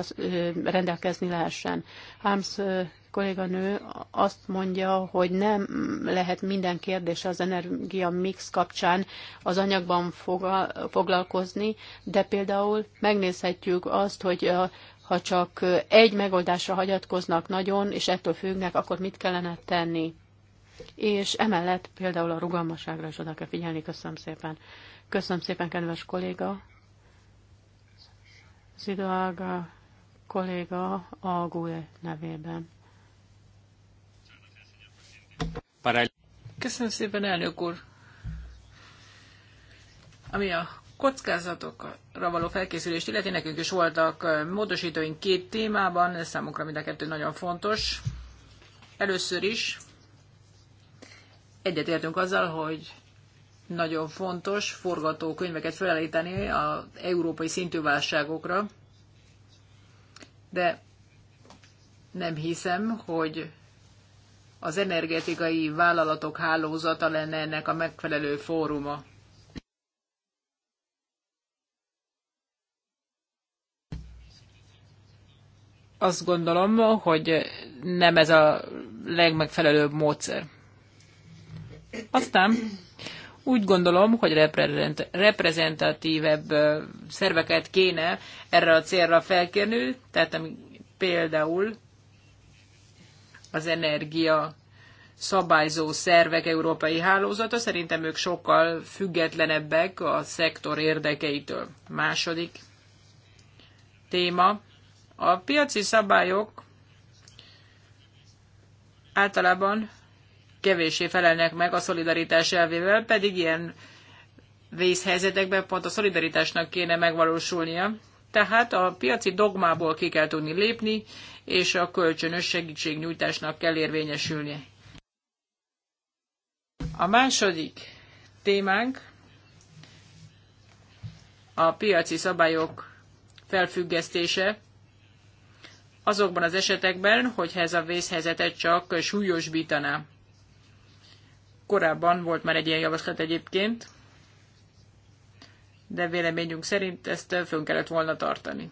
rendelkezni lehessen. Harms kolléganő azt mondja, hogy nem lehet minden kérdés az energia mix kapcsán az anyagban foglalkozni, de például megnézhetjük azt, hogy a ha csak egy megoldásra hagyatkoznak nagyon, és ettől függnek, akkor mit kellene tenni? És emellett például a rugalmasságra is oda kell figyelni. Köszönöm szépen. Köszönöm szépen, kedves kolléga. Zidoága kolléga a GUE nevében. Köszönöm szépen, elnök úr! Ami a kockázatokra való felkészülést illeti, nekünk is voltak módosítóink két témában, ez számunkra mind a kettő nagyon fontos. Először is egyetértünk azzal, hogy nagyon fontos forgatókönyveket felállítani az európai szintű válságokra, de nem hiszem, hogy az energetikai vállalatok hálózata lenne ennek a megfelelő fóruma. azt gondolom, hogy nem ez a legmegfelelőbb módszer. Aztán úgy gondolom, hogy reprezentatívebb szerveket kéne erre a célra felkérni, tehát például az energia szabályzó szervek európai hálózata, szerintem ők sokkal függetlenebbek a szektor érdekeitől. Második téma, a piaci szabályok általában kevéssé felelnek meg a szolidaritás elvével, pedig ilyen vészhelyzetekben pont a szolidaritásnak kéne megvalósulnia. Tehát a piaci dogmából ki kell tudni lépni, és a kölcsönös segítségnyújtásnak kell érvényesülnie. A második témánk a piaci szabályok felfüggesztése azokban az esetekben, hogyha ez a vészhelyzetet csak súlyosbítaná. Korábban volt már egy ilyen javaslat egyébként, de véleményünk szerint ezt fönn kellett volna tartani.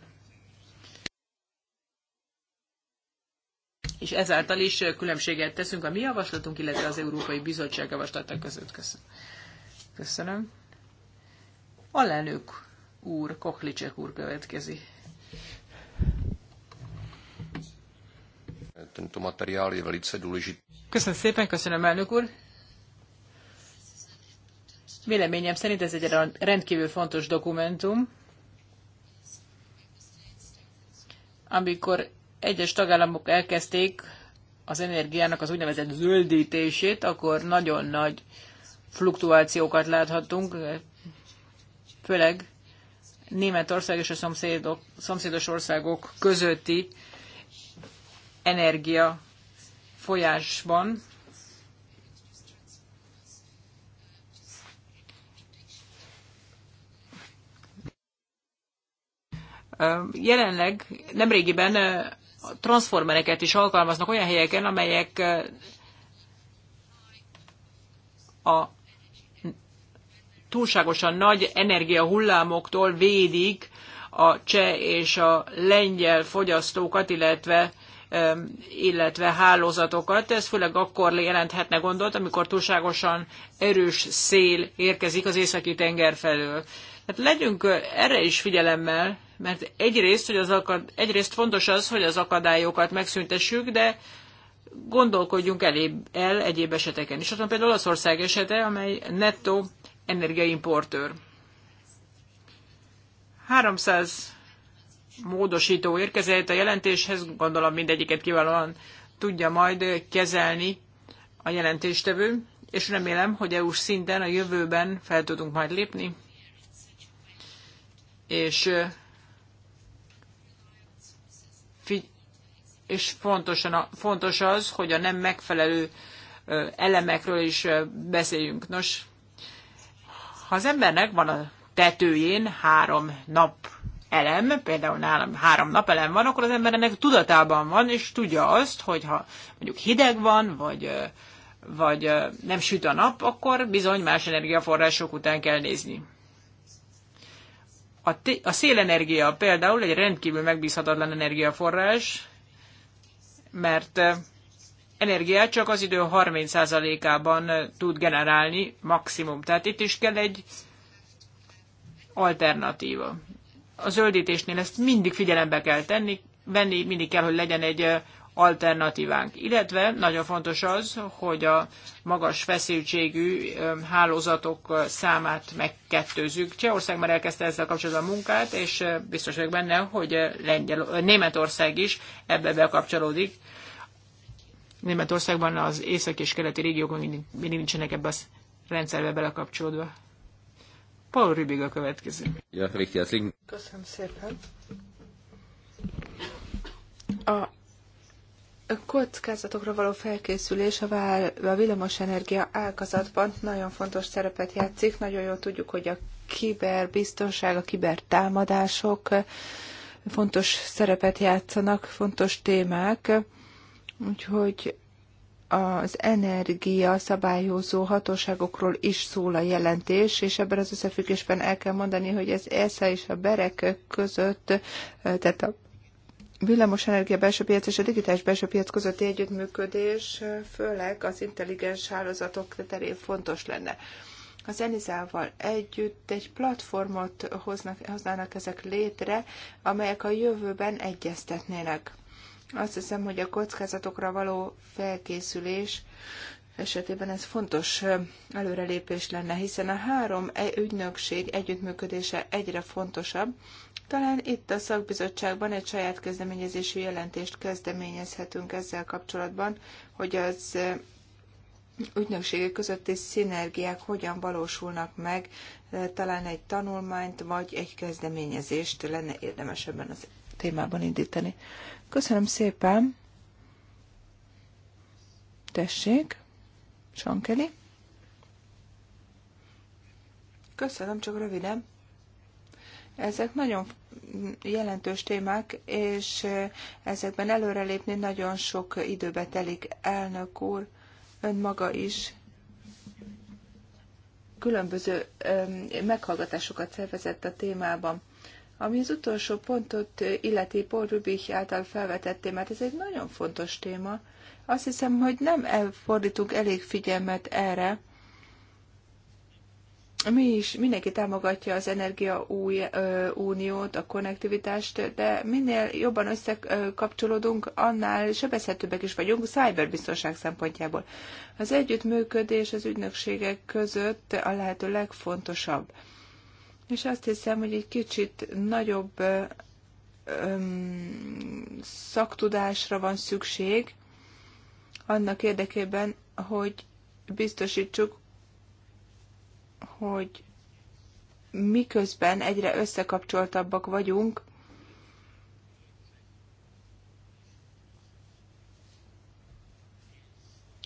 És ezáltal is különbséget teszünk a mi javaslatunk, illetve az Európai Bizottság javaslata között. Köszönöm. Köszönöm. Alelnök úr, Kohlicek úr következik. Tento materiál je velice důležitý. Köszönöm szépen, köszönöm elnök úr. Véleményem szerint ez egy rendkívül fontos dokumentum. Amikor egyes tagállamok elkezdték az energiának az úgynevezett zöldítését, akkor nagyon nagy fluktuációkat láthatunk, főleg Németország és a szomszédok, szomszédos országok közötti energia folyásban. Jelenleg nemrégiben transformereket is alkalmaznak olyan helyeken, amelyek a túlságosan nagy energiahullámoktól védik a cseh és a lengyel fogyasztókat, illetve illetve hálózatokat. Ez főleg akkor jelenthetne gondot, amikor túlságosan erős szél érkezik az északi tenger felől. Hát legyünk erre is figyelemmel, mert egyrészt, hogy az akad, egyrészt fontos az, hogy az akadályokat megszüntessük, de gondolkodjunk elébb, el egyéb eseteken is. Ott például Olaszország esete, amely nettó energiaimportőr. 300 módosító érkezett a jelentéshez, gondolom mindegyiket kiválóan tudja majd kezelni a jelentéstevő, és remélem, hogy EU-s szinten a jövőben fel tudunk majd lépni, és, és fontosan, fontos az, hogy a nem megfelelő elemekről is beszéljünk. Nos, ha az embernek van a tetőjén három nap elem, például nálam három nap elem van, akkor az ember ennek tudatában van, és tudja azt, hogy ha mondjuk hideg van, vagy, vagy nem süt a nap, akkor bizony más energiaforrások után kell nézni. A, t- a szélenergia például egy rendkívül megbízhatatlan energiaforrás, mert energiát csak az idő 30%-ában tud generálni maximum. Tehát itt is kell egy alternatíva a zöldítésnél ezt mindig figyelembe kell tenni, venni, mindig kell, hogy legyen egy alternatívánk. Illetve nagyon fontos az, hogy a magas feszültségű hálózatok számát megkettőzzük. Csehország már elkezdte ezzel kapcsolatban a munkát, és biztos vagyok benne, hogy Lengyel, Németország is ebbe bekapcsolódik. Németországban az észak és keleti régiók mindig nincsenek ebbe a rendszerbe belekapcsolódva. Paul Rübig a következő. Ja, Köszönöm szépen. A kockázatokra való felkészülés a, vál, a villamosenergia ágazatban nagyon fontos szerepet játszik. Nagyon jól tudjuk, hogy a kiberbiztonság, a kibertámadások fontos szerepet játszanak, fontos témák. Úgyhogy az energia szabályozó hatóságokról is szól a jelentés, és ebben az összefüggésben el kell mondani, hogy ez ESZA és a BEREK között, tehát a energia belső piac és a digitális belső piac közötti együttműködés, főleg az intelligens hálózatok terén fontos lenne. Az Enizával együtt egy platformot hoznak, hoznának ezek létre, amelyek a jövőben egyeztetnének. Azt hiszem, hogy a kockázatokra való felkészülés esetében ez fontos előrelépés lenne, hiszen a három e- ügynökség együttműködése egyre fontosabb. Talán itt a szakbizottságban egy saját kezdeményezésű jelentést kezdeményezhetünk ezzel kapcsolatban, hogy az ügynökségek közötti szinergiák hogyan valósulnak meg, talán egy tanulmányt vagy egy kezdeményezést lenne érdemes ebben az témában indítani. Köszönöm szépen. Tessék, Sankeli. Köszönöm, csak röviden. Ezek nagyon jelentős témák, és eh, ezekben előrelépni nagyon sok időbe telik. Elnök úr, ön maga is különböző meghallgatásokat szervezett a témában. Ami az utolsó pontot illeti Paul Rubich által felvetett témát, ez egy nagyon fontos téma. Azt hiszem, hogy nem fordítunk elég figyelmet erre. Mi is, mindenki támogatja az Energia új, ö, Uniót, a konnektivitást, de minél jobban összekapcsolódunk, annál sebezhetőbbek is vagyunk szájberbiztonság szempontjából. Az együttműködés az ügynökségek között a lehető legfontosabb és azt hiszem, hogy egy kicsit nagyobb öm, szaktudásra van szükség annak érdekében, hogy biztosítsuk, hogy miközben egyre összekapcsoltabbak vagyunk,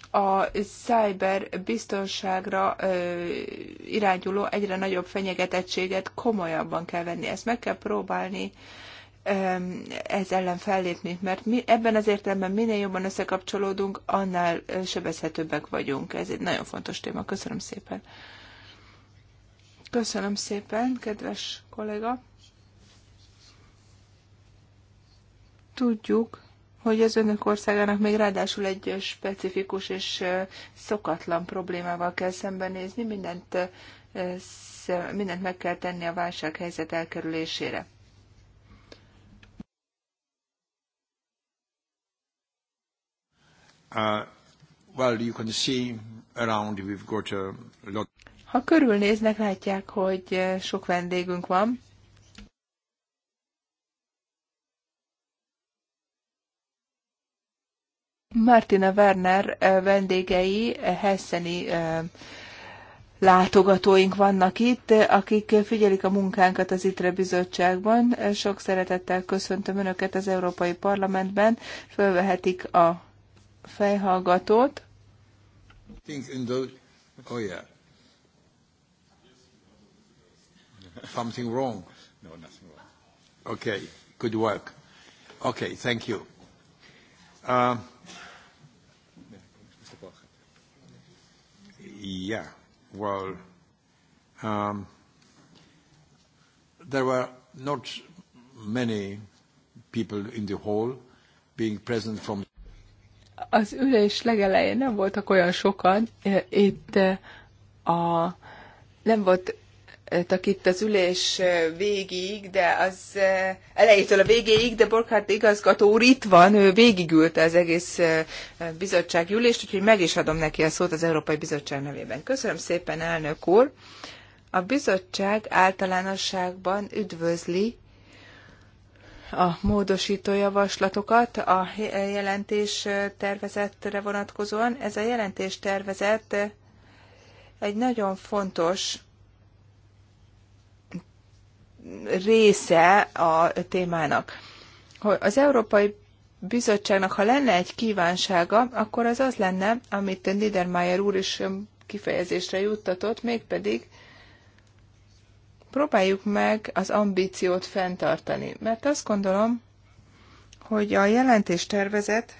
a cyber biztonságra irányuló egyre nagyobb fenyegetettséget komolyabban kell venni. Ezt meg kell próbálni ez ellen fellépni, mert mi ebben az értelemben minél jobban összekapcsolódunk, annál sebezhetőbbek vagyunk. Ez egy nagyon fontos téma. Köszönöm szépen. Köszönöm szépen, kedves kollega. Tudjuk, hogy az önök országának még ráadásul egy specifikus és szokatlan problémával kell szembenézni, mindent, mindent meg kell tenni a válsághelyzet elkerülésére. Uh, well, you can see around we've got a lot. Ha körülnéznek, látják, hogy sok vendégünk van. Martina Werner eh, vendégei, eh, hesseni eh, látogatóink vannak itt, akik figyelik a munkánkat az ITRE bizottságban. Sok szeretettel köszöntöm Önöket az Európai Parlamentben. Fölvehetik a fejhallgatót. Oh, yeah. Something wrong. No, nothing wrong. Okay, good work. Okay, thank you. Uh, Yeah, well, um, there were not many people in the hall being present from az ülés legelején nem voltak olyan sokan eh, itt eh, a nem volt itt az ülés végig, de az elejétől a végéig, de Borkhardt igazgató úr itt van, ő végigülte az egész bizottság ülést, úgyhogy meg is adom neki a szót az Európai Bizottság nevében. Köszönöm szépen, elnök úr! A bizottság általánosságban üdvözli a módosító javaslatokat a jelentés tervezetre vonatkozóan. Ez a jelentés tervezet egy nagyon fontos része a témának. Hogy az Európai Bizottságnak, ha lenne egy kívánsága, akkor az az lenne, amit Niedermayer úr is kifejezésre juttatott, mégpedig próbáljuk meg az ambíciót fenntartani. Mert azt gondolom, hogy a jelentés tervezet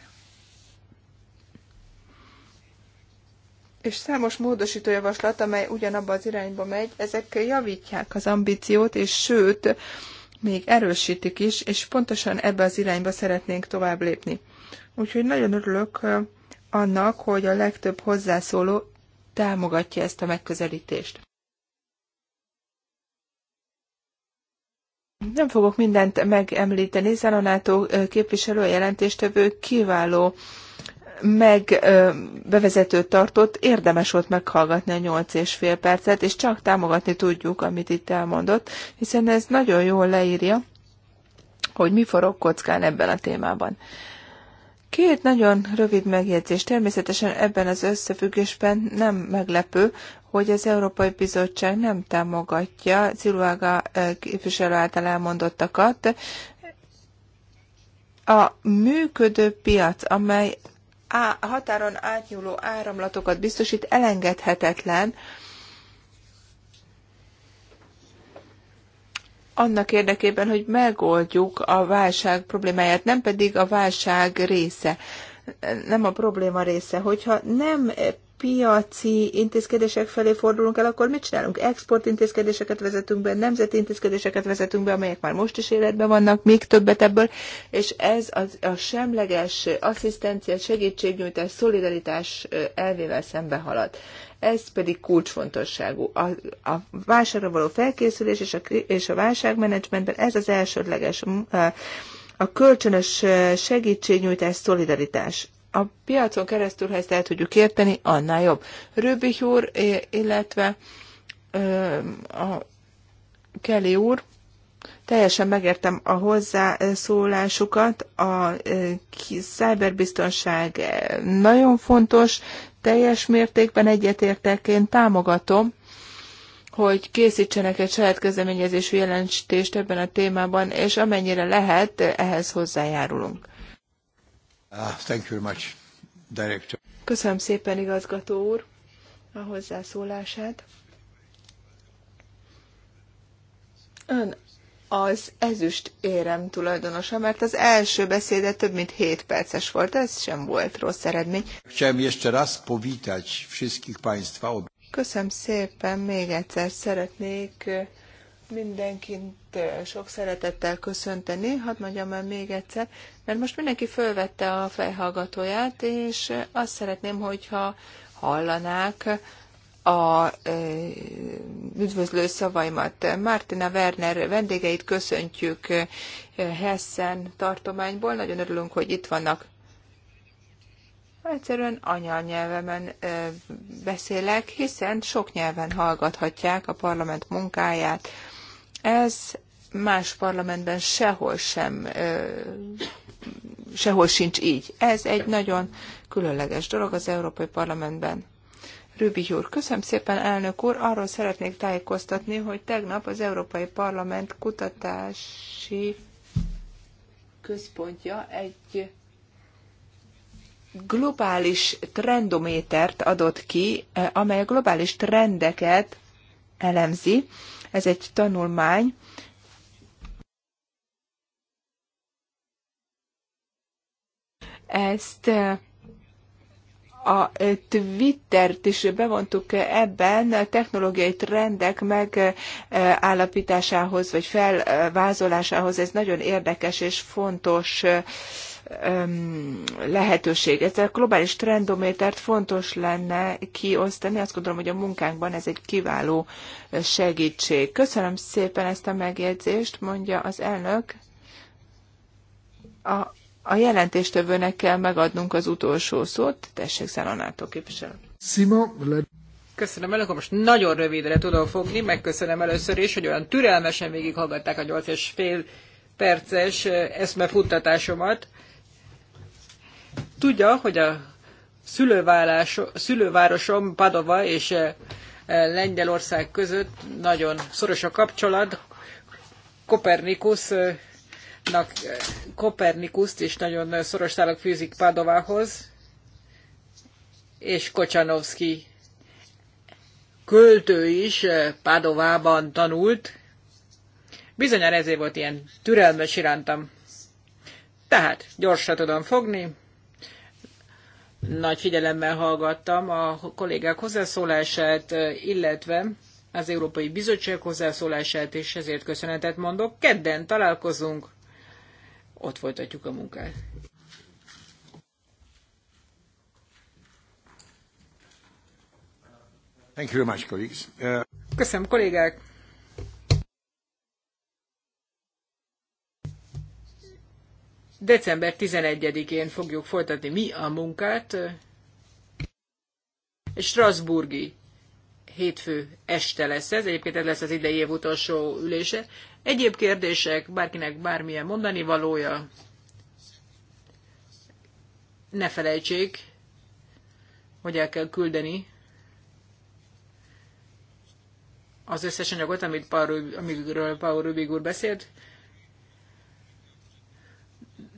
és számos módosító javaslat amely ugyanabba az irányba megy, ezek javítják az ambíciót, és sőt, még erősítik is, és pontosan ebbe az irányba szeretnénk tovább lépni. Úgyhogy nagyon örülök annak, hogy a legtöbb hozzászóló támogatja ezt a megközelítést. Nem fogok mindent megemlíteni, Zanonátó képviselő jelentéstevő kiváló meg bevezetőt tartott, érdemes volt meghallgatni a nyolc és fél percet, és csak támogatni tudjuk, amit itt elmondott, hiszen ez nagyon jól leírja, hogy mi forog kockán ebben a témában. Két nagyon rövid megjegyzés. Természetesen ebben az összefüggésben nem meglepő, hogy az Európai Bizottság nem támogatja Ciluága képviselő által elmondottakat. A működő piac, amely á, határon átnyúló áramlatokat biztosít, elengedhetetlen annak érdekében, hogy megoldjuk a válság problémáját, nem pedig a válság része, nem a probléma része. Hogyha nem piaci intézkedések felé fordulunk el, akkor mit csinálunk? Export intézkedéseket vezetünk be, nemzeti intézkedéseket vezetünk be, amelyek már most is életben vannak, még többet ebből, és ez az, a semleges asszisztencia, segítségnyújtás, szolidaritás elvével szembe halad. Ez pedig kulcsfontosságú. A, a válságra való felkészülés és a, és a válságmenedzsmentben ez az elsődleges a kölcsönös segítségnyújtás, szolidaritás a piacon keresztül, ha ezt el tudjuk érteni, annál jobb. Rübich úr, illetve a Kelly úr, teljesen megértem a hozzászólásukat. A szájberbiztonság nagyon fontos, teljes mértékben egyetértek, én támogatom, hogy készítsenek egy saját kezdeményezésű jelentést ebben a témában, és amennyire lehet, ehhez hozzájárulunk. Ah, Köszönöm szépen, igazgató úr, a hozzászólását. Ön az ezüst érem tulajdonosa, mert az első beszéde több mint 7 perces volt, ez sem volt rossz eredmény. Köszönöm szépen, még egyszer szeretnék mindenkit eh, sok szeretettel köszönteni. Hadd mondjam el még egyszer, mert most mindenki fölvette a fejhallgatóját, és azt szeretném, hogyha hallanák a eh, üdvözlő szavaimat. Martina Werner vendégeit köszöntjük eh, Hessen tartományból. Nagyon örülünk, hogy itt vannak. Egyszerűen anyanyelvemen beszélek, hiszen sok nyelven hallgathatják a parlament munkáját, ez más parlamentben sehol sem, sehol sincs így. Ez egy nagyon különleges dolog az Európai Parlamentben. Rübi úr, köszönöm szépen, elnök úr. Arról szeretnék tájékoztatni, hogy tegnap az Európai Parlament kutatási központja egy globális trendométert adott ki, amely a globális trendeket elemzi ez egy tanulmány, ezt eh, a eh, Twittert is bevontuk eh, ebben a technológiai trendek megállapításához, vagy felvázolásához. Ez nagyon érdekes és fontos lehetőség. Ez a globális trendométert fontos lenne kiosztani. Azt gondolom, hogy a munkánkban ez egy kiváló segítség. Köszönöm szépen ezt a megjegyzést, mondja az elnök. A, a jelentéstövőnek kell megadnunk az utolsó szót. Tessék, Szállanától képviselő. Szima, Köszönöm el, most nagyon rövidre tudom fogni, megköszönöm először is, hogy olyan türelmesen végighallgatták a 8,5 perces eszmefuttatásomat. Tudja, hogy a szülővárosom Padova és eh, eh, Lengyelország között nagyon szoros a kapcsolat. Kopernikusnak, eh, Kopernikuszt is nagyon szoros szálak fűzik Padovához, és Kocsanovszki költő is Padovában tanult. Bizonyára ezért volt ilyen türelmes irántam. Tehát gyorsan tudom fogni, nagy figyelemmel hallgattam a kollégák hozzászólását, illetve az Európai Bizottság hozzászólását, és ezért köszönetet mondok. Kedden találkozunk, ott folytatjuk a munkát. Thank you very much, colleagues. Uh... Köszönöm, kollégák! December 11-én fogjuk folytatni mi a munkát. Strasburgi hétfő este lesz ez, egyébként ez lesz az idei év utolsó ülése. Egyéb kérdések, bárkinek bármilyen mondani valója, ne felejtsék, hogy el kell küldeni az összes anyagot, amit Paul, amiről Paul Rubig úr beszélt,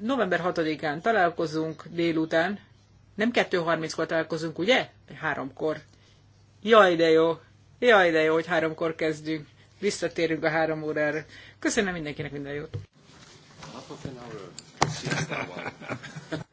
november 6-án találkozunk délután. Nem 2.30-kor találkozunk, ugye? Háromkor. Jaj, de jó! Jaj, de jó, hogy háromkor kezdünk. Visszatérünk a három órára. Köszönöm mindenkinek minden jót! Half of an hour.